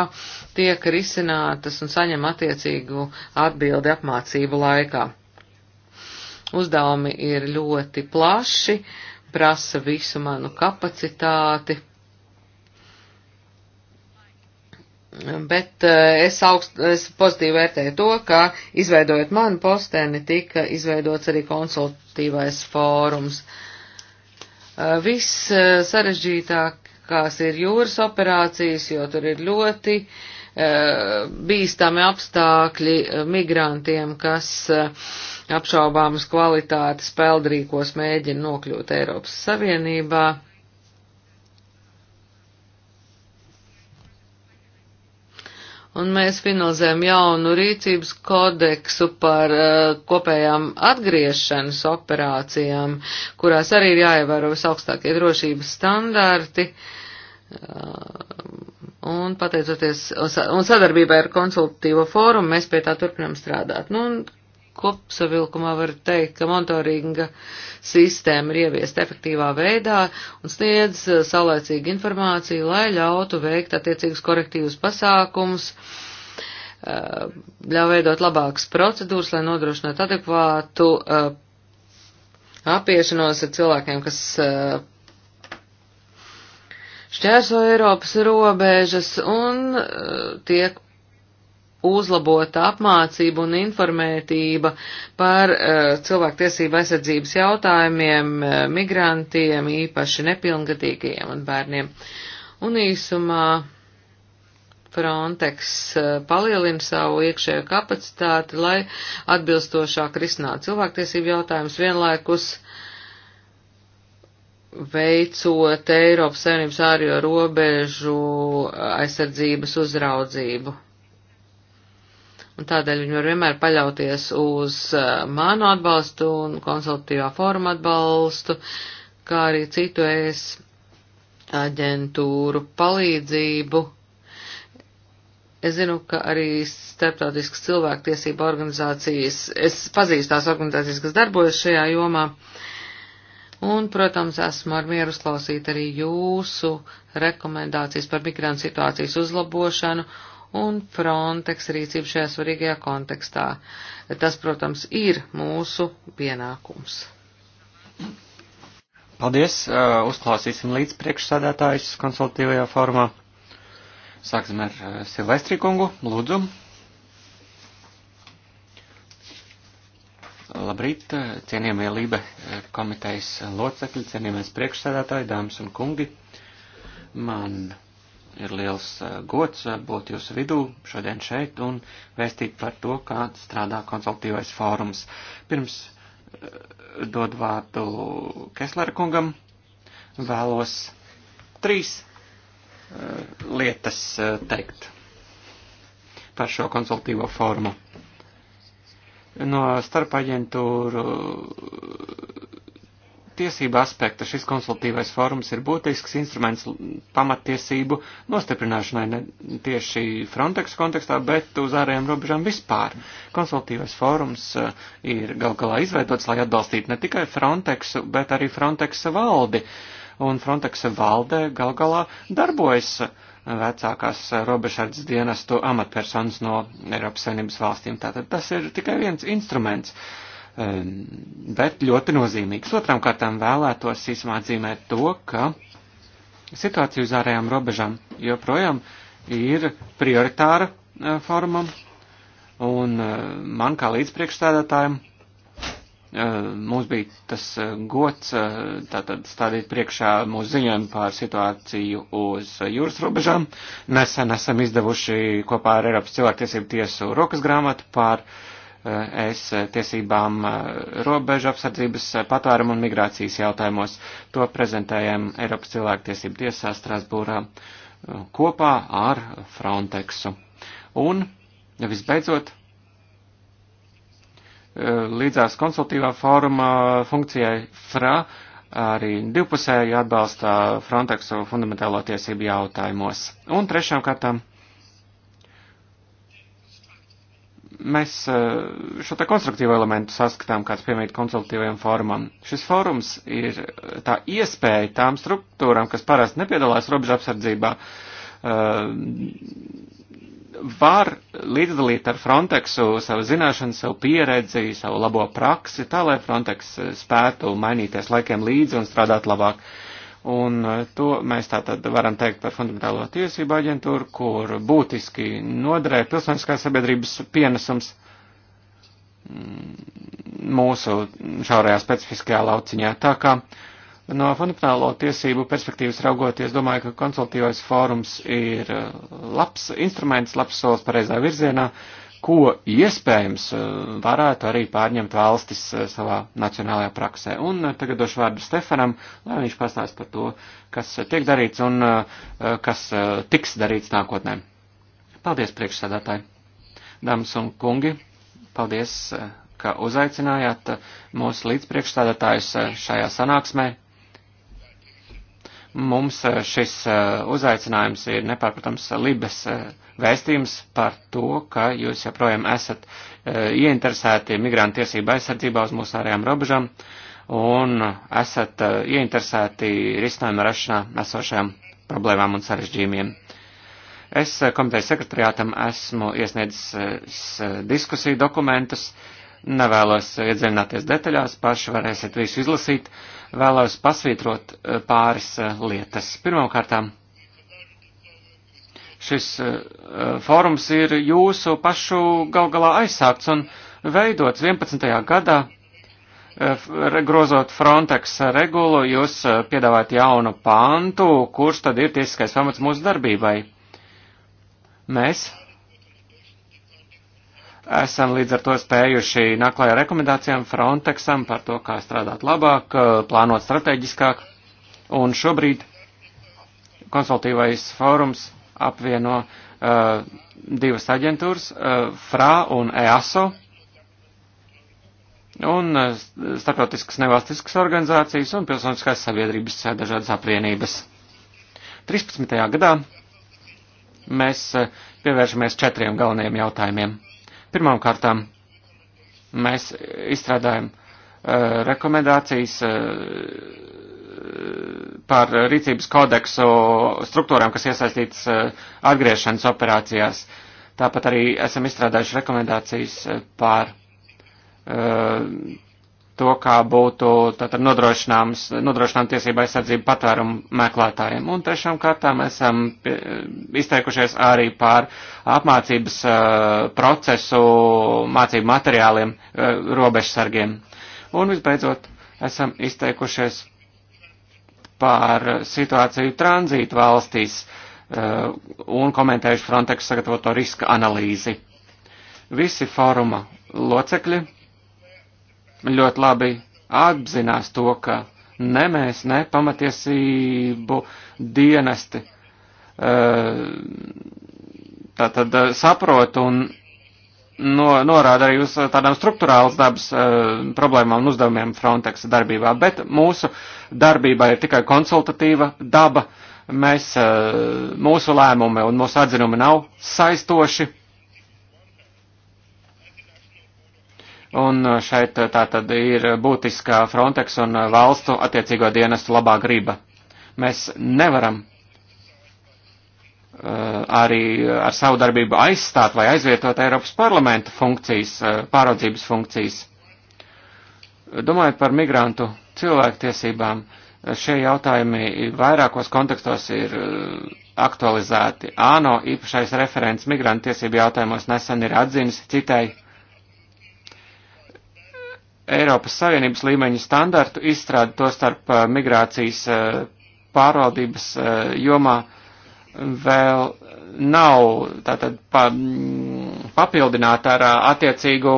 tiek risinātas un saņem attiecīgu atbildi apmācību laikā. Uzdevumi ir ļoti plaši, prasa visu manu kapacitāti, bet eh, es, augst, es pozitīvi vērtēju to, ka izveidojot manu posteni, tika izveidots arī konsultīvais fórums. Eh, viss eh, sarežģītāk kāds ir jūras operācijas, jo tur ir ļoti bīstami apstākļi migrantiem, kas eh, apšaubāmas kvalitātes peldrīkos mēģina nokļūt Eiropas Savienībā. Un mēs finalizējam jaunu rīcības kodeksu par uh, kopējām atgriešanas operācijām, kurās arī ir jāievēro visaugstākie drošības standarti. Uh, Un pateicoties un sadarbībā ar konsultatīvo fórumu, mēs pie tā turpinām strādāt. Nu, un kopsavilkumā var teikt, ka monitoringa sistēma ir ieviesta efektīvā veidā un sniedz uh, saulēcīgu informāciju, lai ļautu veikt attiecīgus korektīvus pasākumus, uh, ļauj veidot labākas procedūras, lai nodrošinātu adekvātu uh, apiešanos ar cilvēkiem, kas šķērso Eiropas robežas un uh, tiek uzlabota apmācība un informētība par uh, cilvēktiesību aizsardzības jautājumiem, uh, migrantiem, īpaši nepilngadīgajiem un bērniem. Un īsumā Frontex uh, palielina savu iekšējo kapacitāti, lai atbilstošāk risinātu cilvēktiesību jautājumus vienlaikus veicot Eiropas Savienības ārējo robežu aizsardzības uzraudzību. Un tādēļ viņi var vienmēr paļauties uz uh, manu atbalstu un konsultatīvā forma atbalstu, kā arī citu es aģentūru palīdzību. Es zinu, ka arī starptautiskas cilvēktiesība organizācijas, es pazīstu tās organizācijas, kas darbojas šajā jomā, uh, Un, protams, esmu ar mieru uzklausīt arī jūsu rekomendācijas par migrantu situācijas uzlabošanu un Frontex rīcību šajā svarīgajā kontekstā. Tas, protams, ir mūsu pienākums. Paldies! Uh, uzklausīsim līdz priekšsādātājus konsultīvajā formā. Sāksim ar uh, Silvestrī kungu. Lūdzu! Labrīt, cienījamie Lībe eh, komitejas locekļi, cienījamies priekšsēdētāji, dāmas un kungi. Man ir liels eh, gods eh, būt jūsu vidū šodien šeit un vēstīt par to, kā strādā konsultīvais fórums. Pirms dod vārdu Keslera kungam, vēlos trīs lietas teikt par šo konsultīvo fórumu No starpaģentūru tiesība aspekta šis konsultīvais fórums ir būtisks instruments pamattiesību nostiprināšanai ne tieši Frontex kontekstā, bet uz ārējām robežām vispār. Konsultīvais fórums eh, ir gal galā izveidots, lai atbalstītu ne tikai Frontexu, bet arī Frontexa valdi. Un Frontexa valde gal galā darbojas uh, vecākās robežsardzes dienestu amatpersonas no Eiropas Savienības valstīm. Tātad tas ir tikai viens instruments, ehm, bet ļoti nozīmīgs. Otram kārtām vēlētos īsumā atzīmēt to, ka situācija uz ārējām robežām joprojām ir prioritāra eh, formam, un eh, man kā līdzpriekšstādātājiem Eh, mums bija tas eh, gods eh, tātad stādīt priekšā mūsu ziņojumu par situāciju uz jūras robežām. Nesen esam izdevuši kopā ar Eiropas cilvēktiesību tiesu rokas grāmatu par es tiesībām robežu apsardzības patvērumu un migrācijas jautājumos. To prezentējam Eiropas cilvēktiesību tiesā Strasbūrā kopā ar Frontexu. Un, visbeidzot, līdzās konsultīvā fóruma funkcijai FRA arī divpusēji atbalsta Frontexu fundamentālo tiesību jautājumos. Un trešām kārtām mēs eh, šo te konstruktīvo elementu saskatām, kāds piemīt konsultīvajam fórumam. Šis fórums ir eh, tā iespēja tām struktūram, kas parasti nepiedalās robežu apsardzībā, uh, var līdzdalīt ar Frontexu savu zināšanu, savu pieredzi, savu labo praksi, tā lai Frontex e, spētu mainīties laikiem līdzi un strādāt labāk. Un e, to mēs tātad varam teikt par fundamentālo tiesību aģentūru, kur būtiski nodarē pilsoniskās sabiedrības pienesums mm, mūsu šaurajā specifiskajā lauciņā. Tā kā uh, No fundamentālo tiesību perspektīvas raugoties, domāju, ka konsultīvais fórums ir eh, labs instruments, labs solis pareizā virzienā, ko iespējams eh, varētu arī pārņemt valstis eh, savā nacionālajā praksē. Un tagad došu vārdu Stefanam, lai viņš pastāst par to, kas tiek darīts un kas tiks darīts nākotnē. Paldies, priekšsēdētāji! Dāmas un kungi, paldies, ka uzaicinājāt mūsu līdzpriekšstādātājus šajā sanāksmē, mums eh, šis eh, uzaicinājums ir nepārprotams libes eh, vēstījums par to, ka jūs joprojām esat ieinteresēti migrantu tiesību aizsardzībā uz mūsu ārējām robežām un esat ieinteresēti risinājuma rašanā esošajām problēmām un sarežģījumiem. Es komitejas sekretariātam esmu iesniedzis diskusiju dokumentus, uh, Nevēlos iedziļināties detaļās, paši varēsiet visu izlasīt. Vēlos pasvītrot eh, pāris eh, lietas. Pirmkārtām, šis eh, fórums ir jūsu pašu gal galā aizsākts un veidots 11. gadā grozot Frontex regulu, jūs piedāvājat jaunu pāntu, kurš tad ir tiesiskais pamats mūsu darbībai. Mēs Esam līdz ar to spējuši naklajā rekomendācijām Frontexam par to, kā strādāt labāk, eh, plānot strateģiskāk. Un šobrīd konsultīvais fórums apvieno uh, divas aģentūras, uh, FRA un EASO, un uh, starptautiskas nevalstiskas organizācijas un pilsoniskās sabiedrības dažādas apvienības. 13. gadā mēs uh, pievēršamies četriem galvenajiem jautājumiem Pirmām kārtām mēs izstrādājam uh, rekomendācijas uh, par rīcības kodeksu struktūrām, kas iesaistītas uh, atgriešanas operācijās. Tāpat arī esam izstrādājuši rekomendācijas par to, kā būtu nodrošinām tiesība aizsardzību patvērumu meklētājiem. Un trešām kārtām esam izteikušies arī pār apmācības uh, procesu, mācību materiāliem, uh, robežsargiem. Un visbeidzot, esam izteikušies pār situāciju tranzītu valstīs uh, un komentējuši Frontex sagatavoto riska analīzi. Visi fóruma locekļi ļoti labi apzinās to, ka ne mēs, ne pamatiesību dienesti eh, tātad eh, saprot un no, norāda arī uz tādām struktūrāls dabas eh, problēmām un uzdevumiem Frontex darbībā, bet mūsu darbībā ir tikai konsultatīva daba, mēs, mūsu lēmumi un mūsu atzinumi nav saistoši, Un eh, šeit eh, tā tad ir būtiskā Frontex un eh, valstu attiecīgo dienestu labā griba. Mēs nevaram arī ar savu darbību aizstāt vai aizvietot Eiropas parlamenta funkcijas, pāraudzības funkcijas. Domājot par migrantu cilvēktiesībām, šie jautājumi vairākos kontekstos ir aktualizēti. ANO īpašais referents migrantu tiesību jautājumos nesen ir atzinis, citai, Eiropas Savienības līmeņa standartu izstrādi to starp eh, migrācijas eh, pārvaldības eh, jomā vēl nav tātad pa, mm, papildināta ar attiecīgu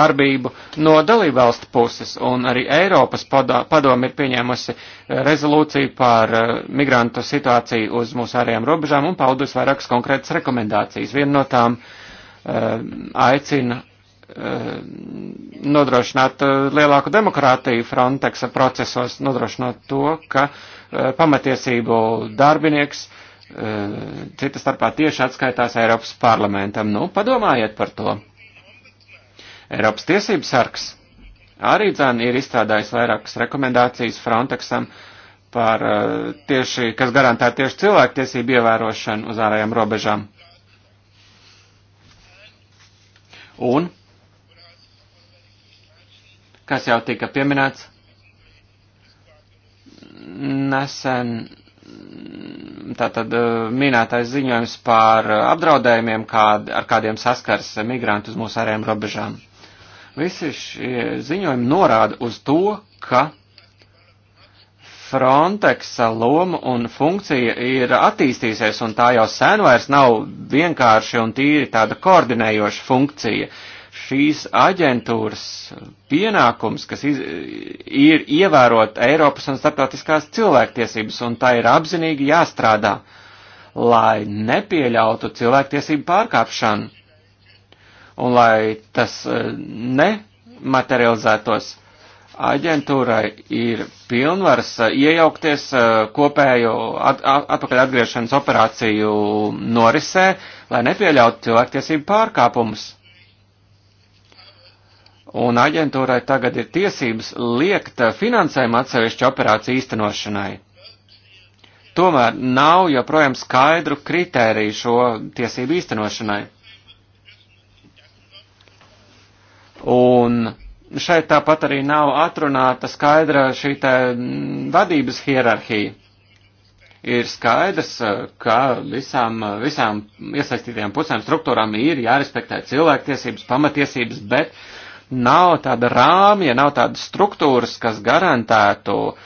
darbību no dalībvalstu puses, un arī Eiropas padomi ir pieņēmusi rezolūciju par migrantu situāciju uz mūsu ārējām robežām un paudus vairākas konkrētas rekomendācijas. Viena no tām uh, aicina Um, nodrošināt uh, lielāku demokrātiju Frontexa procesos, nodrošinot to, ka uh, pamatiesību darbinieks uh, cita starpā tieši atskaitās Eiropas parlamentam. Nu, padomājiet par to. Eiropas tiesības sargs arī dzēn ir izstrādājis vairākas rekomendācijas Frontexam par tieši, kas garantē tieši cilvēktiesību ievērošanu uz ārējām robežām. Un kas jau tika pieminēts, nesen tātad uh, minētais ziņojums par apdraudējumiem, kād, ar kādiem saskars migranti uz mūsu ārējām robežām. Visi šie ziņojumi norāda uz to, ka Frontexa loma un funkcija ir attīstīsies, un tā jau sen vairs nav vienkārši un tīri tāda koordinējoša funkcija. Uh, šīs aģentūras pienākums, kas iz, ir ievērot Eiropas un starptautiskās cilvēktiesības, un tā ir apzinīgi jāstrādā, lai nepieļautu cilvēktiesību pārkāpšanu, un lai tas eh, nematerializētos. Aģentūrai ir pilnvars eh, iejaukties eh, kopējo at, atpakaļ atgriešanas operāciju norisē, lai nepieļautu cilvēktiesību pārkāpumus un aģentūrai tagad ir tiesības liekt eh, finansējumu atsevišķu operāciju īstenošanai. Tomēr nav joprojām skaidru kritēriju šo tiesību īstenošanai. Un šeit tāpat arī nav atrunāta skaidra šī te vadības hierarhija. Ir skaidrs, eh, ka visām, visām iesaistītajām pusēm struktūrām ir jārespektē cilvēktiesības, pamatiesības, bet uh, nav tāda rāmja, nav tādas struktūras, kas garantētu uh,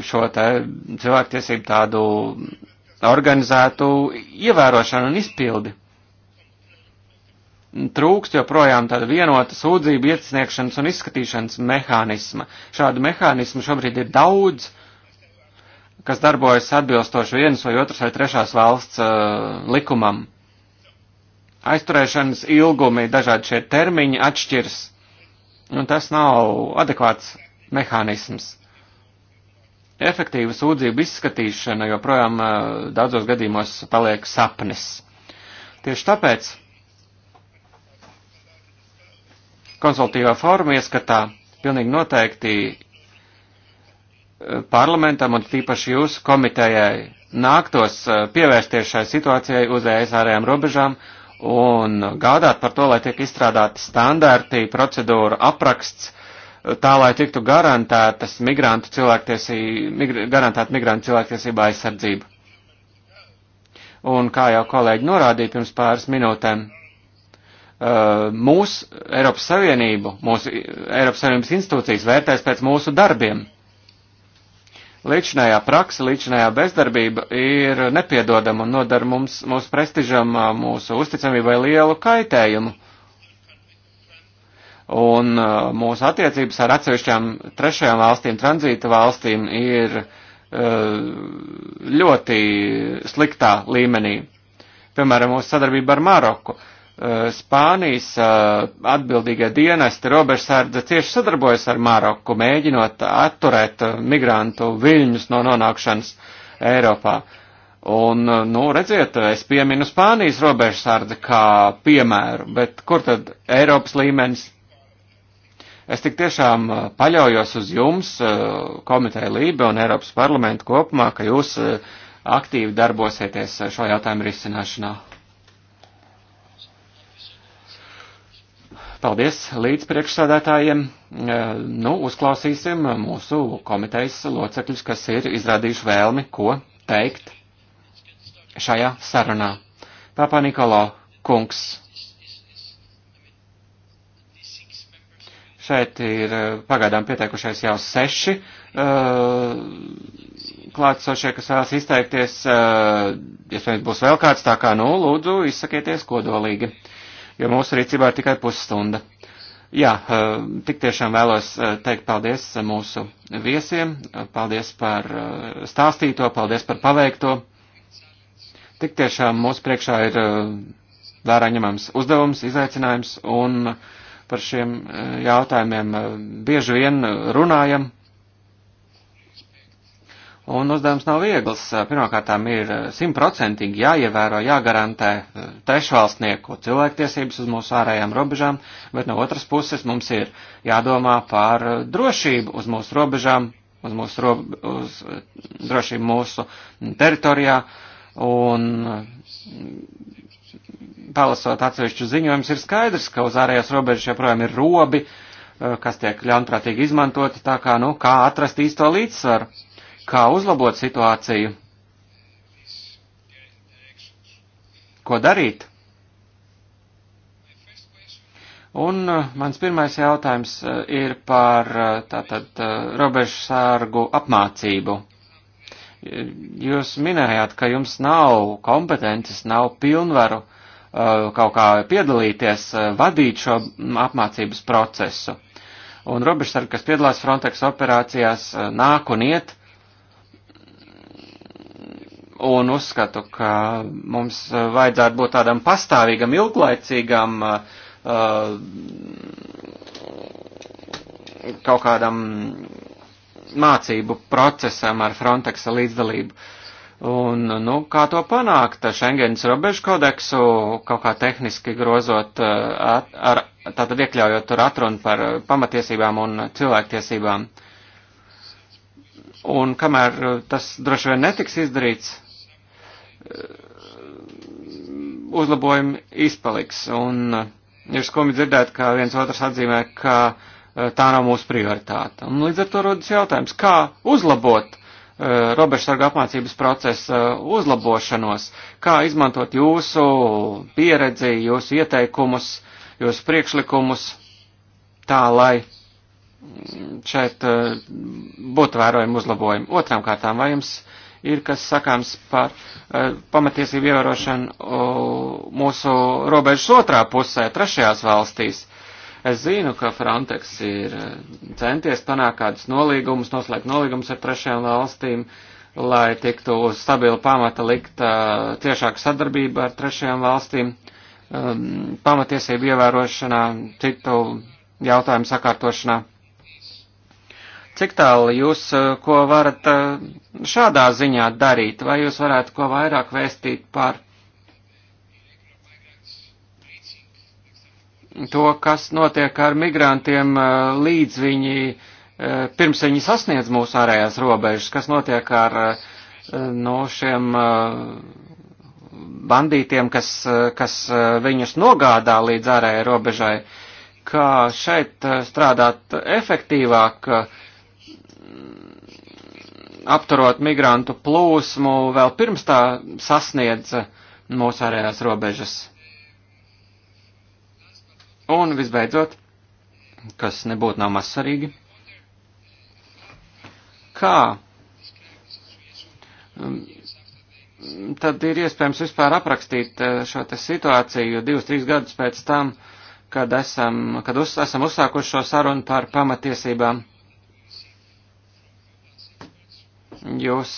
šo te cilvēktiesību tādu organizētu ievērošanu un izpildi. Trūkst joprojām tāda vienota sūdzību iesniegšanas un izskatīšanas mehānisma. Šādu mehānismu šobrīd ir daudz, kas darbojas atbilstoši vienas vai otras vai trešās valsts uh, likumam aizturēšanas ilgumi, dažādi šie termiņi atšķirs. Un tas nav adekvāts mehānisms. Efektīva sūdzību izskatīšana joprojām eh, daudzos gadījumos paliek sapnis. Tieši tāpēc konsultīvā forma ieskatā pilnīgi noteikti eh, parlamentam un tīpaši jūsu komitejai nāktos eh, pievērsties šai situācijai uz ēs ārējām robežām un gādāt par to, lai tiek izstrādāti standarti, procedūra apraksts, tā lai tiktu garantētas migrantu cilvēktiesība, migr garantēta migrantu cilvēktiesība aizsardzība. Un kā jau kolēģi norādīja pirms pāris minūtēm, uh, mūsu Eiropas Savienību, mūsu Eiropas Savienības institūcijas vērtēs pēc mūsu darbiem Līdzinājā praksa, līdzinājā bezdarbība ir nepiedodama un nodara mums, mūsu prestižam, mūsu uzticamībai lielu kaitējumu. Un mūsu attiecības ar atsevišķām trešajām valstīm, tranzīta valstīm ir ļoti sliktā līmenī. Piemēram, mūsu sadarbība ar Maroku. Eh, Spānijas eh, atbildīgie dienesti robežsardze cieši sadarbojas ar Maroku, mēģinot atturēt eh, migrantu viļņus no nonākšanas Eiropā. Un, nu, redziet, es pieminu Spānijas robežsardzi kā piemēru, bet kur tad Eiropas līmenis? Es tik tiešām paļaujos uz jums, komiteja Lība un Eiropas parlamentu kopumā, ka jūs aktīvi darbosieties šo jautājumu risināšanā. Paldies līdz priekšsādātājiem. E, nu, uzklausīsim mūsu komitejas locekļus, kas ir izrādījuši vēlmi, ko teikt šajā sarunā. Papa Nikolo kungs. Šeit ir e, pagaidām pieteikušies jau seši e, klātsošie, kas vēlas izteikties. Iespējams, būs vēl kāds, tā kā nu, lūdzu, izsakieties kodolīgi jo mūsu rīcībā ir tikai pusstunda. Jā, eh, tik tiešām vēlos eh, teikt paldies eh, mūsu viesiem, paldies par stāstīto, paldies par paveikto. Tik tiešām mūsu priekšā ir vērā ņemams uzdevums, izaicinājums, un par šiem jautājumiem bieži vien runājam Un uzdevums nav viegls. Pirmkārtām ir simtprocentīgi jāievēro, jāgarantē eh, trešvalstnieku cilvēktiesības uz mūsu ārējām robežām, bet no otras puses mums ir jādomā par drošību uz mūsu robežām, uz mūsu rob uz eh, drošību mūsu teritorijā. Un mm, palasot atsevišķu ziņojumus, ir skaidrs, ka uz ārējās robežas joprojām ir robi, eh, kas tiek ļaunprātīgi izmantoti, tā kā, nu, kā atrast īsto līdzsvaru kā uzlabot situāciju, ko darīt. Un eh, mans pirmais jautājums eh, ir par eh, tātad robežu sārgu apmācību. Jūs minējāt, ka jums nav kompetences, nav pilnvaru kaut kā piedalīties, vadīt šo mm, apmācības procesu. Un robežsargi, kas piedalās Frontex operācijās, nāk un iet, un uzskatu, ka mums vajadzētu būt tādam pastāvīgam, ilglaicīgam uh, kaut kādam mācību procesam ar Frontexa līdzdalību. Un, nu, kā to panākt? Schengens robežu kodeksu kaut kā tehniski grozot, uh, at, ar, tātad iekļaujot tur atrunu par pamatiesībām un cilvēktiesībām. Un kamēr tas droši vien netiks izdarīts, Eh, uzlabojumi izpaliks. Un ir eh, skumji dzirdēt, ka viens otrs atzīmē, ka eh, tā nav mūsu prioritāte. Un līdz ar to rodas jautājums, kā uzlabot robežsarga apmācības procesa uzlabošanos, kā izmantot jūsu pieredzi, jūsu ieteikumus, jūsu priekšlikumus tā, lai mm, šeit būtu vērojami uzlabojumi. Otrām kārtām, vai jums ir kas sakāms par uh, pamatiesību ievērošanu uh, mūsu robežas otrā pusē, trešajās valstīs. Es zinu, ka Frontex ir eh, centies panākt kādus nolīgumus, noslēgt nolīgumus ar trešajām valstīm, lai tiktu uz stabilu pamata likt uh, eh, ciešāku sadarbību ar trešajām valstīm, um, pamatiesību ievērošanā, citu jautājumu sakārtošanā. Cik tālu jūs eh, ko varat eh, šādā ziņā darīt, vai jūs varētu ko vairāk vēstīt par to, kas notiek ar migrantiem eh, līdz viņi, pirms viņi sasniedz mūsu ārējās robežas, kas notiek ar no šiem bandītiem, kas, kas viņus nogādā līdz ārējai robežai, kā šeit strādāt efektīvāk, apturot migrantu plūsmu vēl pirms tā sasniedz mūsu ārējās robežas. Un visbeidzot, kas nebūtu nav mazsvarīgi, kā mm, tad ir iespējams vispār aprakstīt eh, šo te situāciju divus, trīs gadus pēc tam, kad esam, kad uz, esam uzsākuši šo sarunu par pamatiesībām. Jūs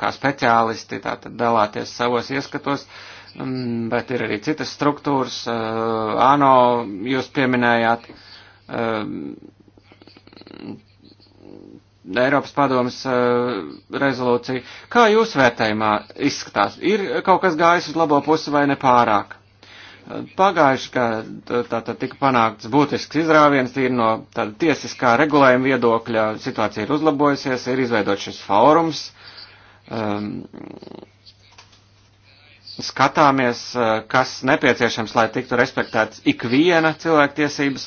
kā speciālisti tātad dalāties savos ieskatos, um, bet ir arī citas struktūras. ANO jūs pieminējāt. Eiropas padomas rezolūcija. Kā jūs vērtējumā izskatās? Ir kaut kas gājis uz labo pusi vai nepārāk? Pagājuši, ka tātad tika panākts būtisks izrāviens, ir no tāda tiesiskā regulējuma viedokļa situācija ir uzlabojusies, ir izveidot šis fórums. Um, skatāmies, eh, kas nepieciešams, lai tiktu respektēts ikviena cilvēktiesības,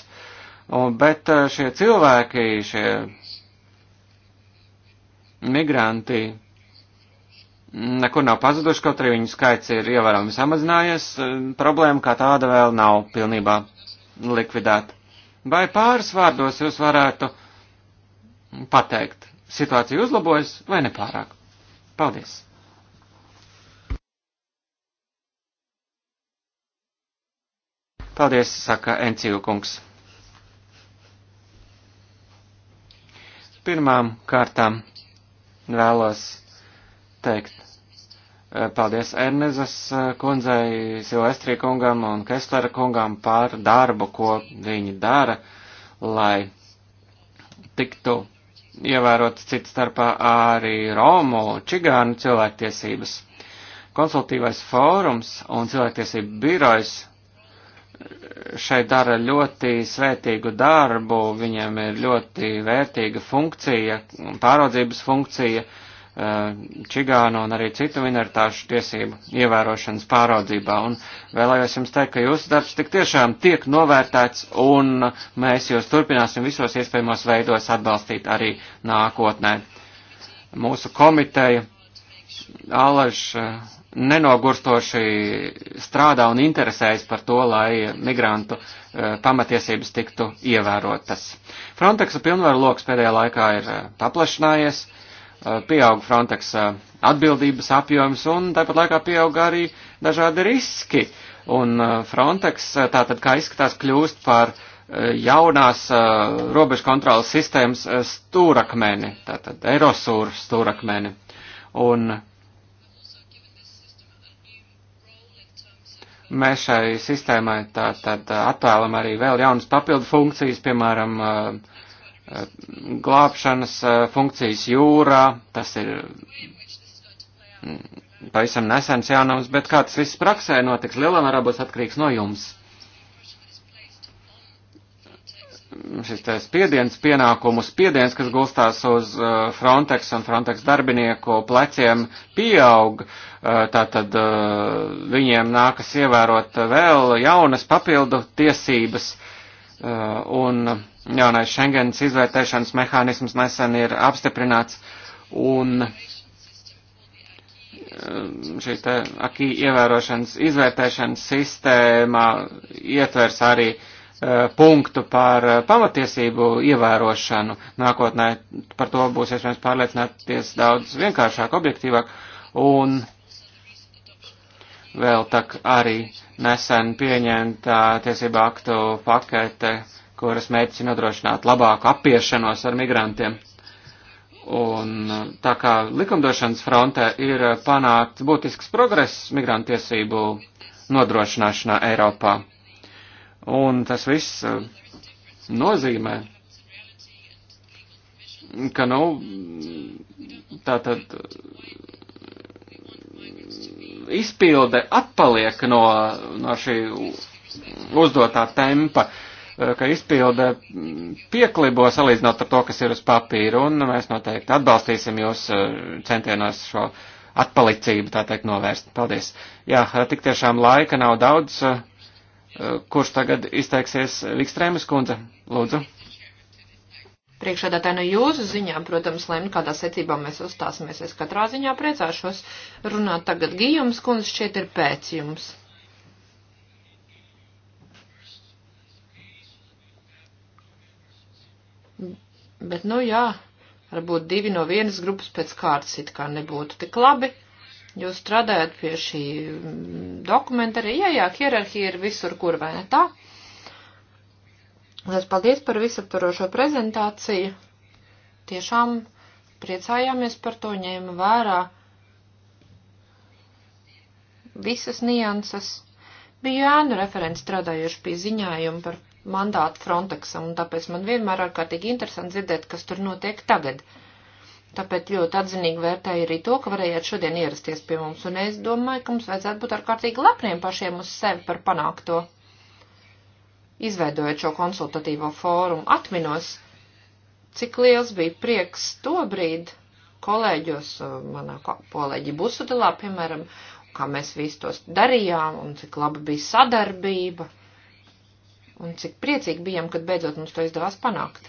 un, bet eh, šie cilvēki, šie migranti, nekur nav pazuduši, kaut arī viņu skaits ir ievērojami samazinājies, e, problēma kā tāda vēl nav pilnībā likvidēta. Vai pāris vārdos jūs varētu pateikt, situācija uzlabojas vai nepārāk? Paldies! Paldies, saka Enciju kungs. Pirmām kārtām vēlos teikt. Eh, paldies Ernezas eh, kundzei, Silvestri kungam un Kesslera kungam par darbu, ko viņi dara, lai tiktu ievērot citu starpā arī Romu čigānu cilvēktiesības. Konsultīvais fórums un cilvēktiesību birojs eh, šeit dara ļoti svētīgu darbu, viņiem ir ļoti vērtīga funkcija, pāraudzības funkcija Eh, čigānu un arī citu minoritāšu tiesību ievērošanas pāraudzībā. Un vēlējos jums teikt, ka jūsu darbs tik tiešām tiek novērtēts un mēs jūs turpināsim visos iespējamos veidos atbalstīt arī nākotnē. Mūsu komiteja Alaž eh, nenogurstoši strādā un interesējas par to, lai migrantu eh, pamatiesības tiktu ievērotas. Frontexa pilnvaru lokus pēdējā laikā ir paplašinājies Eh, pieauga Frontex eh, atbildības apjoms un tāpat laikā pieauga arī dažādi riski. Un eh, Frontex tātad kā izskatās kļūst par jaunās robežu kontrolas sistēmas stūrakmeni, tātad Eirosūra stūrakmeni. Un mēs šai sistēmai tātad atvēlam arī vēl jaunas papildu funkcijas, piemēram, uh, glābšanas eh, funkcijas jūrā, tas ir mm, pavisam nesens jaunums, bet kā tas viss praksē notiks, lielā mērā būs atkarīgs no jums. Šis spiediens, pienākumu spiediens, kas gulstās uz eh, Frontex un Frontex darbinieku pleciem, pieaug. Eh, tātad viņiem nākas ievērot vēl jaunas papildu tiesības Uh, un jaunais Schengens izvērtēšanas mehānisms nesen ir apstiprināts, un um, šī te akī ievērošanas izvērtēšanas sistēmā ietvers arī uh, punktu par uh, pamatiesību ievērošanu nākotnē. Par to būs iespējams pārliecināties daudz vienkāršāk, objektīvāk. Un vēl tā arī nesen pieņemtā tiesība aktu pakete, kuras mērķis ir nodrošināt labāku apiešanos ar migrantiem. Un tā kā likumdošanas frontē ir panākts būtisks progress migrantu tiesību nodrošināšanā Eiropā. Un tas viss eh, nozīmē, ka, nu, tā tad izpilde atpaliek no, no šī uzdotā tempa, eh, ka izpilde pieklibo salīdzinot ar to, kas ir uz papīra, un mēs noteikti atbalstīsim jūs eh, centienos šo atpalicību, tā teikt, novērst. Paldies. Jā, eh, tik tiešām laika nav daudz. Kurš tagad izteiksies Vikstrēmas kundze? Lūdzu priekšādātāji no jūsu ziņām, protams, lemt, kādā secībā mēs uzstāsimies. Es katrā ziņā priecāšos runāt tagad. Gījums kundze šķiet ir pēc jums. Bet, nu jā, varbūt divi no vienas grupas pēc kārtas it kā nebūtu tik labi. Jūs strādājat pie šī dokumenta arī, jā, jā, hierarhija ir visur, kur vai ne tā? Lielas paldies par visaptvarošo prezentāciju. Tiešām priecājāmies par to, ņēma vērā visas nianses. Biju ēnu referents strādājuši pie ziņājuma par mandātu Frontexam, un tāpēc man vienmēr ārkārtīgi interesanti dzirdēt, kas tur notiek tagad. Tāpēc ļoti atzinīgi vērtēju arī to, ka varējāt šodien ierasties pie mums, un es domāju, ka mums vajadzētu būt ārkārtīgi lepniem pašiem uz sevi par panākto izveidojot šo konsultatīvo fórumu, atminos, cik liels bija prieks tobrīd kolēģos, uh, manā kolēģi Busudilā, piemēram, kā mēs visus tos darījām un cik laba bija sadarbība un cik priecīgi bijām, kad beidzot mums to izdevās panākt.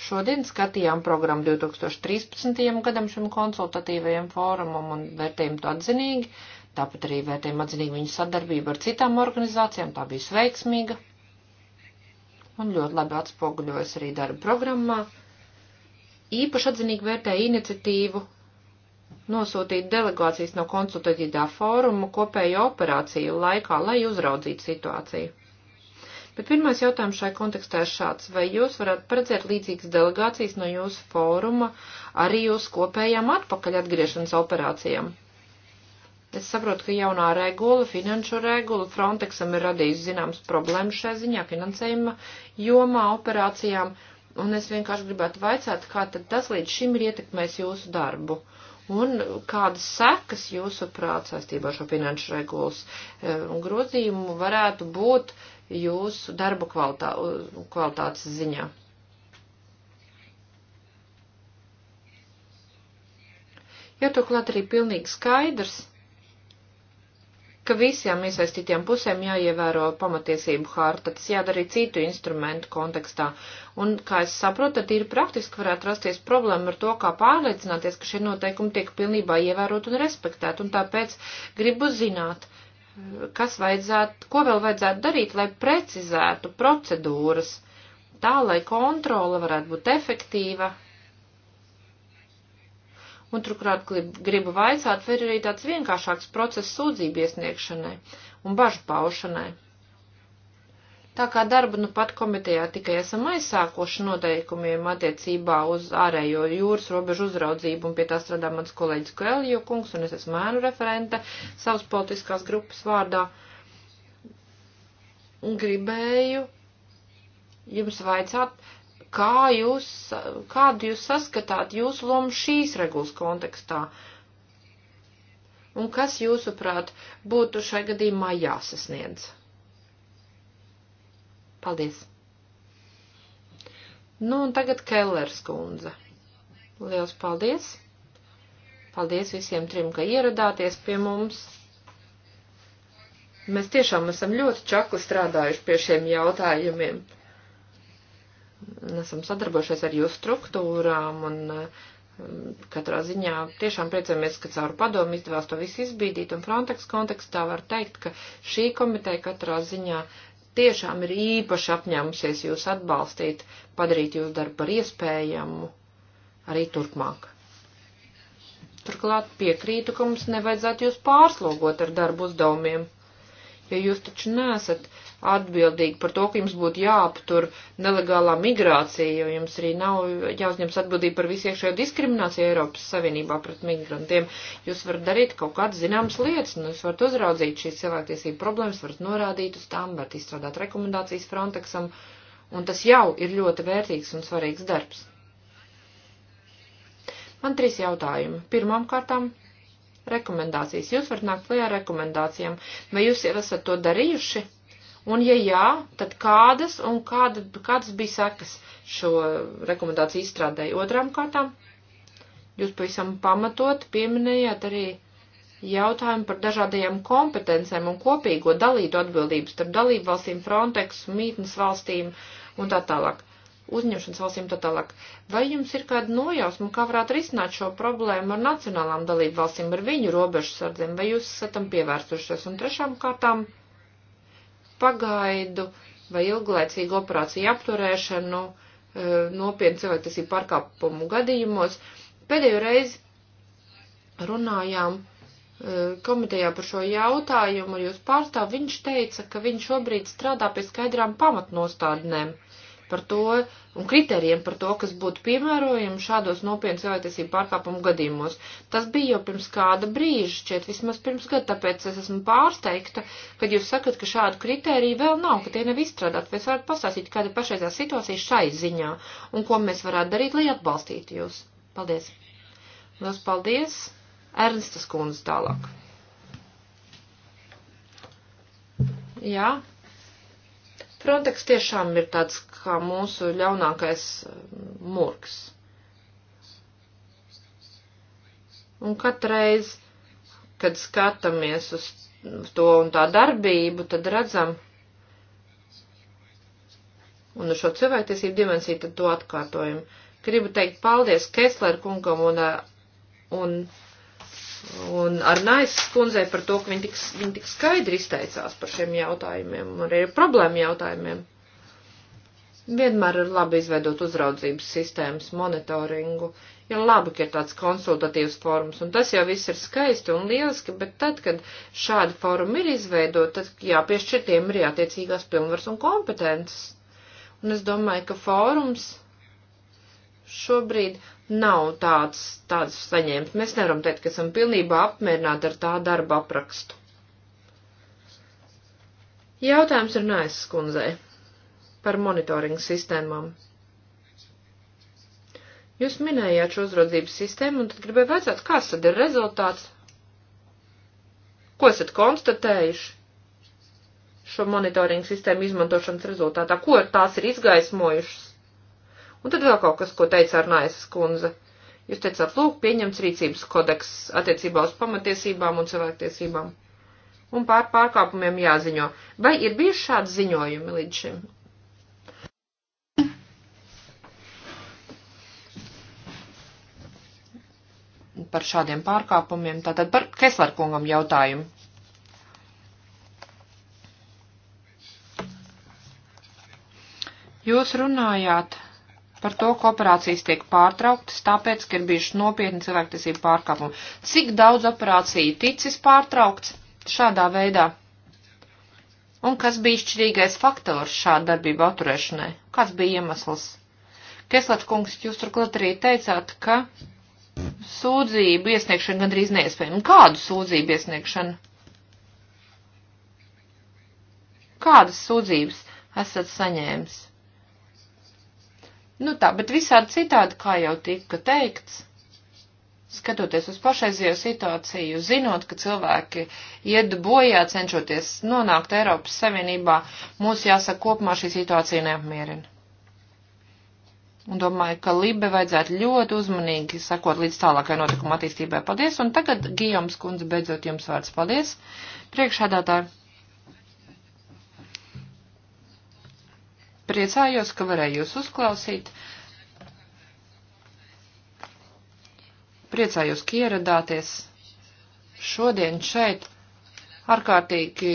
Šodien skatījām programmu 2013. gadam šim konsultatīvajam fórumam un vērtējam to atzinīgi, Tāpat arī vērtējam atzinīgi viņu sadarbību ar citām organizācijām, tā bija veiksmīga un ļoti labi atspoguļojas arī darba programmā. Īpaši atzinīgi vērtēja iniciatīvu nosūtīt delegācijas no konsultatīvā fóruma kopēju operāciju laikā, lai uzraudzītu situāciju. Bet pirmais jautājums šai kontekstā ir šāds. Vai jūs varat paredzēt līdzīgas delegācijas no jūsu fóruma arī uz kopējām atpakaļ atgriešanas operācijām? Es saprotu, ka jaunā regula, finanšu regula Frontexam ir radījusi zināmas problēmas šajā ziņā, finansējuma jomā, operācijām, un es vienkārši gribētu vaicāt, kā tad tas līdz šim ir ietekmējis jūsu darbu. Un kādas sekas jūsuprāt saistībā ar šo finanšu regulas e, grozījumu varētu būt jūsu darba kvalitā, kvalitātes ziņā? Ja turklāt arī pilnīgi skaidrs, ka visām iesaistītiem pusēm jāievēro pamatiesību harta, tas jādara arī citu instrumentu kontekstā. Un, kā es saprotu, tad ir praktiski varētu rasties problēma ar to, kā pārliecināties, ka šie noteikumi tiek pilnībā ievērot un respektēt. Un tāpēc gribu zināt, kas vajadzētu, ko vēl vajadzētu darīt, lai precizētu procedūras tā, lai kontrola varētu būt efektīva Un turklāt gribu vaicāt, vai ir arī tāds vienkāršāks process sūdzību iesniegšanai un bažu paušanai. Tā kā darba nu pat komitejā tikai esam aizsākoši noteikumiem attiecībā uz ārējo jūras robežu uzraudzību, un pie tā strādā mans kolēģis Koeljo kungs, un es esmu mēnu referente savas politiskās grupas vārdā. Gribēju jums vaicāt, kā jūs, kādu jūs saskatāt jūsu lomu šīs regulas kontekstā? Un kas jūsuprāt būtu šai gadījumā jāsasniedz? Paldies! Nu, un tagad Kellers kundze. Liels paldies! Paldies visiem trim, ka ieradāties pie mums! Mēs tiešām esam ļoti čakli strādājuši pie šiem jautājumiem esam sadarbojušies ar jūsu struktūrām un eh, katrā ziņā tiešām priecamies, ka caur padomu izdevās to visu izbīdīt un Frontex kontekstā var teikt, ka šī komiteja katrā ziņā tiešām ir īpaši apņēmusies jūs atbalstīt, padarīt jūsu darbu par iespējamu arī turpmāk. Turklāt piekrītu, ka mums nevajadzētu jūs pārslogot ar darbu uzdevumiem jo jūs taču nesat atbildīgi par to, ka jums būtu jāaptur nelegālā migrācija, jo jums arī nav jāuzņems atbildība par visu iekšējo diskrimināciju Eiropas Savienībā pret migrantiem. Jūs varat darīt kaut kādas zināmas lietas, un jūs varat uzraudzīt šīs cilvēktiesību problēmas, varat norādīt uz tām, varat izstrādāt rekomendācijas Frontexam, un tas jau ir ļoti vērtīgs un svarīgs darbs. Man trīs jautājumi. Pirmām kārtām rekomendācijas. Jūs varat nākt klajā ar rekomendācijām. Vai jūs jau esat to darījuši? Un ja jā, tad kādas un kāda, kādas bija sekas šo rekomendāciju izstrādēji? Otrām kārtām, jūs pavisam pamatot pieminējāt arī jautājumu par dažādajām kompetencēm un kopīgo dalītu atbildības starp dalību valstīm, Frontex, mītnes valstīm un tā tālāk uzņemšanas valstīm tā tālāk. Vai jums ir kāda nojausma, kā varētu risināt šo problēmu ar nacionālām dalību valstīm, ar viņu robežu sardzēm, vai jūs esat tam pievērsušies? Un trešām kārtām pagaidu vai ilglaicīgu operāciju apturēšanu eh, nopietnu cilvēktiesību pārkāpumu gadījumos. Pēdējo reizi runājām eh, komitejā par šo jautājumu, jūs pārstāv, viņš teica, ka viņš šobrīd strādā pie skaidrām pamatnostādnēm. Uh, par to un kriterijiem par to, kas būtu piemērojami šādos nopietnas cilvēktiesību pārkāpumu gadījumos. Tas bija jau pirms kāda brīža, šķiet vismaz pirms gada, tāpēc es esmu pārsteigta, kad jūs sakat, ka šādu kriteriju vēl nav, ka tie nav izstrādāti. Vai varat pastāstīt, kāda ir pašreizā situācija šai ziņā un ko mēs varētu darīt, lai atbalstītu jūs? Paldies! Lielas paldies! Ernstas kundze tālāk. Jā. Ja. Frontex tiešām ir tāds kā mūsu ļaunākais eh, murgs. Un katreiz, kad skatāmies uz to un tā darbību, tad redzam, un uz šo cilvēktiesību dimensiju tad to atkārtojam. Gribu teikt paldies Kesler kungam un, eh, un un ar Naisas kundzei par to, ka viņi tik, viņi tik skaidri izteicās par šiem jautājumiem un arī problēmu jautājumiem. Vienmēr ir labi izveidot uzraudzības sistēmas monitoringu, ir ja labi, ka ir tāds konsultatīvs forums, un tas jau viss ir skaisti un lieliski, bet tad, kad šādi forumi ir izveidot, tad jāpiešķir tiem ir jātiecīgās pilnvars un kompetences. Un es domāju, ka fórums šobrīd nav tāds, tāds saņemt. Mēs nevaram teikt, ka esam pilnībā apmierināti ar tā darba aprakstu. Jautājums ir Naisas kundzei par monitoringu sistēmām. Jūs minējāt šo uzraudzības sistēmu, un tad gribēju vaicāt, kāds tad ir rezultāts? Ko esat konstatējuši šo monitoringu sistēmu izmantošanas rezultātā? Ko tās ir izgaismojušas? Un tad vēl kaut kas, ko teica Arnājas skundze. Jūs teicāt, lūk, pieņemts rīcības kodeks attiecībā uz pamatiesībām un cilvēktiesībām. Un pār pārkāpumiem jāziņo. Vai ir bijuši šādi ziņojumi līdz šim? Par šādiem pārkāpumiem. Tātad par Keslerkungam jautājumu. Jūs runājāt par to, ka operācijas tiek pārtrauktas, tāpēc, ka ir bijuši nopietni cilvēktiesību pārkāpumi. Cik daudz operāciju ticis pārtraukts šādā veidā? Un kas bija izšķirīgais faktors šāda darbība atturēšanai? Kāds bija iemesls? Keslats kungs, jūs turklāt arī teicāt, ka sūdzību iesniegšana gandrīz neiespējama. Kādu sūdzību iesniegšanu? Kādas sūdzības esat saņēmis? Nu tā, bet visādi citādi, kā jau tika teikts, skatoties uz pašreizējo situāciju, zinot, ka cilvēki ied bojā, cenšoties nonākt Eiropas Savienībā, mūs jāsaka kopumā šī situācija neapmierina. Un domāju, ka Libe vajadzētu ļoti uzmanīgi sakot līdz tālākai notikuma attīstībai. Paldies! Un tagad Gijoms kundze beidzot jums vārds. Paldies! Priekšādātāji! Priecājos, ka varēju jūs uzklausīt. Priecājos, ka ieradāties šodien šeit. Ārkārtīgi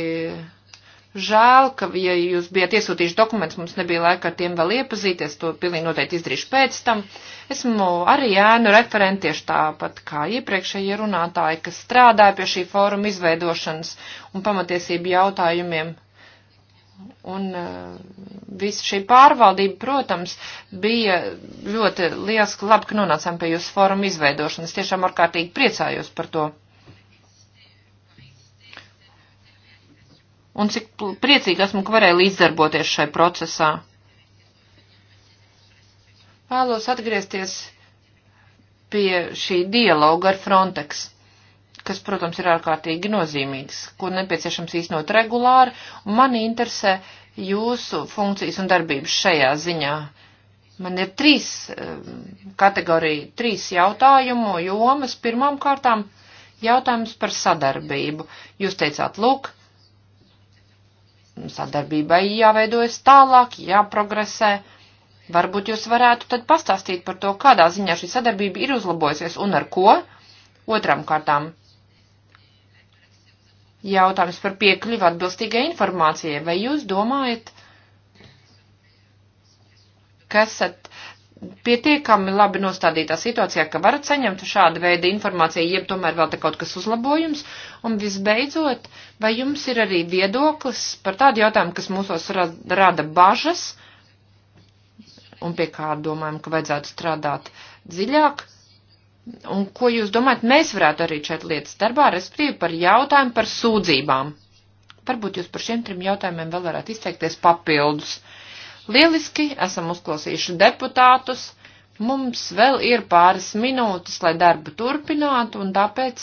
žēl, ka, ja jūs bijat iesūtījuši dokumentus, mums nebija laika ar tiem vēl iepazīties, to pilnīgi noteikti izdarīšu pēc tam. Esmu arī ēnu referenti tieši tāpat kā iepriekšējie runātāji, kas strādāja pie šī fóruma izveidošanas un pamatiesību jautājumiem Un uh, visa šī pārvaldība, protams, bija ļoti liels, ka labi, ka nonācām pie jūsu foruma izveidošanas. Tiešām ārkārtīgi priecājos par to. Un cik priecīgi esmu, ka varēju līdzdarboties šai procesā. Vēlos atgriezties pie šī dialoga ar Frontex kas, protams, ir ārkārtīgi nozīmīgs, ko nepieciešams īstenot regulāri, un mani interesē jūsu funkcijas un darbības šajā ziņā. Man ir trīs eh, kategorija, trīs jautājumu jomas. Pirmām kārtām jautājums par sadarbību. Jūs teicāt, lūk, sadarbībai jāveidojas tālāk, jāprogresē. Varbūt jūs varētu tad pastāstīt par to, kādā ziņā šī sadarbība ir uzlabojusies un ar ko. Otram kārtām Jautājums par piekļuvu atbilstīgai informācijai. Vai jūs domājat, ka esat pietiekami labi nostādītā situācijā, ka varat saņemt šādu veidu informāciju, jeb tomēr vēl te kaut kas uzlabojums? Un visbeidzot, vai jums ir arī viedoklis par tādu jautājumu, kas mūsos rada bažas un pie kā domājam, ka vajadzētu strādāt dziļāk? Un ko jūs domājat, mēs varētu darīt šeit lietas darbā, respektīvi par jautājumu par sūdzībām? Varbūt jūs par šiem trim jautājumiem vēl varētu izteikties papildus. Lieliski, esam uzklausījuši deputātus. Mums vēl ir pāris minūtes, lai darbu turpinātu, un tāpēc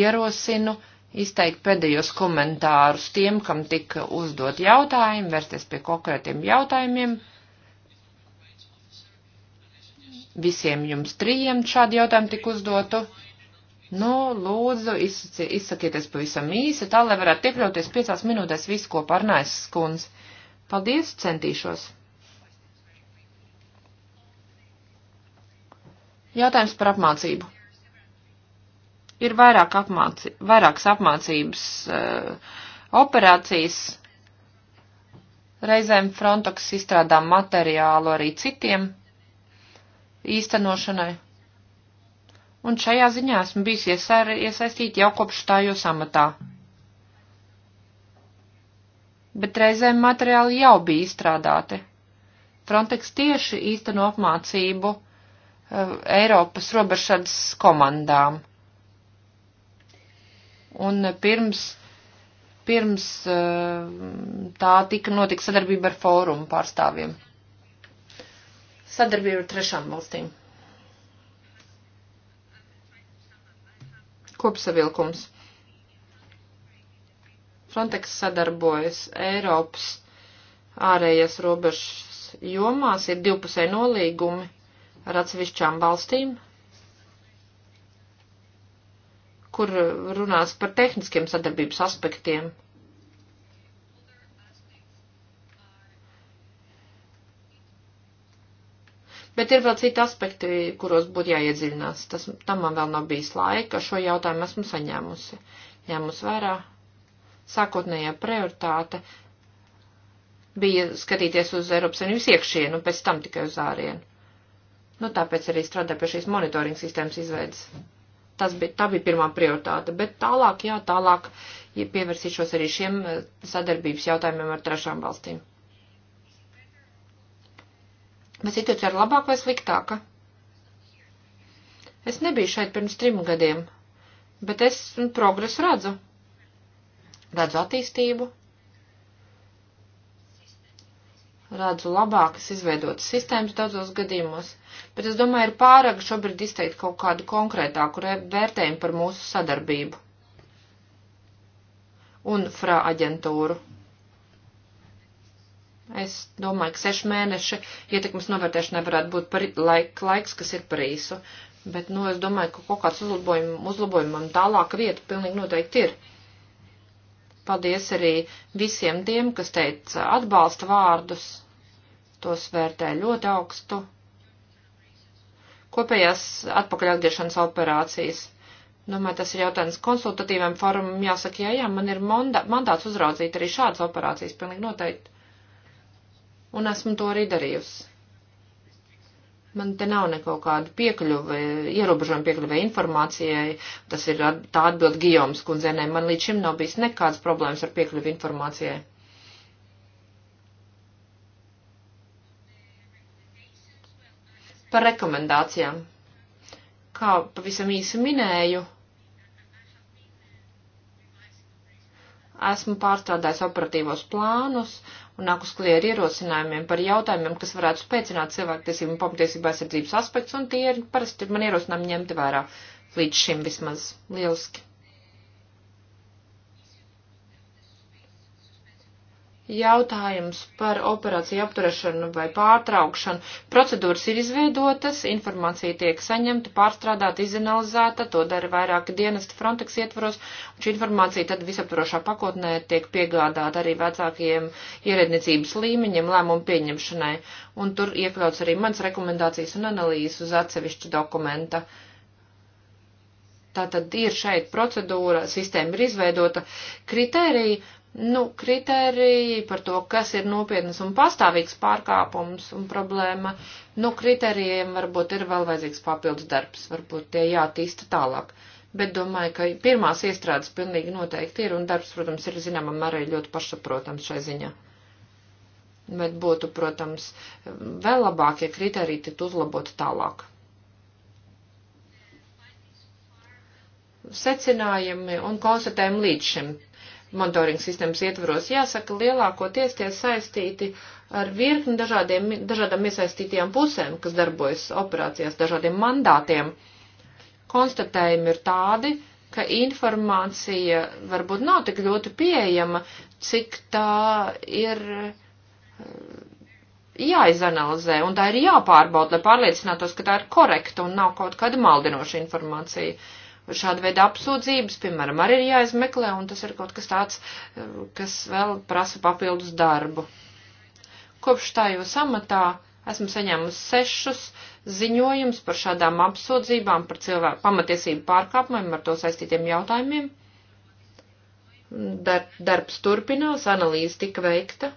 ierosinu izteikt pēdējos komentārus tiem, kam tika uzdot jautājumi, vērsties pie konkrētiem jautājumiem. Visiem jums trījiem šādi jautājumi tik uzdotu. Nu, lūdzu, izsakieties pavisam īsi, tā, lai varētu iekļauties piecās minūtēs visu, ko parnājas skundz. Paldies, centīšos. Jautājums par apmācību. Ir vairāk apmāci, vairākas apmācības uh, operācijas. Reizēm Frontex izstrādā materiālu arī citiem īstenošanai. Un šajā ziņā esmu bijis iesaistīti jau kopš stājos amatā. Bet reizēm materiāli jau bija izstrādāti. Frontex tieši īsteno apmācību uh, Eiropas robežsardas komandām. Un pirms pirms eh, tā tika notika sadarbība ar fórumu pārstāvjiem sadarbību ar trešām valstīm. Kopsavilkums. Frontex sadarbojas Eiropas ārējas robežas jomās, ir divpusē nolīgumi ar atsevišķām valstīm, kur runās par tehniskiem sadarbības aspektiem Bet ir vēl citi aspekti, kuros būtu jāiedziļinās. Tas, tam man vēl nav bijis laika, šo jautājumu esmu saņēmusi. Ņēmus vērā, sākotnējā prioritāte bija skatīties uz Eiropas Savienības iekšienu, un pēc tam tikai uz ārienu. Nu, tāpēc arī strādā pie šīs monitoringa sistēmas izveidas. Tas bija, tā bija pirmā prioritāte, bet tālāk, jā, tālāk ja pievērsīšos arī šiem eh, sadarbības jautājumiem ar trešām valstīm. Vai situācija ir labāka vai sliktāka? Es nebiju šeit pirms trim gadiem, bet es progresu redzu. Redzu attīstību, redzu labākas izveidotas sistēmas daudzos gadījumos, bet es domāju, ir pārāk šobrīd izteikt kaut kādu konkrētāku vērtējumu par mūsu sadarbību un fra aģentūru. Es domāju, ka seši mēneši ietekmes novērtēšanai varētu būt par laik, laiks, kas ir par īsu. Bet, nu, es domāju, ka kaut kāds uzlabojum, uzlabojumam tālāka vieta pilnīgi noteikti ir. Paldies arī visiem tiem, kas teica atbalsta vārdus. Tos vērtē ļoti augstu. Kopējās atpakaļatgriešanas operācijas. Domāju, tas ir jautājums konsultatīviem forumam. Jāsaka, jā, jā, man ir mandāts uzraudzīt arī šādas operācijas, pilnīgi noteikti un esmu to arī darījusi. Man te nav neko kādu piekļuvi, ierobežojumu piekļuvi informācijai. Tas ir tā atbild Gijoms kundzenē. Man līdz šim nav bijis nekāds problēmas ar piekļuvi informācijai. Par rekomendācijām. Kā pavisam īsi minēju, esmu pārstrādājis operatīvos plānus un nāk uz klieru ierosinājumiem par jautājumiem, kas varētu spēcināt cilvēktiesību un pamatiesību aizsardzības aspekts, un tie ir parasti man ierosinājumi ņemti vērā līdz šim vismaz lieliski. jautājums par operāciju apturēšanu vai pārtraukšanu. Procedūras ir izveidotas, informācija tiek saņemta, pārstrādāta, izanalizēta, to dara vairāki dienesti Frontex ietvaros, un šī informācija tad visaptvarošā pakotnē tiek piegādāta arī vecākajiem ierēdniecības līmeņiem lēmumu pieņemšanai, un tur iekļauts arī mans rekomendācijas un analīzes uz atsevišķu dokumenta. Tā tad ir šeit procedūra, sistēma ir izveidota, kritērija, nu, kritēriji par to, kas ir nopietnas un pastāvīgs pārkāpums un problēma, nu, kritērijiem varbūt ir vēl vajadzīgs papildus darbs, varbūt tie jātīsta tālāk. Bet domāju, ka pirmās iestrādes pilnīgi noteikti ir, un darbs, protams, ir zināmam arī ļoti pašsaprotams šai ziņā. Bet būtu, protams, vēl labāk, ja kriteriji tiktu uzlaboti tālāk. Secinājumi un konstatējumi līdz šim monitoringa sistēmas ietvaros. Jāsaka, lielākoties tie saistīti ar virkni dažādiem, dažādām iesaistītajām pusēm, kas darbojas operācijās, dažādiem mandātiem. Konstatējumi ir tādi, ka informācija varbūt nav tik ļoti pieejama, cik tā ir eh, jāizanalizē un tā ir jāpārbauda, lai pārliecinātos, ka tā ir korekta un nav kaut kāda maldinoša informācija. Uh, šāda veida apsūdzības, piemēram, arī ir jāizmeklē, un tas ir kaut kas tāds, eh, kas vēl prasa papildus darbu. Kopš stājos amatā esmu saņēmusi sešus ziņojumus par šādām apsūdzībām, par cilvēku pamatiesību pārkāpumiem, ar to saistītiem jautājumiem. Dar, darbs turpinās, analīze tika veikta.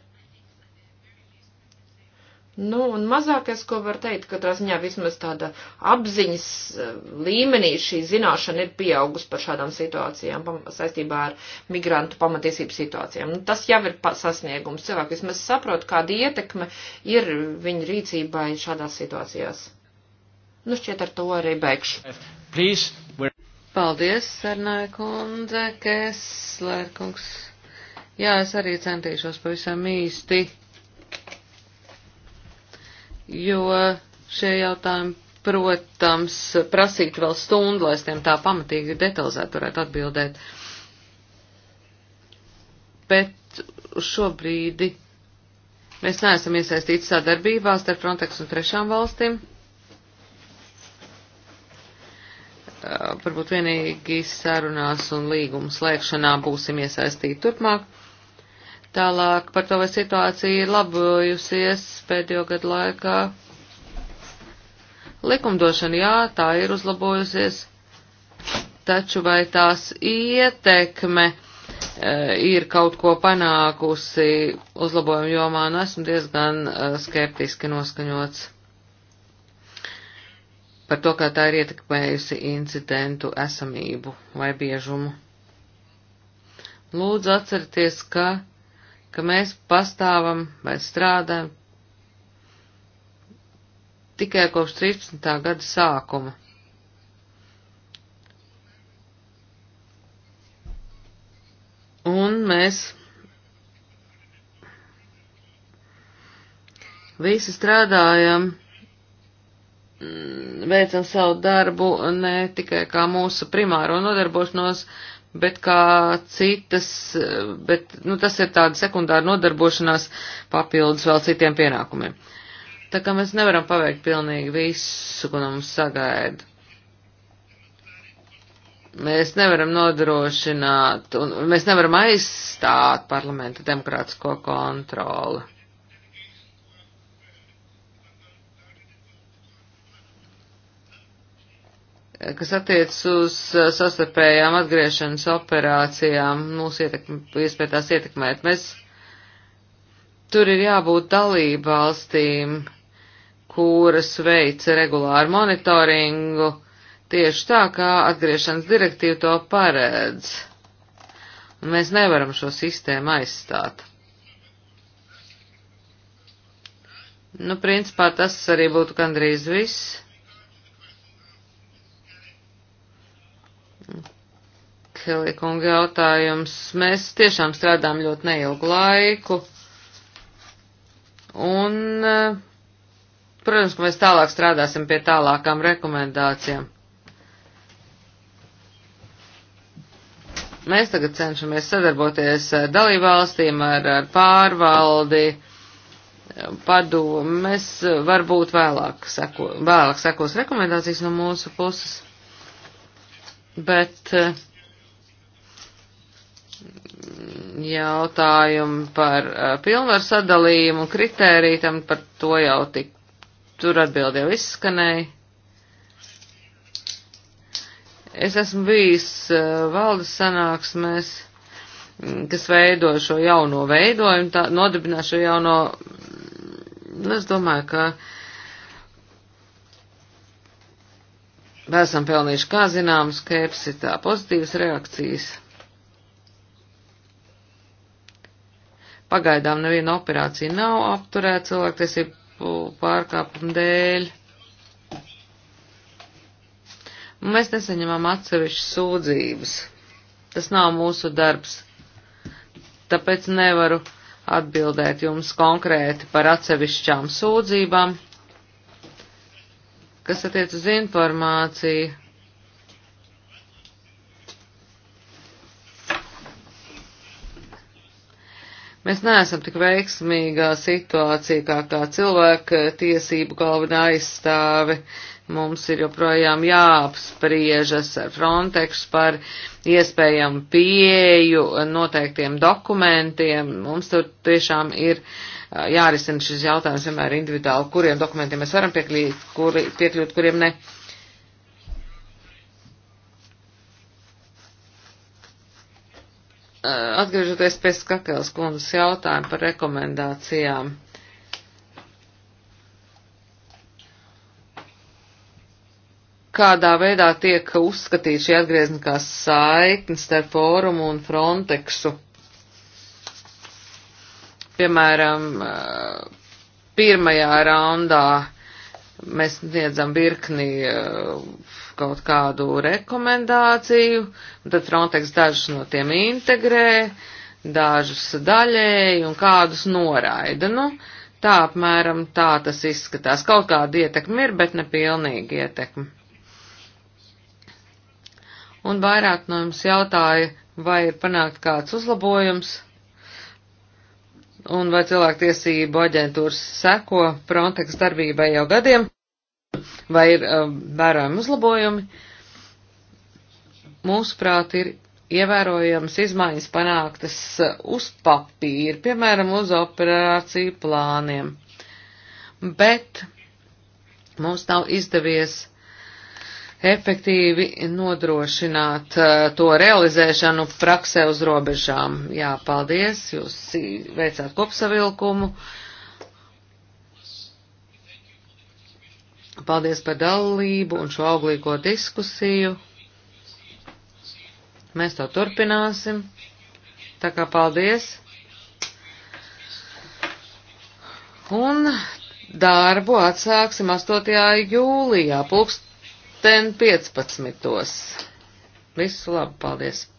Nu, un mazākais, ko var teikt, katrā ziņā vismaz tāda apziņas eh, līmenī šī zināšana ir pieaugusi par šādām situācijām saistībā ar migrantu pamatiesību situācijām. Nu, tas jau ir sasniegums. Cilvēki vismaz saprot, kāda ietekme ir viņa rīcībai šādās situācijās. Nu, šķiet ar to arī beigšu. Please, Paldies, Sarnāja kundze, Kesler kungs. Jā, es arī centīšos pavisam īsti jo šie jautājumi, protams, prasītu vēl stundu, lai es tiem tā pamatīgi detalizēt varētu atbildēt. Bet šobrīd mēs neesam iesaistīti sadarbībā starp Frontex un trešām valstīm. Varbūt vienīgi sarunās un līgumu slēgšanā būsim iesaistīti turpmāk Tālāk par to, vai situācija ir labojusies pēdējo gadu laikā. Likumdošana, jā, tā ir uzlabojusies, taču vai tās ietekme e, ir kaut ko panākusi uzlabojumu jomā, nu esmu diezgan e, skeptiski noskaņots par to, kā tā ir ietekmējusi incidentu esamību vai biežumu. Lūdzu atcerieties, ka ka mēs pastāvam vai strādājam tikai kopš 13. gada sākuma. Un mēs visi strādājam, mm, veicam savu darbu ne tikai kā mūsu primāro nodarbošanos, bet kā citas, bet, nu, tas ir tāda sekundāra nodarbošanās papildus vēl citiem pienākumiem. Tā kā mēs nevaram paveikt pilnīgi visu, ko mums sagaida. Mēs nevaram nodrošināt, un mēs nevaram aizstāt parlamenta demokrātisko kontroli. kas attiec uz uh, sastarpējām atgriešanas operācijām, mūsu ietekmi, iespēja tās ietekmēt. Mēs, tur ir jābūt dalību valstīm, kuras veica regulāru monitoringu, tieši tā kā atgriešanas direktīva to paredz. Un mēs nevaram šo sistēmu aizstāt. Nu, principā tas arī būtu gandrīz viss. Kilikunga jautājums. Mēs tiešām strādājam ļoti neilgu laiku. Un, eh, protams, ka mēs tālāk strādāsim pie tālākām rekomendācijām. Mēs tagad cenšamies sadarboties ar dalībvalstīm, ar, ar pārvaldi, padomu. Mēs eh, varbūt vēlāk, seko, vēlāk sekos rekomendācijas no mūsu puses bet eh, jautājumu par eh, pilnvaru sadalījumu un kritēriju tam par to jau tik tur atbildi jau izskanēja. Es esmu bijis eh, valdes sanāksmēs, mm, kas veido šo jauno veidojumu, tā, nodibinā šo jauno, mm, es domāju, ka uh, Mēs esam pelnījuši, kā zināms, skepsi, tā pozitīvas reakcijas. Pagaidām neviena operācija nav apturēta cilvēktiesību pārkāpumu dēļ. Mēs nesaņemam atsevišķas sūdzības. Tas nav mūsu darbs. Tāpēc nevaru atbildēt jums konkrēti par atsevišķām sūdzībām kas attiec uz informāciju. Mēs neesam tik veiksmīgā situācijā kā, kā cilvēka tiesību galvenā aizstāve. Mums ir joprojām jāapspriežas ar Frontex par iespējamu pieeju noteiktiem dokumentiem. Mums tur tiešām ir uh, jārisina šis jautājums vienmēr individuāli, kuriem dokumentiem mēs varam piekļūt, kuri, piekļūt kuriem ne. Atgriežoties pie Skakels kundzes jautājumu par rekomendācijām. Kādā veidā tiek uzskatīta šī atgriezniskā saikne starp fórumu un Frontexu? piemēram, pirmajā raundā mēs sniedzam virkni kaut kādu rekomendāciju, un tad Frontex dažus no tiem integrē, dažus daļēji un kādus noraida. Nu, tā apmēram tā tas izskatās. Kaut kāda ietekme ir, bet ne pilnīga ietekme. Un vairāk no jums jautāja, vai ir panākt kāds uzlabojums un vai cilvēktiesību aģentūras seko Frontex darbībai jau gadiem, vai ir um, vērojami uzlabojumi. Mūsuprāt, ir ievērojams izmaiņas panāktas uh, uz papīra, piemēram, uz operāciju plāniem. Bet mums nav izdevies efektīvi nodrošināt uh, to realizēšanu praksē uz robežām. Jā, paldies, jūs veicāt kopsavilkumu. Paldies par dalību un šo auglīgo diskusiju. Mēs to turpināsim. Tā kā paldies. Un darbu atsāksim 8. jūlijā, pulkst pulksten 15. Visu labu, paldies!